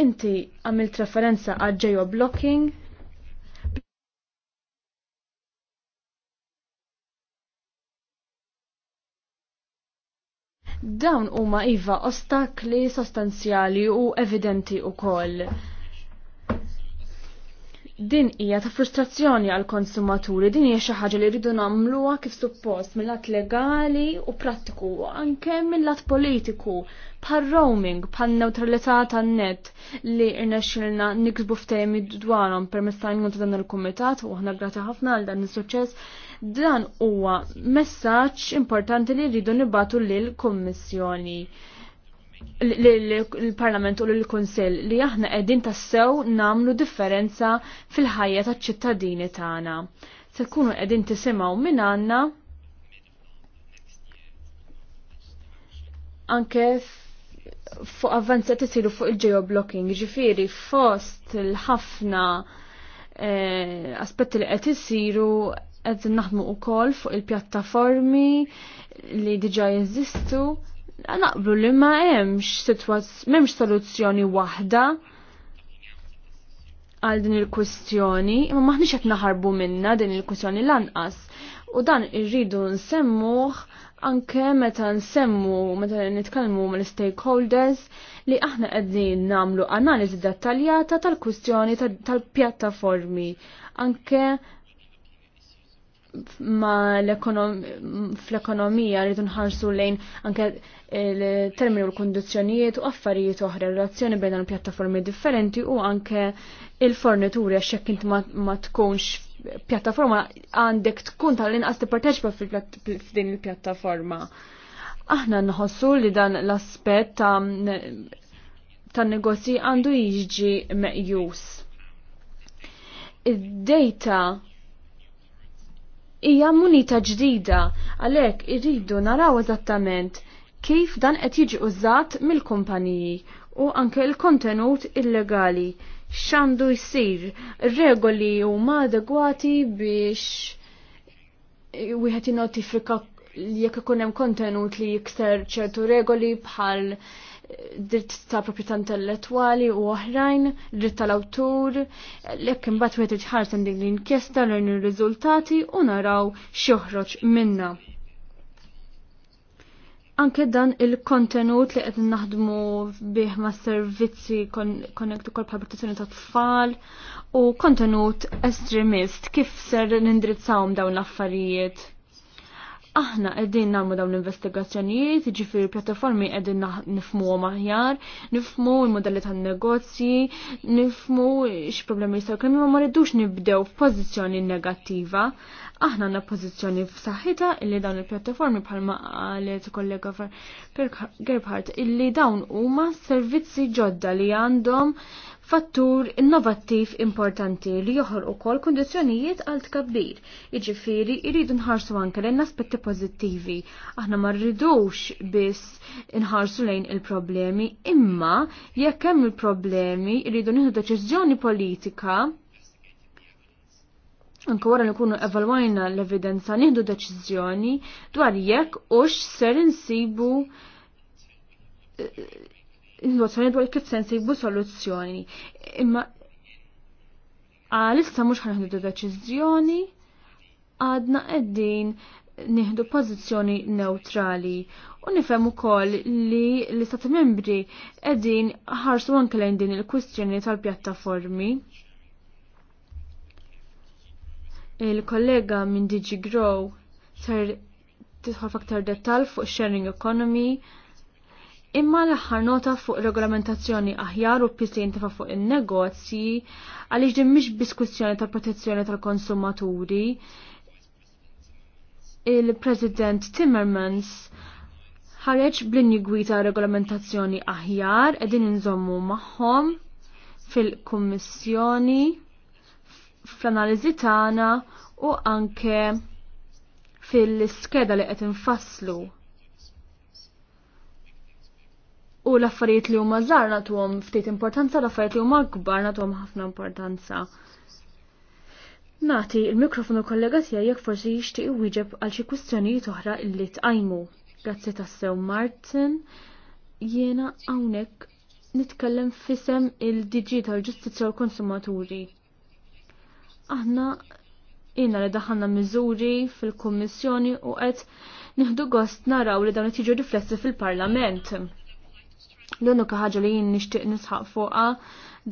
Inti għamilt referenza għal geoblocking Dawn huma iva ostakli sostanzjali u evidenti u koll din hija ta' frustrazzjoni għal konsumaturi, din hija xi ħaġa li rridu nagħmluha kif suppost mill-lat legali u prattiku, anke mill-lat politiku, bħal roaming, bħal neutralità tan-net li rnexxilna niksbu f'temi dwarhom permezz ta' ta' dan il-kumitat u aħna grati ħafna għal dan is-suċċess. Dan huwa messaġġ importanti li rridu nibatu lil kummissjoni l-Parlament u l-Konsil li aħna qegħdin tassew namlu differenza fil-ħajja taċ-ċittadini tagħna. Se tkunu qegħdin tisimgħu minn għandna anke fuq avvanzat isiru fuq il-geoblocking, ġifiri fost l-ħafna eh, aspetti li qed isiru qed naħdmu wkoll fuq il-pjattaformi li diġà jeżistu naqblu li ma hemmx m'hemmx soluzzjoni waħda għal din il-kwistjoni, imma maħniex qed naħarbu minna din il-kwistjoni lanqas. U dan irridu nsemmuh anke meta nsemmu meta nitkellmu mill stakeholders li aħna qegħdin nagħmlu analiżi dettaljata tal-kwistjoni tal-pjattaformi anke ma fl-ekonomija rridu nħarsu lejn anke il-termini u l-kondizjonijiet u affarijiet oħra relazzjoni bejn l-pjattaformi differenti u anke il-fornituri għax jekk inti ma tkunx pjattaforma għandek tkun tal-inqas tipparteċipa f'din il-pjattaforma. Aħna nħossu li dan l-aspett ta' negozji għandu jiġi meqjus. Id-data hija munita ġdida għalhekk irridu naraw eżattament kif dan qed jiġi użat mill-kumpaniji u anke l-kontenut illegali x'għandu jsir regoli huma adegwati biex wieħed jinotifika jekk ikun hemm kontenut li jikser ċertu regoli bħal dritt ta' proprjetà intellettwali u oħrajn, dritt tal-awtur, lekk imbagħad wieħed iġħarsen din l-inkjesta l ir-riżultati u naraw x'joħroġ minna. Anke dan il-kontenut li qed naħdmu bih ma' servizzi konnektu kol protezzjoni ta' tfal u kontenut estremist kif ser nindirizzawhom dawn l-affarijiet Aħna qegħdin nagħmlu dawn l-investigazzjonijiet, jiġifieri pjattaformi qegħdin nifhmuhom aħjar, nifhmu l-modelli tan-negozji, nifhmu x'problemi jistgħu kemm ma rridux nibdew f'pożizzjoni negattiva. Aħna għandna pożizzjoni f'saħħitha illi dawn il-pjattaformi bħalma qalet kollega Gerbhardt illi dawn huma servizzi ġodda li għandhom fattur innovattiv importanti li joħol u kol kondizjonijiet għal tkabbir. Iġifiri, irridu nħarsu anke lejn aspetti pozittivi. Aħna ma rridux biss nħarsu lejn il-problemi, imma jekk hemm il-problemi irridu nieħdu deċiżjoni politika Anke wara nkunu evalwajna l-evidenza nieħdu deċiżjoni dwar jekk hux ser insibu il-nozzjoni dwar kif se jibbu soluzzjoni. Imma għalissa mhux ħanħdu deċiżjoni għadna qegħdin nieħdu pożizzjoni neutrali u nifhem ukoll li l-istati membri qegħdin ħarsu anke lejn din il-kwistjoni tal-pjattaformi. Il-kollega minn Grow ser tidħol f'aktar dettal fuq sharing economy Imma l-aħħar nota fuq regolamentazzjoni aħjar u pissin tifa fuq il-negozji għaliex din mhix diskussjoni tal-protezzjoni tal-konsumaturi. Il-President Timmermans ħareġ blinni gwita regolamentazzjoni aħjar edin nżommu magħhom fil-Kummissjoni fl-analiżi tagħna u anke fil-skeda li qed infasslu u l-affarijiet li huma żgħar nagħtuhom ftit importanza, l-affarijiet li huma kbar nagħtuhom ħafna importanza. Nati il-mikrofonu kollega tiegħi jekk forsi jixtieq iwieġeb għal xi kwistjonijiet oħra illi tqajmu. Grazzi tassew Martin, jiena hawnhekk nitkellem fisem il-Digital Ġustizzja u Konsumaturi. Aħna jiena li daħħalna miżuri fil kummissjoni u qed nieħdu gost naraw li dawn qed jiġu riflessi fil-Parlament. L-unika ħaġa li jien nixtieq nisħaq fuqha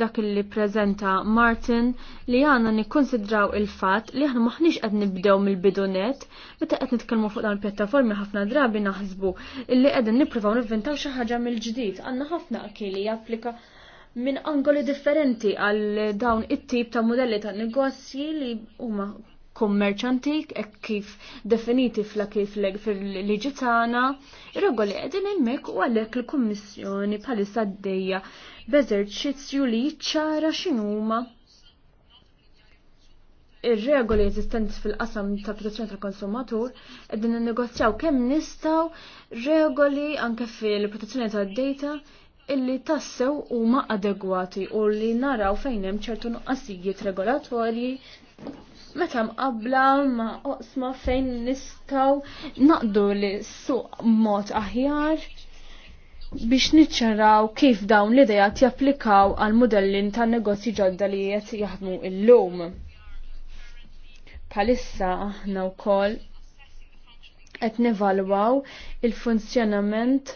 dak li prezenta Martin li għana nikkonsidraw il-fat li aħna maħniex qed nibdew mill-bidunet, meta qed nitkellmu fuq dan pjattaformi ħafna drabi naħsbu li għed niprofaw nivventaw xaħġa mill-ġdid. Għanna ħafna akili japplika minn angoli differenti għal dawn it-tip ta' modelli ta' negozji li huma kummerċanti e kif definiti fla kif fil liġitana tagħna, ir-regoli qegħdin għalek u għalhekk il-Kummissjoni bħalissa għaddejja b'eżerċizzju li jiċċara x'inhuma ir-regoli eżistenti fil-qasam ta' protezzjoni tal-konsumatur qegħdin innegozjaw kemm nistgħu regoli anke fil-protezzjoni tad-data illi tassew huma adegwati u li naraw fejn hemm ċertu nuqqasijiet regolatorji meta mqabla ma' oqsma fejn nistgħu naqdu li suq mod aħjar biex niċċaraw kif dawn l-idejat japplikaw għal modellin ta' negozji ġodda li qed jaħdmu illum. Palissa aħna wkoll qed nevalwaw il-funzjonament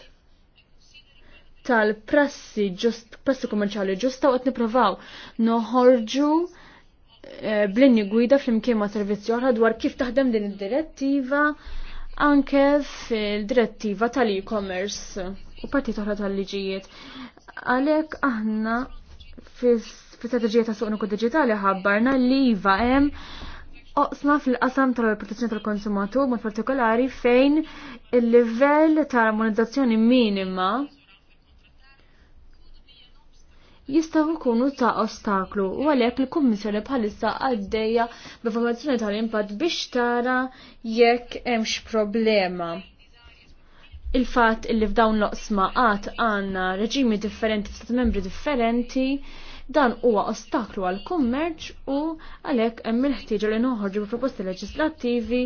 tal-prassi ġust, prassi kummerċali ġusta u qed nipprovaw noħorġu Eh, blinni gwida fl-imkien ma' servizzi oħra dwar kif taħdem din id-direttiva anke fil-direttiva tal-e-commerce u partit oħra tal-liġijiet. Għalhekk aħna fis-strateġija ta' suqnuku digitali ħabbarna li iva hemm oqsma fil-qasam tal-protezzjoni tal-konsumatur mod partikolari fejn il-livell tal-armonizzazzjoni minima jistaw ikunu ta' ostaklu u għalhekk il-Kummissjoni bħalissa għaddejja b'informazzjoni tal-impatt biex tara jekk hemmx problema. Il-fatt illi f'dawn l-oqsma għad għandna reġimi differenti f'stat membri differenti dan huwa ostaklu għal kummerċ u għalhekk hemm il-ħtieġa li noħorġu proposti leġislattivi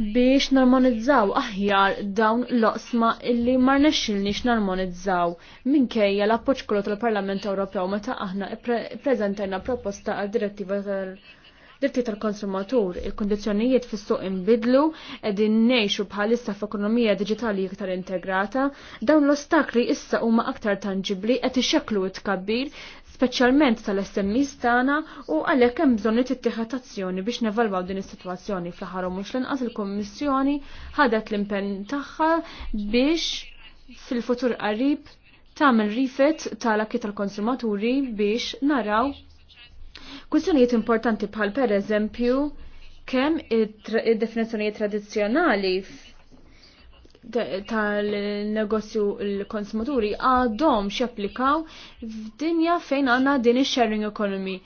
biex narmonizzaw aħjar dawn l-oqsma illi ma rnexxilniex narmonizzaw minkejja l-appoġġ kollu tal-Parlament Ewropew meta aħna ppreżentajna proposta għal direttiva tal- dritti tal-konsumatur, il-kondizjonijiet fis-suq inbidlu, qegħdin ngħixu bħalissa f'ekonomija diġitali iktar integrata, dawn l-ostakli issa huma aktar tanġibli qed ixekklu it kabbir speċjalment tal-SMEs tagħna u għalhekk hemm bżonn li tittieħed azzjoni biex nevalwaw din is-sitwazzjoni fl-aħħar mhux lanqas il-Kummissjoni ħadet l-impenn tagħha biex fil-futur qarib tagħmel rifet tal-akki tal-konsumaturi biex naraw kwistjonijiet importanti bħal pereżempju kemm id-definizzjonijiet tradizzjonali tal-negozju l-konsumaturi għadhom xapplikaw f'dinja fejn għanna din il-sharing economy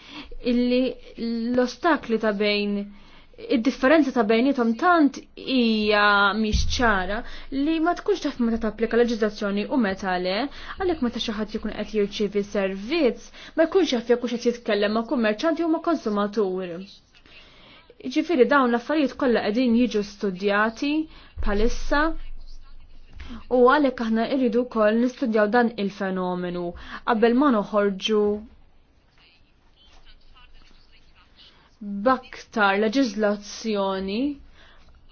illi l-ostakli ta' bejn id-differenza ta' bejnietom tant hija mhix ċara li ma tkunx taf meta tapplika leġiżlazzjoni u meta le, għalhekk meta xi ħadd jkun qed jirċievi servizz, ma jkunx jaf jekk qed jitkellem ma' kummerċanti u ma' konsumatur. Ġifieri dawn l-affarijiet kollha qegħdin jiġu studjati palissa U għalhekk aħna rridu wkoll nistudjaw dan il-fenomenu qabel ma noħorġu baktar leġiżlazzjoni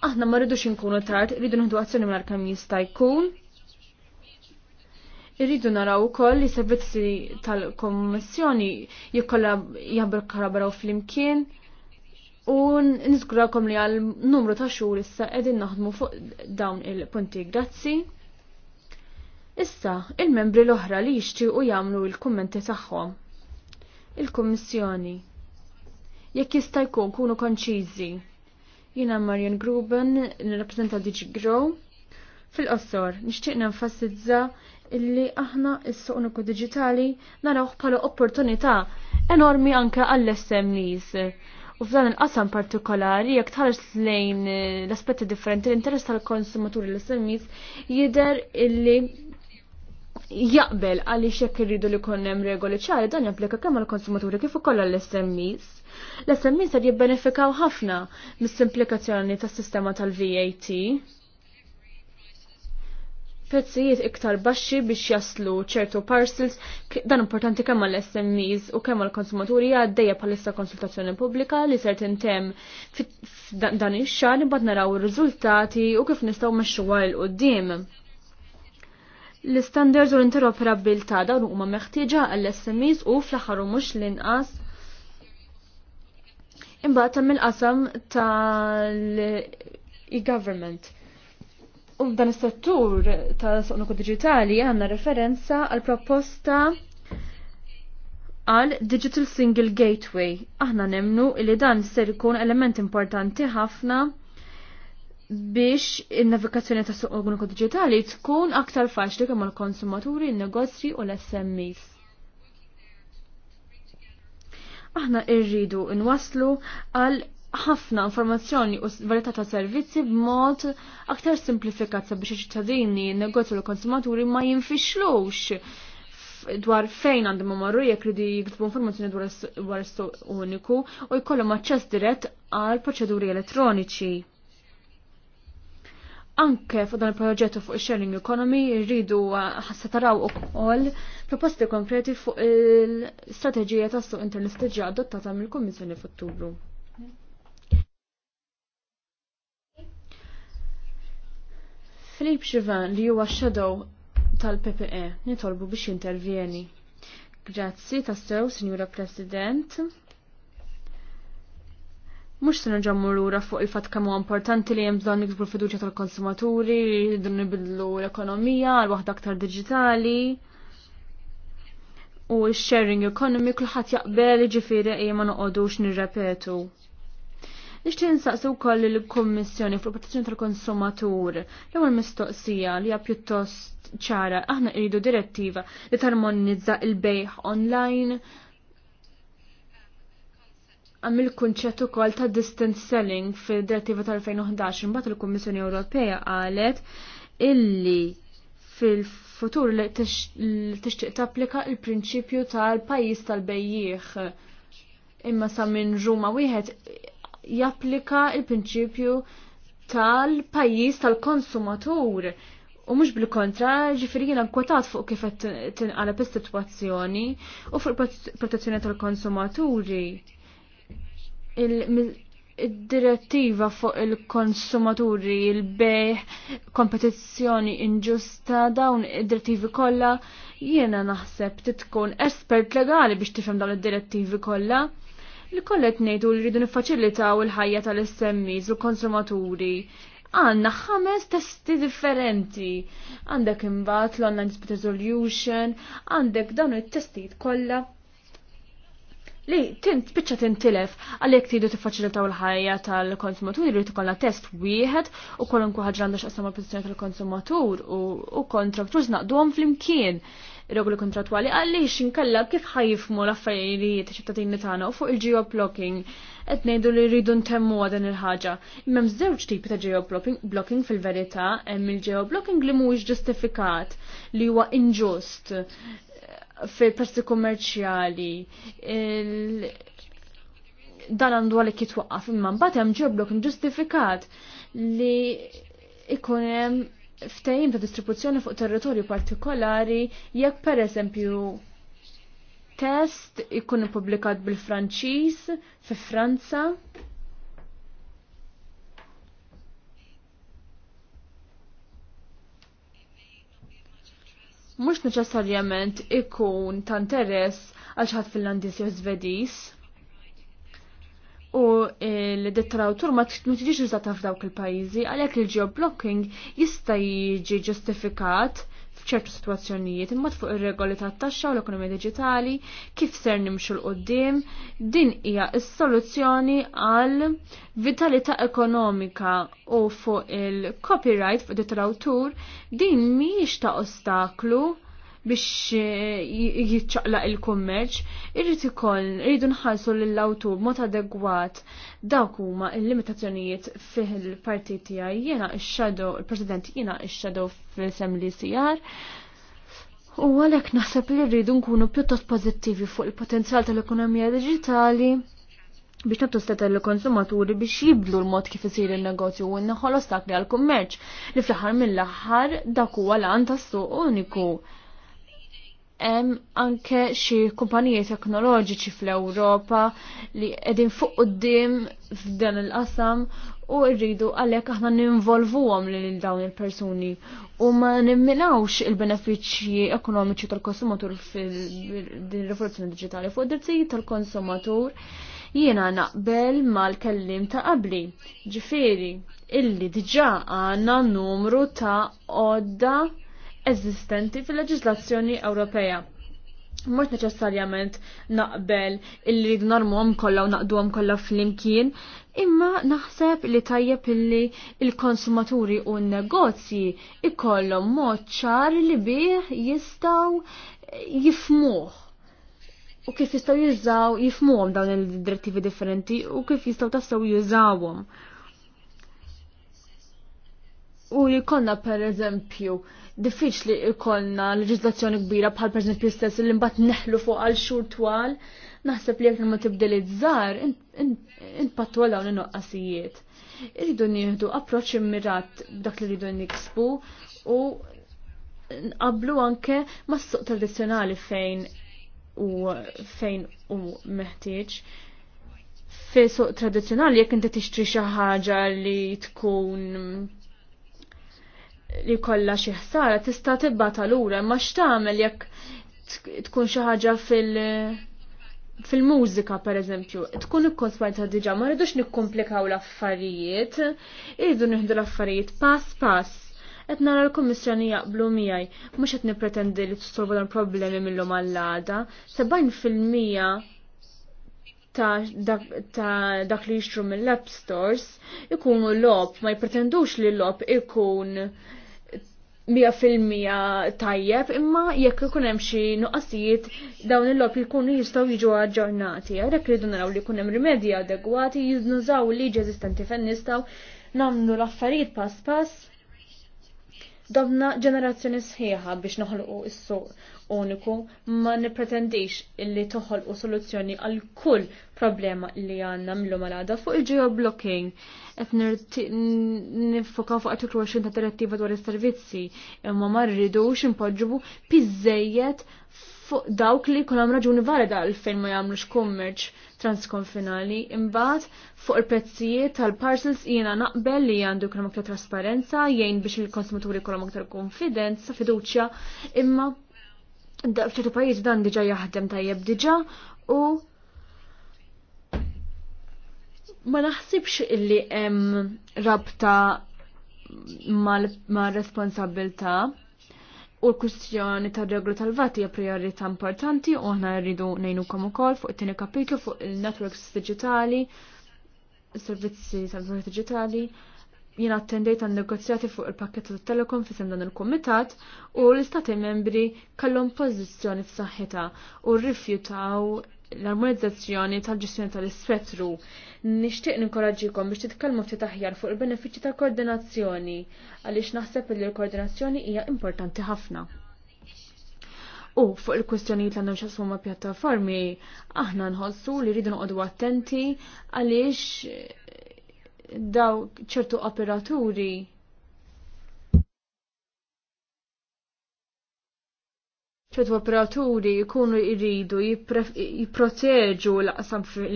aħna ma rridux inkunu tard, rridu nħdu azzjoni mingħajr kemm jista' jkun. Irridu naraw ukoll li servizzi tal-Kommissjoni jikkolla jabber karabraw fl-imkien. fl imkien U nizgurakom li għal numru ta' xur issa qegħdin naħdmu fuq dawn il-punti grazzi. Issa, il-membri l-oħra li jixtiequ jagħmlu l-kummenti tagħhom. Il-Kummissjoni. Jekk jista' kunu konċiżi. Jiena Marion Gruben, nirrappreżenta Digi Grow. fil qossor nixtieq nenfasizza illi aħna s-suq Diġitali narawħ narawh bħala opportunità enormi anke għall-SMEs U f'dan il-qasam partikolari, jekk tħares lejn eh, l-aspetti differenti, l-interess tal-konsumaturi l semmis jider illi jaqbel għalli xek irridu li konnem regoli ċari dan japplika kemm għal konsumaturi kif ukoll għall smis L-SMEs qed jibbenefikaw ħafna mis-simplikazzjoni tas-sistema tal-VAT prezzijiet iktar baxxi biex jaslu ċertu parcels, dan importanti kemm għall smes u kemm għall konsumaturi għaddejja bħalissa konsultazzjoni pubblika li ser tintem dan ix-xahar imbagħad naraw ir-riżultati u kif nistgħu mexxuha l qudiem L-standards u l-interoperabilità dawn huma meħtieġa għall smis u fl-aħħar u mhux l-inqas imbagħad mill-qasam tal-e-government. U dan is-settur tal-soqnuku digitali għandna referenza għal proposta għal Digital Single Gateway. Aħna nemnu li dan ser ikun element importanti ħafna biex il-navigazzjoni ta' soqnuku digitali tkun aktar faċli kemm għal-konsumaturi, il-negozji u l-SMEs. Aħna irridu nwasslu għal ħafna informazzjoni u varietà ta' servizzi b'mod aktar simplifikat sabiex iċ-ċittadini, negozju l-konsumaturi ma jinfixlux dwar fejn għandhom marru jekk ridi jiktbu informazzjoni dwar s uniku u jkollhom aċċess dirett għal proċeduri elettroniċi. Anke fuq dan il-proġett fuq sharing economy rridu uh, ħassataraw ukoll proposti konkreti fuq il-strateġija tas-suq internet adottata mill-Kummissjoni f'Ottubru. Filip Xivan li huwa shadow tal-PPE nitolbu biex intervjeni. Grazzi tassew, Sinjura President. Mux se nerġammu lura fuq il-fat kemm huwa importanti li hemm bżonn nikbru fiduċa fiduċja tal-konsumaturi, dun nibidlu l-ekonomija għal waħda aktar digitali. U sharing economy kulħadd jaqbel ġifieri ejja ma noqogħdux nirrepetu. Nixtieq insaqsi wkoll il-Kummissjoni fuq protezzjoni tal-konsumatur. L-ewwel mistoqsija li hija pjuttost ċara, aħna rridu direttiva li tarmonizza il-bejħ online għam il-kunċett ukoll ta' distance selling fil direttiva tal-2011 imbagħad il-Kummissjoni Ewropea qalet illi fil-futur li tixtieq tapplika il-prinċipju tal-pajjiż tal-bejjieħ imma sa minn Ruma wieħed japplika il-prinċipju tal-pajjiż tal-konsumatur. U mhux bil-kontra, ġifiri jiena kwotat fuq kif qed tinqaleb is-sitwazzjoni u fuq protezzjoni tal-konsumaturi. Id-direttiva fuq il-konsumaturi, il beħ kompetizzjoni inġusta, dawn id-direttivi kollha jiena naħseb titkun espert legali biex tifhem dawn id-direttivi kollha li kollet nejdu li rridu nifaċilitaw il-ħajja tal-SMEs u konsumaturi. Għanna ħames testi differenti. Għandek imbat l-online resolution, għandek dawn il testijiet kollha. Li tint biċċa tintilef għalhekk tridu tiffaċilitaw il-ħajja tal-konsumaturi li tkollna test wieħed u kolla ħaġa għandax għasama mal tal-konsumatur u kontraktur naqduhom flimkien. imkien regoli kontratwali għaliex inkella kif ħajfmu l-affarijiet ċittadini tagħna u fuq il-geoblocking qed ngħidu li rridu ntemmu dan il-ħaġa. Imma żewġ tipi ta' geoblocking fil-verità hemm il-geoblocking li mhuwiex ġustifikat li huwa inġust eh, fil-prezzi kummerċjali dan għandu għalik jitwaqqaf imma mbagħad hemm geoblocking ġustifikat li ikun hemm ftehim ta' distribuzzjoni fuq territorju partikolari jekk pereżempju test ikun ippubblikat bil-Franċiż fi Franza. Mhux neċessarjament ikun ta' interess għal xi ħadd landis jew Svediż u l-dettrautur ma tiġiġ użata f'dawk il-pajjiżi għalhekk il-geoblocking jista' jiġi ġustifikat f'ċertu situazzjonijiet imma fuq ir-regoli tat-taxxa u l-ekonomija digitali kif ser nimxu l qoddim din hija s-soluzzjoni għal vitalità ekonomika u fuq il-copyright fuq dit l-awtur din mhijiex ta' ostaklu biex eh, jitċaqla il-kummerċ, irrit ikoll irridu nħallsu lill-awtur mod adegwat dawk huma l-limitazzjonijiet fih il-partit tiegħi jiena x xadow il-President jiena x xadow fil semli sijar, U għalhekk naħseb li rridu nkunu pjuttost pożittivi fuq il-potenzjal tal-ekonomija diġitali biex nabtu stata l-konsumaturi biex jiblu l-mod kif isir il-negozju u n-naħol ostakli għal-kummerċ li fl-ħar mill-ħar dak huwa l-għan tas-suq uniku hemm anke xi kumpaniji teknoloġiċi fl-Ewropa li qegħdin fuq quddiem f'dan il-qasam u rridu għalhekk aħna ninvolvuhom lil dawn il-persuni u ma nimmilawx il-benefiċċji ekonomiċi tal-konsumatur fil-din rivoluzzjoni diġitali fuq id-dizzijiet tal-konsumatur jiena naqbel mal-kellim ta' qabli. Ġifieri, illi diġà għandna numru ta' odda eżistenti fil-leġislazzjoni Ewropea. Mux neċessarjament naqbel illi normuhom kollha u naqduhom kollha flimkien, imma naħseb li tajjeb illi il-konsumaturi u n-negozji ikollhom mod ċar li bih jistgħu jifmuħ u kif jistaw jużaw, jifmuħom dawn il-direttivi differenti u kif jistaw tassaw jużawhom. U li konna per eżempju diffiċ li ikollna leġislazzjoni kbira bħal per pjistess li mbagħad neħlu fuq għal xur twal, naħseb li jekk ma tibdeliet żgħar inpattu għal dawn in-noqqasijiet. nieħdu approċċ immirat dak li rridu niksbu u nqablu anke mas-suq tradizzjonali fejn u fejn u meħtieġ. Fi suq tradizzjonali jekk inti tixtri xi ħaġa li tkun li kollha xi ħsara tista' tibbata lura imma x'tagħmel jekk tkun xi ħaġa fil- fil-mużika per eżempju, tkun ikkonspajta diġa, ma rridux nikkomplikaw l-affarijiet, iridu nieħdu l-affarijiet pass pass. Qed nara l-Kummissjoni jaqblu miegħi, mhux qed nippretendi li tissolvu dan problemi minnhom għall fil-mija ta' dak li jixtru mill-app stores ikunu l-op, ma jipretendux li l-op ikun Mija filmija tajjeb, imma jekk ikun hemm xi nuqqasijiet dawn il-lob jkunu jistgħu jiġu aġġornati. Għalhekk rridu naraw li jkun hemm rimedji adegwati, jinnużaw liġi eżistenti fejn nistgħu nagħmlu l-affarijiet pass pass. Domna ġenerazzjoni sħiħa biex noħolqu s-suq uniku ma nipretendix illi toħol u soluzzjoni għal kull problema li għanna millu malada fuq il-geoblocking. Et nifokaw fuq artiklu 20 ta' direttiva dwar is-servizzi imma ma rridux impoġġubu pizzejiet fuq dawk li kolam raġuni valida fejn ma jagħmlux kummerċ transkonfinali, imbagħad fuq il-prezzijiet tal-parcels jiena naqbel li għandu jkun aktar trasparenza, jgħin biex il-konsumaturi kolam aktar konfidenza, fiduċja, imma f'ċertu pajjiż dan diġà jaħdem tajjeb diġà u ma naħsibx illi hemm rabta ma' responsabilità u l-kustjoni tar reglu tal-vati hija priorità importanti u aħna rridu ngħinukom ukoll fuq it-tieni kapitlu fuq il-networks digitali, servizzi tal-vati digitali jina attendejt għan negozjati fuq il-pakket ta' telekom fi dan il-komitat u l-istati membri pozizjoni pożizzjoni f'saħħitha u rrifjutaw l-armonizzazzjoni tal-ġestjoni tal-ispettru. Nixtieq ninkoraġġikom biex titkellmu ftit aħjar fuq il-benefiċċji ta' koordinazzjoni għaliex naħseb li l-koordinazzjoni hija importanti ħafna. U fuq il-kwestjonijiet l-għandhom xasmu ma' pjattaformi, aħna nħossu li rridu noqogħdu attenti għaliex daw ċertu operaturi ċertu operaturi jkunu jridu jipproteġu l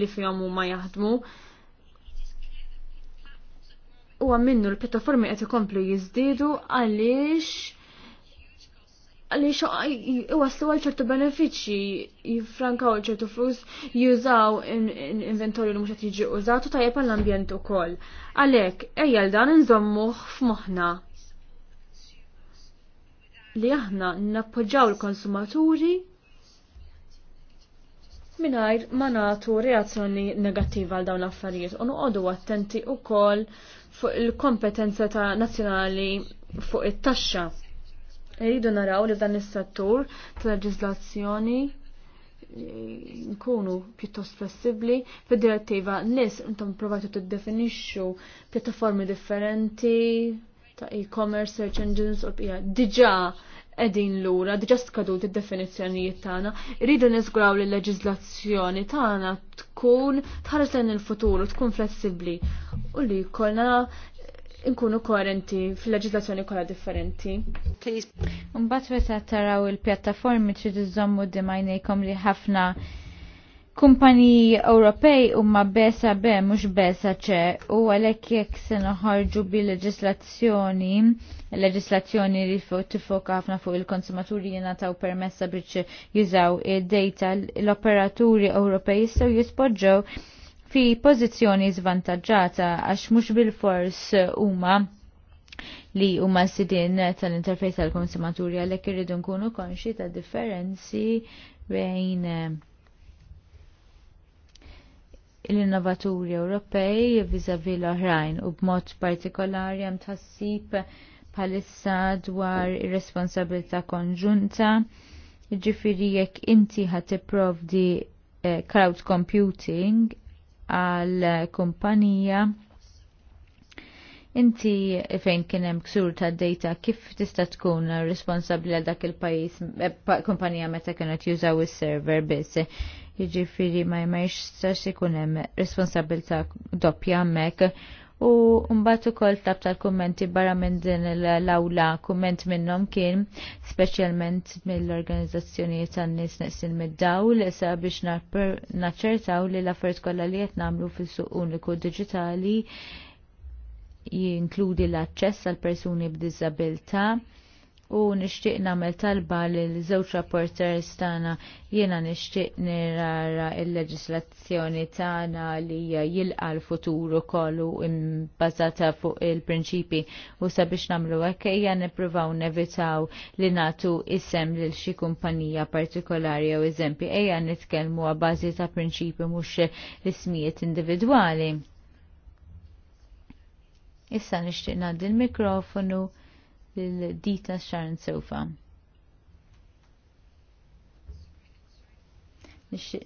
li fjom ma jaħdmu. U għamminnu l-pjattaformi għet ikomplu jizdidu għaliex xo waslu għal ċertu benefiċċji jifrankaw ċertu flus jużaw inventorju li mhux qed jiġi użat tajjeb għall-ambjent ukoll. Għalhekk ejja l dan inżommuh f'moħħna li aħna nappoġġaw il-konsumaturi mingħajr ma nagħtu reazzjoni negattiva għal dawn l-affarijiet u noqogħdu attenti wkoll fuq il-kompetenza ta' nazzjonali fuq it-taxxa Eridu naraw li dan is-settur tal-leġiżlazzjoni nkunu pjuttost flessibbli fid-direttiva nis intom provajtu tiddefinixxu pjattaformi differenti ta' e-commerce, search engines u bqija diġà qegħdin lura, diġà skadut id-definizzjonijiet tagħna, irridu nisguraw li l-leġiżlazzjoni tagħna tkun tħares lejn il-futur u tkun flessibbli u li jkollna nkunu koherenti fil-leġislazzjoni kollha differenti. Mbagħad meta taraw il-pjattaformi trid iżommu dimajnejkom li ħafna kumpaniji Ewropej huma besa be mhux besa ċe u għalhekk jekk se noħorġu bil leġislazzjoni leġislazzjoni li tifoka ħafna fuq il-konsumaturi jingħataw permessa biex jużaw id-data l-operaturi Ewropej jistgħu jispoġġew fi pożizzjoni zvantagġata għax mhux bil-fors huma li huma sidin tal-interfejs tal-konsumaturi għalhekk irridu nkunu konxi ta' differenzi bejn eh, l-innovaturi Ewropej viżavi l-oħrajn u b'mod partikolari hemm tħassib bħalissa dwar ir-responsabilità konġunta. Ġifiri jekk inti ħat tipprovdi eh, cloud computing għal kumpanija inti fejn kien hemm ksur ta' data kif tista' tkun responsabbli għal dak il-pajjiż eh, kumpanija meta kienet jużaw is-server biss. Jiġifieri ma jmejx sa ikun hemm ta' doppja hemmhekk u mbagħad ukoll tab tal-kummenti barra minn din l-awla kumment minnhom kien speċjalment mill-organizzazzjonijiet tan-nies neqsin mid-dawl sabiex naċċertaw li l-affarijiet kollha li qed nagħmlu fis-suq uniku diġitali jinkludi l-aċċess għal persuni b'diżabilità u nixtieq nagħmel talba lil żewġ rapporters tagħna jiena nixtieq nirara il-leġislazzjoni tagħna li jilqa l-futuru kollu imbazata fuq il-prinċipi u sabiex nagħmlu hekk jena nippruvaw nevitaw li nagħtu isem lil xi kumpanija partikolari jew eżempji ejja nitkellmu għal ta' prinċipi mhux ismijiet individwali. Issa nixtieq nad il mikrofonu il dita xarn Sofa.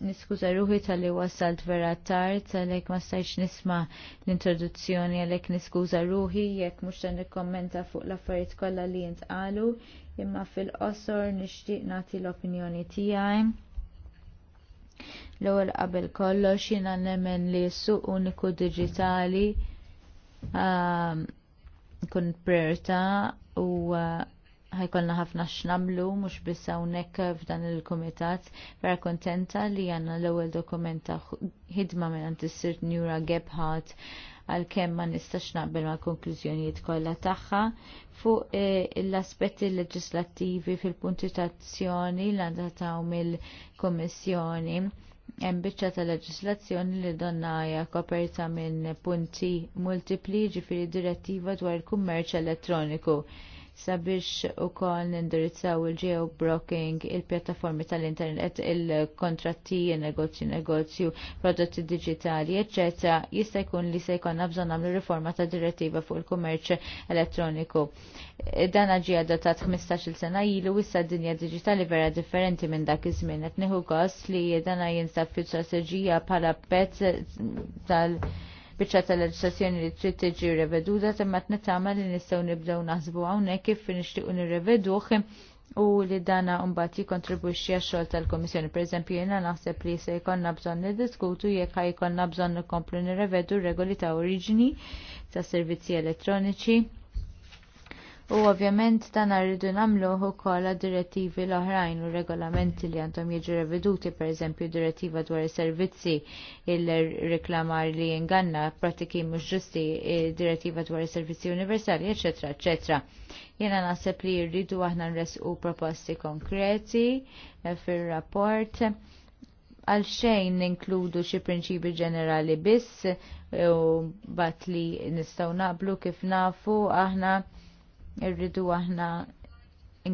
niskuza ruħi tal-li wasalt vera tard, tal-lek ma stajx nisma l-introduzzjoni, għalek niskuza ruħi, jekk mux tan kommenta fuq l-affarijiet kollha li jintqalu, imma fil-qosor nixtieq nagħti l-opinjoni tiegħi. L-ewwel qabel kollox jiena nemmen li s-suq uniku diġitali um, kun priorità u uh, ħajkolna ħafna x'namlu mhux biss hawnhekk f'dan il-kumitat. Vera kontenta li għandna l-ewwel dokumenta ħidma minn is sirt Njura Gebhardt għalkemm ma nistax naqbel ma' konklużjonijiet kollha tagħha fuq eh, l-aspetti leġislattivi fil puntitazzjoni l għandha ta' mill kummissjoni hemm biċċa ta' leġislazzjoni li donna hija koperta minn punti multipli ġifieri direttiva dwar il-kummerċ elettroniku sabiex ukoll nindirizzaw il broking, il-pjattaformi tal-internet, il-kontratti, negozju negozju, prodotti digitali, ecc. jista' jkun li se jkollna bżonn nagħmlu riforma ta' direttiva fuq il-kummerċ elettroniku. Dan ġie adottat 15-il sena ilu issa d-dinja digitali vera differenti minn dak iż-żmien qed gost li dan jinsab fi strateġija bħala pezz tal- biċċa tal-leġislazzjoni li trid tiġi reveduta imma qed nittama li nistgħu nibdew naħsbu hawnhekk kif nixtiequ nirreveduh u li dana mbagħad jikkontribwixxi għax-xogħol tal-Kummissjoni. Pereżempju jiena naħseb li se jkollna bżonn niddiskutu jekk ħajkollna bżonn nikomplu nirrevedu r regoli ta' oriġini ta' servizzi elettroniċi U ovvjament dan rridu nagħmluh ukoll direttivi l-oħrajn u regolamenti li għandhom jiġu reveduti, pereżempju direttiva dwar is-servizzi il-reklamar li nganna pratiki mhux ġusti, direttiva dwar is-servizzi universali, eċetera, eċetera. Jiena naħseb li rridu aħna nresqu proposti konkreti eh, fir-rapport għal xejn ninkludu xi prinċipi ġenerali biss eh, u bat li nistgħu naqblu kif nafu aħna irridu aħna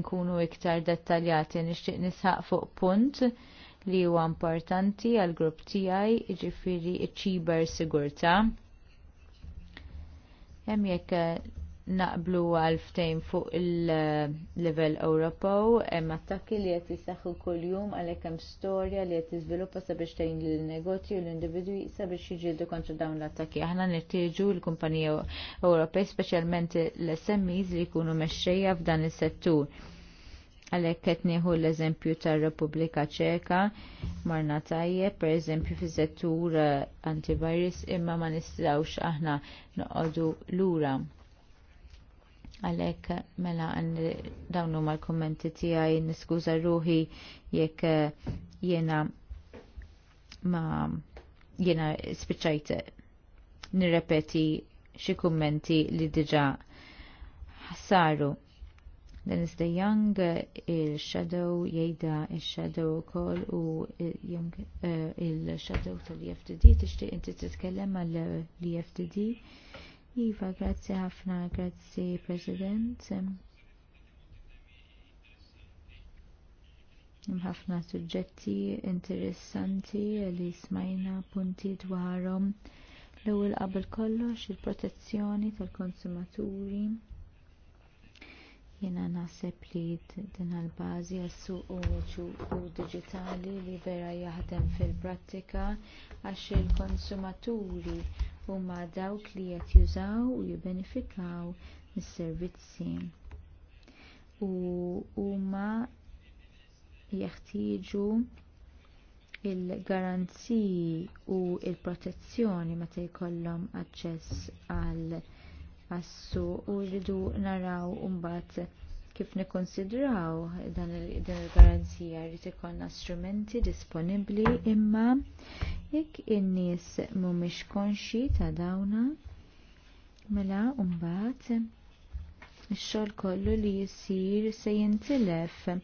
nkunu iktar dettaljati nixtieq nisħaq fuq punt li huwa importanti għal grupp tiegħi jiġifieri ċ-ċiber sigurtà. Hemm jekk naqblu għalftejn fuq il-level Ewropew hemm attakki li qed jisaħħu kuljum għalhekk hemm storja li qed tiżviluppa sabiex tgħin lill-negozju u l-individwi sabiex jiġildu kontra dawn l-attakki. Aħna nirtieġu l-kumpanija Ewropej speċjalment l-SMEs li jkunu mexxejja f'dan is-settur. Għalhekk qed nieħu l-eżempju tar-Repubblika Ċeka marna tajjeb, pereżempju fi settur antivirus imma ma nistgħux aħna noqogħdu lura Għalek, mela, dawnu mal kommenti tijaj, niskuza ruħi jekk jena ma jena spiċajt nirrepeti xi kummenti li diġa Dan Dennis the Young, il-shadow, jgħida il-shadow kol u eh, il-shadow tal-EFTD, tixtieq inti tkellem għall-EFTD. Iva, grazzi ħafna, grazzi President. ħafna suġġetti interessanti li smajna punti dwarhom l-ewwel qabel kollox il-protezzjoni tal-konsumaturi jiena naħseb li din għall-bażi għas-suq uniċu diġitali li vera jaħdem fil-prattika għax il-konsumaturi huma dawk li qed jużaw u jibbenefikaw mis-servizzi u huma jeħtieġu il-garanziji u l il protezzjoni meta jkollhom aċċess għal assu u jridu naraw mbagħad kif nikkonsidraw dan il-garanzija li ikonna strumenti disponibbli imma jekk in-nies mhumiex konxi ta' dawna mela mbagħad ix-xogħol kollu li jsir se jintilef u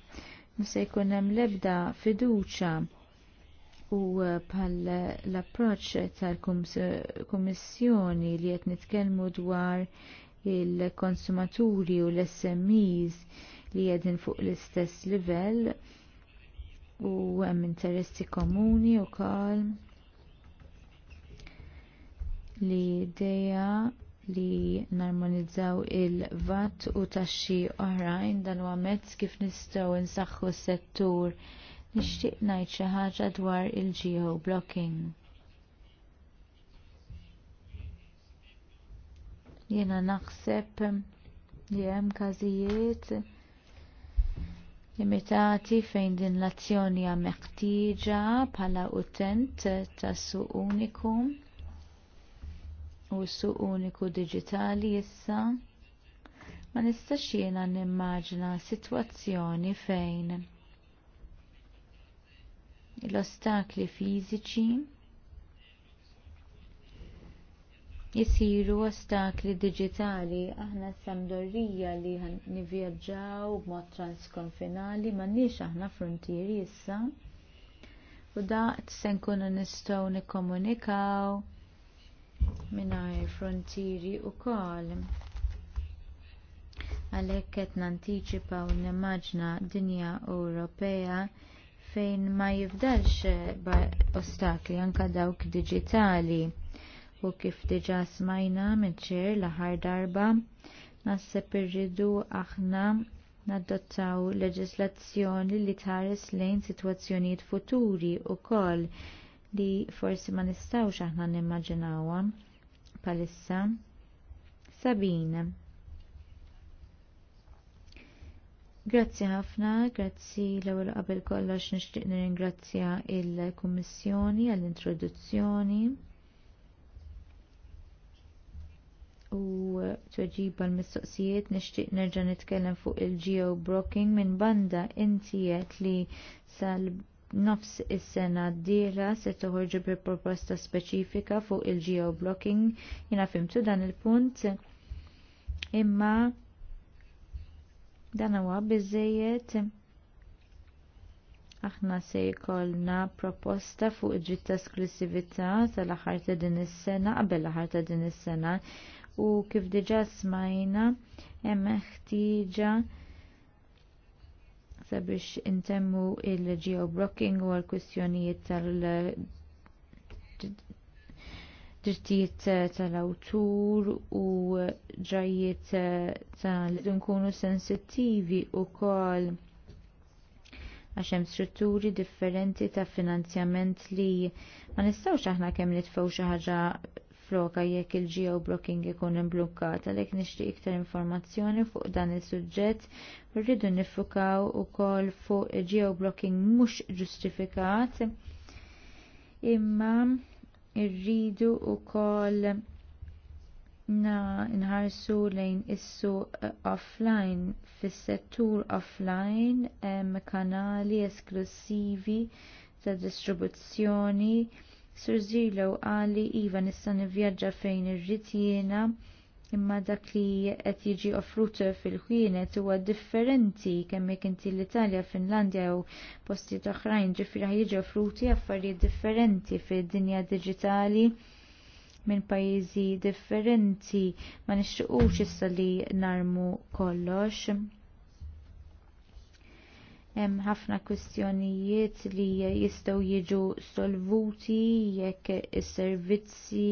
se jkun hemm l-ebda fiduċja u bħal eh, l-approċċ tal-Kummissjoni li qed nitkellmu dwar il-konsumaturi u l-SMEs li jedin fuq l-istess livell u hemm interessi komuni u kol li ideja li narmonizzaw il-vat u taxxi oħrajn dan huwa mezz kif nistgħu nsaħħu s-settur nixtieq ngħid xi ħaġa dwar il-geo blocking. Jiena naħseb li hemm każijiet limitati fejn din l-azzjoni hija meħtieġa bħala utent tas-suq uniku u s-suq uniku diġitali issa ma nistax jiena nimmaġina sitwazzjoni fejn l-ostakli fiżiċi jisiru ostakli digitali aħna s li nivjaġġaw b'mod transkonfinali m'għandniex aħna frontieri issa u daqt se nkunu nistgħu nikkomunikaw mingħajr frontieri wkoll. Għalhekk qed nantiċipaw nimmaġna dinja Ewropea fejn ma jifdalx ostakli anke dawk diġitali u kif diġa smajna minn ċer l-aħħar darba naħseb irridu aħna nadottaw leġislazzjoni li tħares lejn sitwazzjonijiet futuri wkoll li forsi ma nistgħux aħna nimmaġinawha bħalissa. Sabine. Grazzi ħafna, grazzi l ewwel qabel kollox nixtieq nirringrazzja il-Kummissjoni għall-introduzzjoni. u tweġiba l-mistoqsijiet nixtieq nerġa' nitkellem fuq il-geo broking minn banda intijet li sal nofs is-sena d-dieħla se toħorġu bi proposta speċifika fuq il-geo blocking jiena fimtu dan il-punt imma dan huwa biżżejjed aħna se jkollna proposta fuq ġid ta' esklusività tal-aħħar ta' din is-sena qabel l-aħħar ta' din is-sena u kif diġà smajna hemm ħtieġa sabiex intemmu l geoblocking u l-kwistjonijiet tal drittijiet tal-awtur u ġrajiet tal-dunkunu sensittivi wkoll għax hemm strutturi differenti ta' finanzjament li ma nistgħux aħna kemm nitfgħu xi ħaġa floka jekk il geoblocking blocking ikun imblukkat għalhekk nixtieq iktar informazzjoni fuq dan is-suġġett rridu nifukaw ukoll fuq geo blocking mhux ġustifikat imma rridu wkoll na nħarsu lejn is-suq offline fis-settur offline hemm kanali esklusivi ta' distribuzzjoni Sur Zilo għali Iva nista' nivvjaġġa fejn irrid jiena imma dak li qed jiġi offrut fil-ħwienet huwa differenti kemm jekk inti l-Italja, Finlandja jew postijiet oħrajn ġifieri jiġi offruti affarijiet differenti fid-dinja diġitali minn pajjiżi differenti ma nixtiequx issa li narmu kollox hemm ħafna kwistjonijiet li jistgħu jiġu solvuti jekk is-servizzi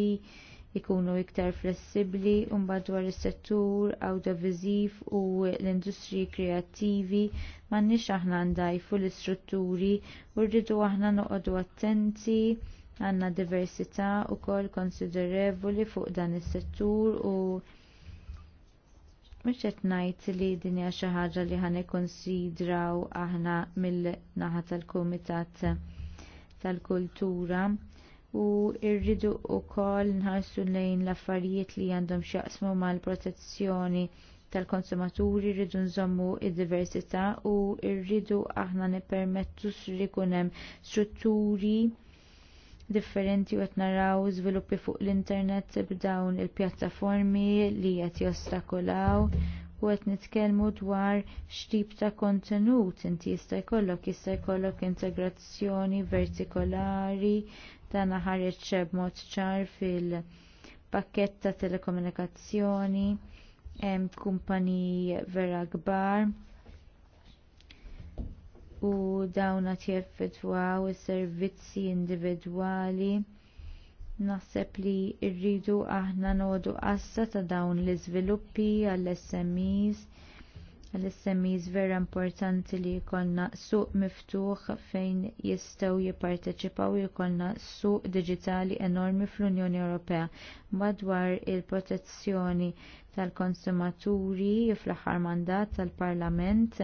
jkunu iktar flessibbli u mbagħad dwar is-settur awdjoviżiv u l-industriji kreattivi m'għandniex aħna ndajfu l-istrutturi u rridu aħna noqogħdu attenti għandna diversità wkoll konsiderevoli fuq dan is-settur u Mux qed ngħid li din hija xi ħaġa li ħan ikkonsidraw aħna mill-naħa tal-Kumitat tal-Kultura u rridu wkoll nħarsu lejn l-affarijiet li għandhom x'jaqsmu mal-protezzjoni tal-konsumaturi rridu nżommu id-diversità u rridu aħna nippermettu li jkun hemm strutturi differenti u qed naraw żviluppi fuq l-internet b'dawn il-pjattaformi li qed jostakolaw u qed nitkellmu dwar x'tip ta' kontenut inti jista' jkollok jista' jkollok integrazzjoni vertikolari ta' naħareġ b'mod ċar fil-pakket ta' telekomunikazzjoni kumpaniji vera kbar u dawna tjeffetwaw is-servizzi individwali naħseb li rridu aħna nodu qassa ta' dawn l-iżviluppi għall-SMEs l-SMEs vera importanti li jkollna suq miftuħ fejn jistgħu jipparteċipaw jkollna suq diġitali enormi fl-Unjoni Ewropea madwar il-protezzjoni tal-konsumaturi fl-aħħar mandat tal-Parlament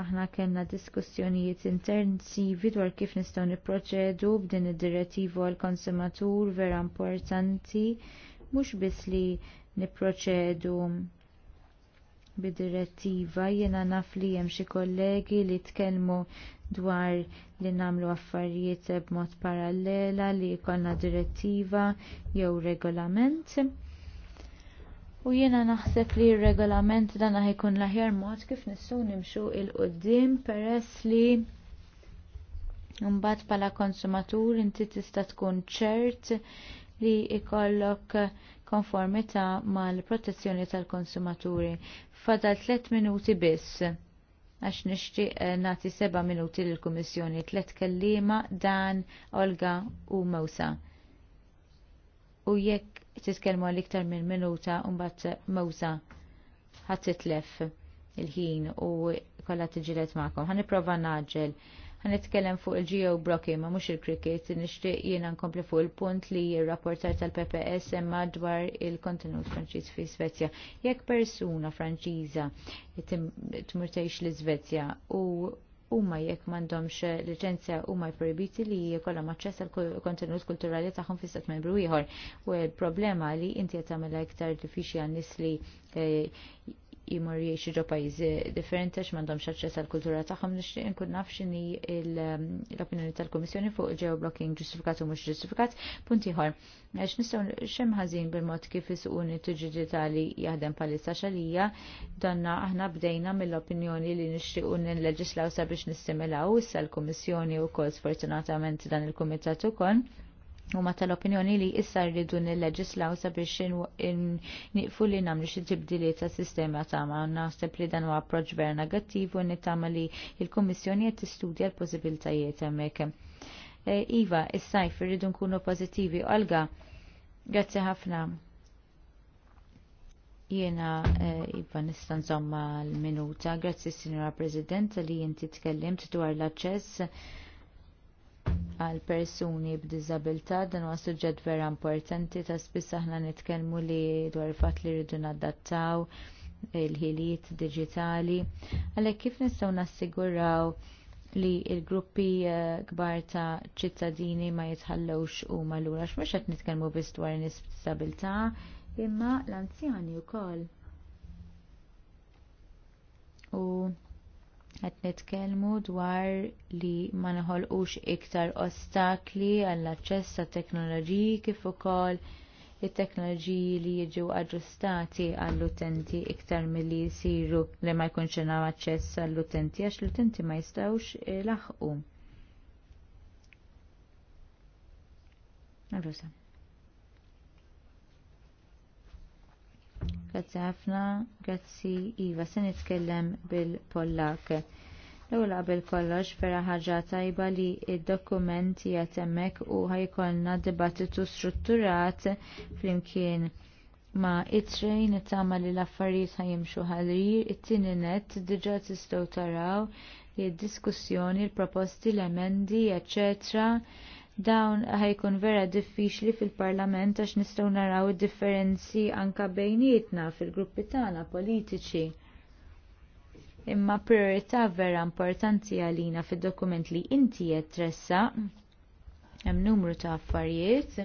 Aħna kellna diskussjonijiet intensivi dwar kif nistgħu nipproċedu b'din id-direttiva għall konsumatur vera importanti mhux biss li nipproċedu bid-direttiva jiena naf li hemm xi kollegi li tkellmu dwar li nagħmlu affarijiet b'mod parallela li jkollna direttiva jew regolament U jiena naħseb li r-regolament dan jkun l-aħjar mod kif nissu nimxu il-qoddim peress li mbagħad bħala konsumatur inti tista' tkun ċert li ikollok konformità mal-protezzjoni tal-konsumaturi. Fadal tliet minuti biss għax nixtieq eh, nagħti seba' minuti lill-Kummissjoni tliet kelliema Dan, Olga u Mewsa. U jekk titkellmu għal iktar minn minuta u mbagħad mowza ħadd titlef il-ħin u kollha tiġilet magħkom. Ħa nipprova naġġel. Ħa nitkellem fuq il-geo blocking ma mhux il kriket nixtieq jiena nkompli fuq il-punt li r-rapportar tal-PPS emma dwar il-kontenut Franċiż fi Svezja. Jekk persuna Franċiża t-murtejx li Svezja u huma jekk m'għandhomx liċenzja huma jprojbiti li jkollhom aċċess għal kontenut kulturali tagħhom fi stat membru ieħor. U l-problema li inti qed tagħmilha iktar diffiċli għan-nies li eh, jimur jiexu ġo pajizi differenti għax mandom xaċċess għal kultura tagħhom nixtieq inkun naf x'inhi um, l-opinjoni tal-Kummissjoni fuq il-geoblocking ġustifikat u mhux ġustifikat. Punt ieħor, għax nistaw xemm ħażin bil-mod kif isquni tuġi digitali jaħdem palissa xalija, donna aħna bdejna mill-opinjoni li nixtiequ nilleġislaw sabiex nistimilaw issa l-Kummissjoni wkoll sfortunatament dan il-Kumitat ukoll huma tal-opinjoni li issa rridu nil-leġislaw sabiex niqfu li namlu xi tibdiliet ta' sistema ta' ma' naħseb li dan huwa approċċ vera negattiv u nittama li il-Kummissjoni qed tistudja l-possibiltajiet hemmhekk. E, iva, is-sajf irridu nkunu pożittivi. Olga, grazzi ħafna. Jiena jibba e, nista nżomma l-minuta. Grazzi, Signora President, li jinti tkellimt dwar l-aċċess għal persuni b'diżabilità dan huwa suġġett vera importanti ta' spiss aħna nitkellmu li dwar fatt li rridu nadattaw il-ħiliet diġitali għalhekk kif nistgħu nassiguraw li l gruppi eh, kbar ta' ċittadini ma jitħallewx huma lura x'mhux qed nitkellmu biss dwar nies b'diżabilità imma l-anzjani wkoll. U Qed nitkellmu dwar li ma naħolqux iktar ostakli għall-aċċess tat teknoloġiji kif ukoll it-teknoloġiji li jiġu aġġustati għall-utenti iktar milli jsiru li ma jkunx hemm aċċess għall-utenti għax l-utenti ma jistgħux eh, laħqu. Rosa. Grazzi ħafna, grazzi Iva, se nitkellem bil-Pollak. L-ewwel qabel kollox vera ħaġa tajba li id-dokument jgħet hemmhekk u ħajkollna dibattitu strutturat flimkien ma it-train it-tama li l-affarijiet ħajimxu ħalir, it-tini net diġa tistgħu taraw li d-diskussjoni, l-proposti, l-emendi, eccetera Dawn ħajkun vera diffiċli fil-parlament għax nistgħu naraw differenzi anka bejnietna fil-gruppi tagħna politiċi. Imma priorità vera importanti għalina fid-dokument li inti qed tressa hemm numru ta' affarijiet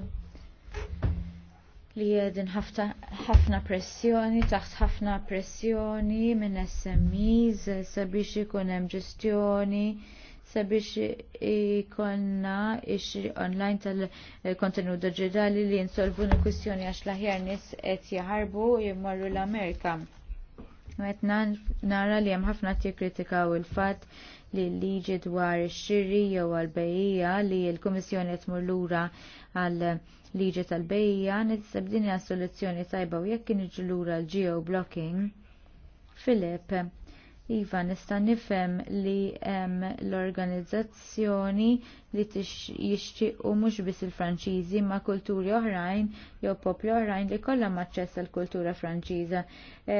li jedin ħafna pressjoni, taħt ħafna pressjoni minn SMEs sabiex ikun hemm ġestjoni sabiex ikonna ix online tal kontenu digitali li jinsolvu l-kwistjoni għax laħjar nis qed jaħarbu jimmarru l-Amerika. Met nara li hemm ħafna u il-fatt li l-liġi dwar ix-xiri jew għal-bejja li l-Kummissjoni qed lura għal liġi tal-bejja nitseb din hija soluzzjoni tajba u jekk kien lura l-geo blocking. Filip, Iva, nista' nifhem li hemm l-organizzazzjoni li jixtiequ mhux biss il-Franċiżi ma' kulturi oħrajn jew popli oħrajn li kollha maċċess għall kultura Franċiża. E,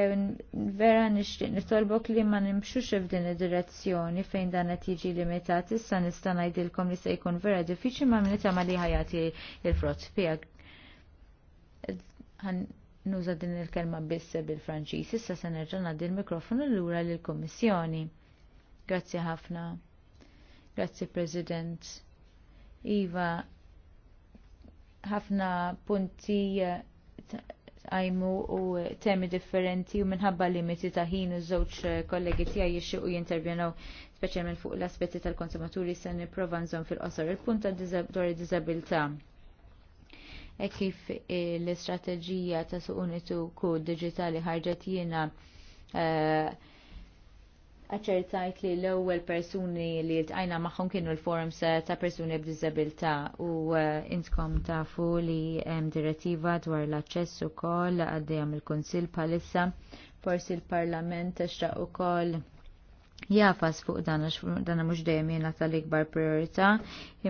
vera nixtieq nitolbok li ma nimxux f'din id-direzzjoni fejn dan qed jiġi limitat issa nista' ngħidilkom li se jkun vera diffiċli ma' minita ma' li ħajati l-frott tiegħek nuża din il-kelma biss bil-Franċiż, issa se nerġa' ngħaddi l-mikrofonu lura lill-Kummissjoni. Grazzi ħafna. Grazzi President. Iva, ħafna punti eh, għajmu u temi differenti u minħabba limiti ta' ħin u żewġ eh, kollegi tiegħi jixxiqu jintervjenaw speċjalment fuq l-aspetti tal-konsumaturi se nipprova nżomm fil-qosor il-punt ta' dwar id-diżabilità e kif e, l-istrateġija ta' suq unitu ku digitali ħarġet jiena e, Aċċertajt li l-ewwel persuni li ltqajna magħhom kienu l-forums e, ta' persuni b'diżabilità u intkom tafu li hemm direttiva dwar l-aċċess ukoll għaddejja mill-Kunsill bħalissa forsi l-Parlament u ukoll jafas fuq dan dan mhux dejjem jingħata l-ikbar priorità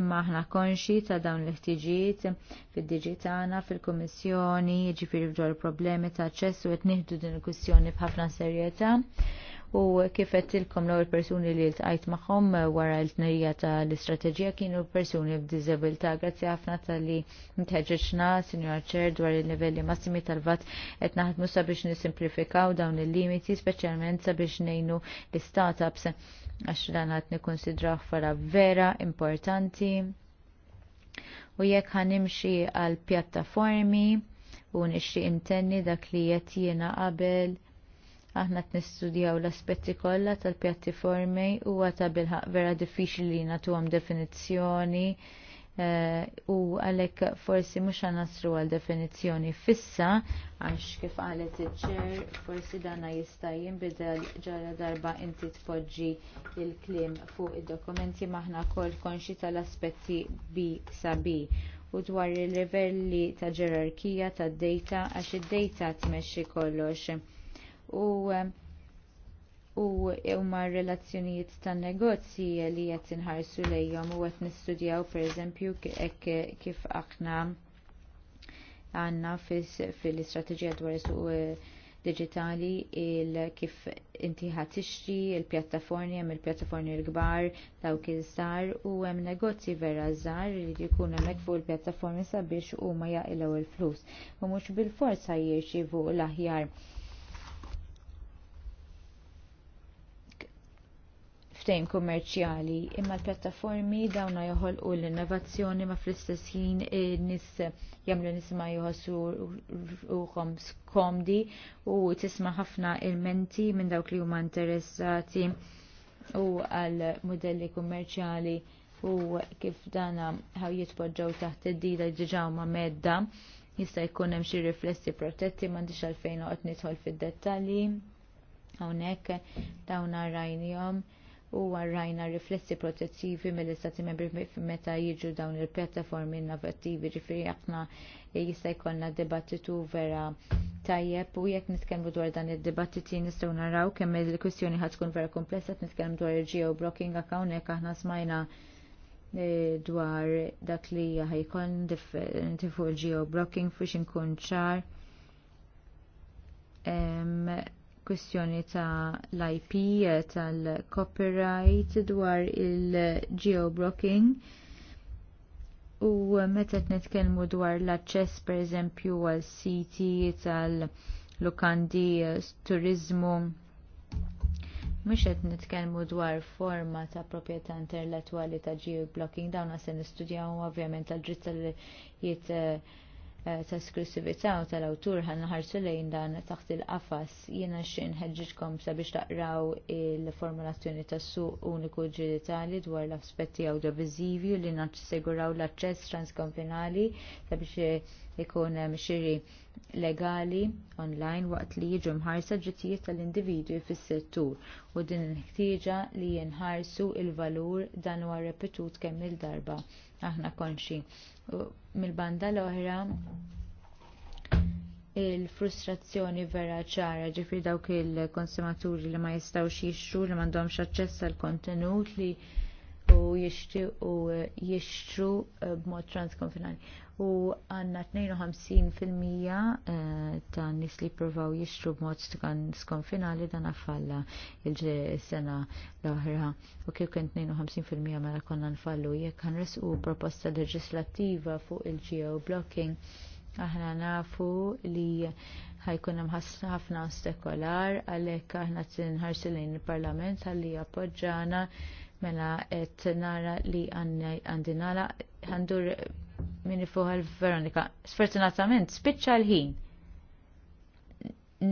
imma aħna konxi ta' dawn l-ħtiġijiet fid-diġi tagħna fil-Kummissjoni jiġifieri f'dwar problemi ta' ċessu, u qed nieħdu din il kussjoni b'ħafna serjetà u kif tilkom l persuni li ltqajt magħhom wara l-tnerija tal-istrateġija kienu persuni b'diżabilità. Grazzi ħafna tal-li ntħeġġeġna, Sinjor Ċer, dwar il-livelli massimi tal-vat qed naħdmu sabiex nisimplifikaw dawn il-limiti, speċjalment sabiex ngħinu l-startups għax dan għat nikonsidraħ fara vera importanti u jekk ħanimxi għal pjattaformi u nixtieq intenni dak li qed jiena qabel aħna t-nistudjaw l-aspetti kollha tal-pjattiformi u għata bilħaq vera diffiċli li għam definizzjoni eh, u għalek forsi mux għanasru għal definizjoni fissa, għax kif għalet iċċer, forsi dana jista jimbidel ġara darba inti tfoġġi il-klim fuq id-dokumenti maħna kol konxi tal-aspetti bi sabi u dwar il-livelli ta' ġerarkija ta' data għax id-data tmexxi kollox u u huma relazzjonijiet tan negozji li qed inħarsu lejhom u qed nistudjaw pereżempju hekk kif aħna għandna fil-istrateġija dwar suq eh, digitali il kif inti ħad tixtri il-pjattaformi hemm il-pjattaformi l-kbar dawk il-żgħar u hemm negozji vera żgħar li jkun hemmhekk fuq il-pjattaformi sabiex huma jaqilgħu il-flus u mhux bil-forza fuq l-aħjar ftejn kummerċjali imma l-pjattaformi dawna joħolqu l-innovazzjoni ma fl-istess ħin eh, nis jagħmlu nisma joħossu ruħhom skomdi u tisma' ħafna ilmenti minn dawk li huma interessati u għal modelli kummerċjali u kif dana ħaw jitpoġġaw taħt id-dida ġiġa ma medda jista' jkun hemm xi riflessi protetti m'għandix għalfejn qed nidħol fid-dettalji hawnhekk dawn rajnihom u għarrajna riflessi protettivi mill-istati membri meta jiġu dawn il-pjattaformi innovattivi ġifiri aħna jista' jkollna dibattitu vera tajjeb u jekk nitkellmu dwar dan id-dibattiti nistgħu naraw kemm il-kwistjoni ħad tkun vera komplessa nitkellmu dwar il geoblocking blocking account hekk aħna smajna e, dwar dak li ħajkun differenti fuq il-geo blocking fiex inkun ċar kwestjoni ta' l-IP, tal-copyright, dwar il-geoblocking. U meta netkelmu dwar l-aċċess pereżempju għal siti tal-lokandi, turizmu, mhux qed nitkellmu dwar forma ta' proprjetà intellettwali ta' geoblocking dawna se nistudjaw ovvjament tal ġitt tal-jiet eh, Eh, ta' sklusivita u tal-awtur ħan ħarsu lejn dan taħt il-qafas jiena xin ħedġiġkom sabiex taqraw il-formulazzjoni tas suq uniku ġiditali dwar l-aspetti audiovisivi li naċseguraw l-aċċess transkonfinali sabiex eh, ikun eh, mxiri legali online waqt li jiġu mħarsa ġittijiet tal-individwi fis-settur u din il-ħtieġa li jinħarsu il-valur dan huwa repetut kemm il-darba aħna konxi mill-banda l-oħra il-frustrazzjoni vera ċara ġifri dawk il-konsumaturi li ma jistaw jixtru li m'għandhomx aċċess għal kontenut li u jixtru eh, b'mod transkonfinali u għanna 52% ta' nis li provaw jixtru b'mod skonfinali dan affalla il-sena l-oħra u kif kien 52% mela konna nfallu jekk ħanresqu proposta leġislattiva fuq il-geo blocking aħna nafu li ħajkun hemm ħafna stekolar għalhekk aħna tinħarsu lejn il-Parlament għalli appoġġana mela qed nara li għandi għandur minn fuq il-Veronika. Sfortunatament, spiċċa l-ħin.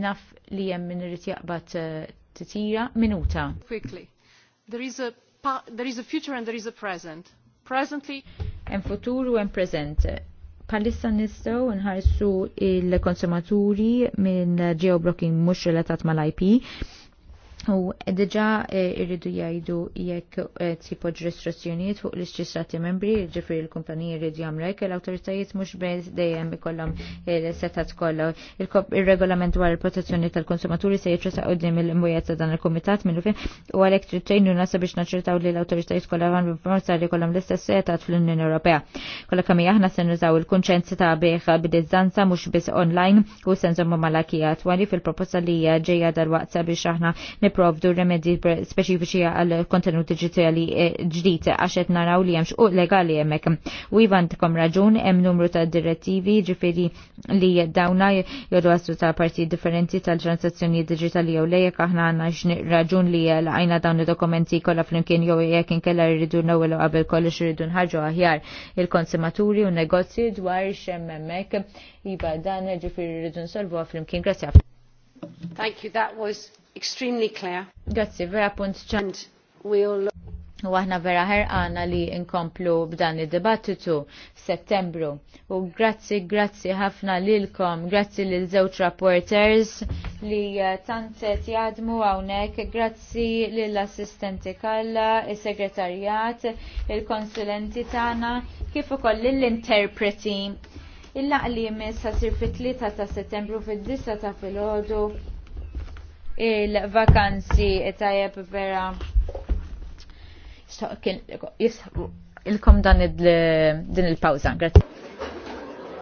Naf li hemm min irid jaqbad eh, titira minuta. Quickly. There is a there is a future and there is a present. Presently hemm futuru jem hemm preżent. Palissa nistgħu nħarsu il-konsumaturi minn geoblocking mhux relatat mal-IP U diġa eh, irridu jgħidu jekk eh, tipoġ restrizzjonijiet fuq l-istess membri, ġifri l-kumpaniji irridu jagħmlu hekk, l-awtoritajiet mhux bez dejjem ikollhom eh, l setat kollu. Ir-regolament dwar il-protezzjoni tal-konsumaturi se jiċċesa dim il mbujet ta' dan il-kumitat minnu fejn u għalhekk trid tgħinu nasa biex naċċertaw li l-awtoritajiet kollha għandhom inforza li kollhom l-istess setat fl-Unjoni Ewropea. Kollha kemm aħna se nużaw il-kunċenzi ta' bih bidizzanza mhux biss online u se nżommu mal fil-proposta li ġejja dal-waqt biex aħna niprovdu remedji speċifiċi għal kontenuti ġitali eh, ġdid għax qed naraw li hemm xquq legali hemmhekk. U kom raġun hemm numru ta' direttivi ġifiri li dawna jodu għastu ta' parti differenti tal-transazzjoni digitali jew lejek aħna għandna raġun li għajna dawn id-dokumenti kolla flimkien jew jekk inkella rridu nawelu qabel kollox rridu nħarġu aħjar il-konsumaturi u negozji dwar xemmemmek iba dan ġifieri rridu nsolvu flimkien. Grazja. Thank you. That was extremely clear. Grazzi, vera punt ċan. U aħna vera ħerqana li inkomplu b'dan id-dibattitu settembru. U grazzi, grazzi ħafna lilkom, grazzi lil żewġ rapporters li eh, tantet jadmu għawnek, grazzi lill-assistenti kalla, il-segretarjat, il-konsulenti tana, kif ukoll lill-interpreti. il li jmiss ħasir fit-3 ta' settembru fid disa ta' filgħodu il-vakanzi tajjeb vera jisħu il-kom dan din il-pawza. Grazie.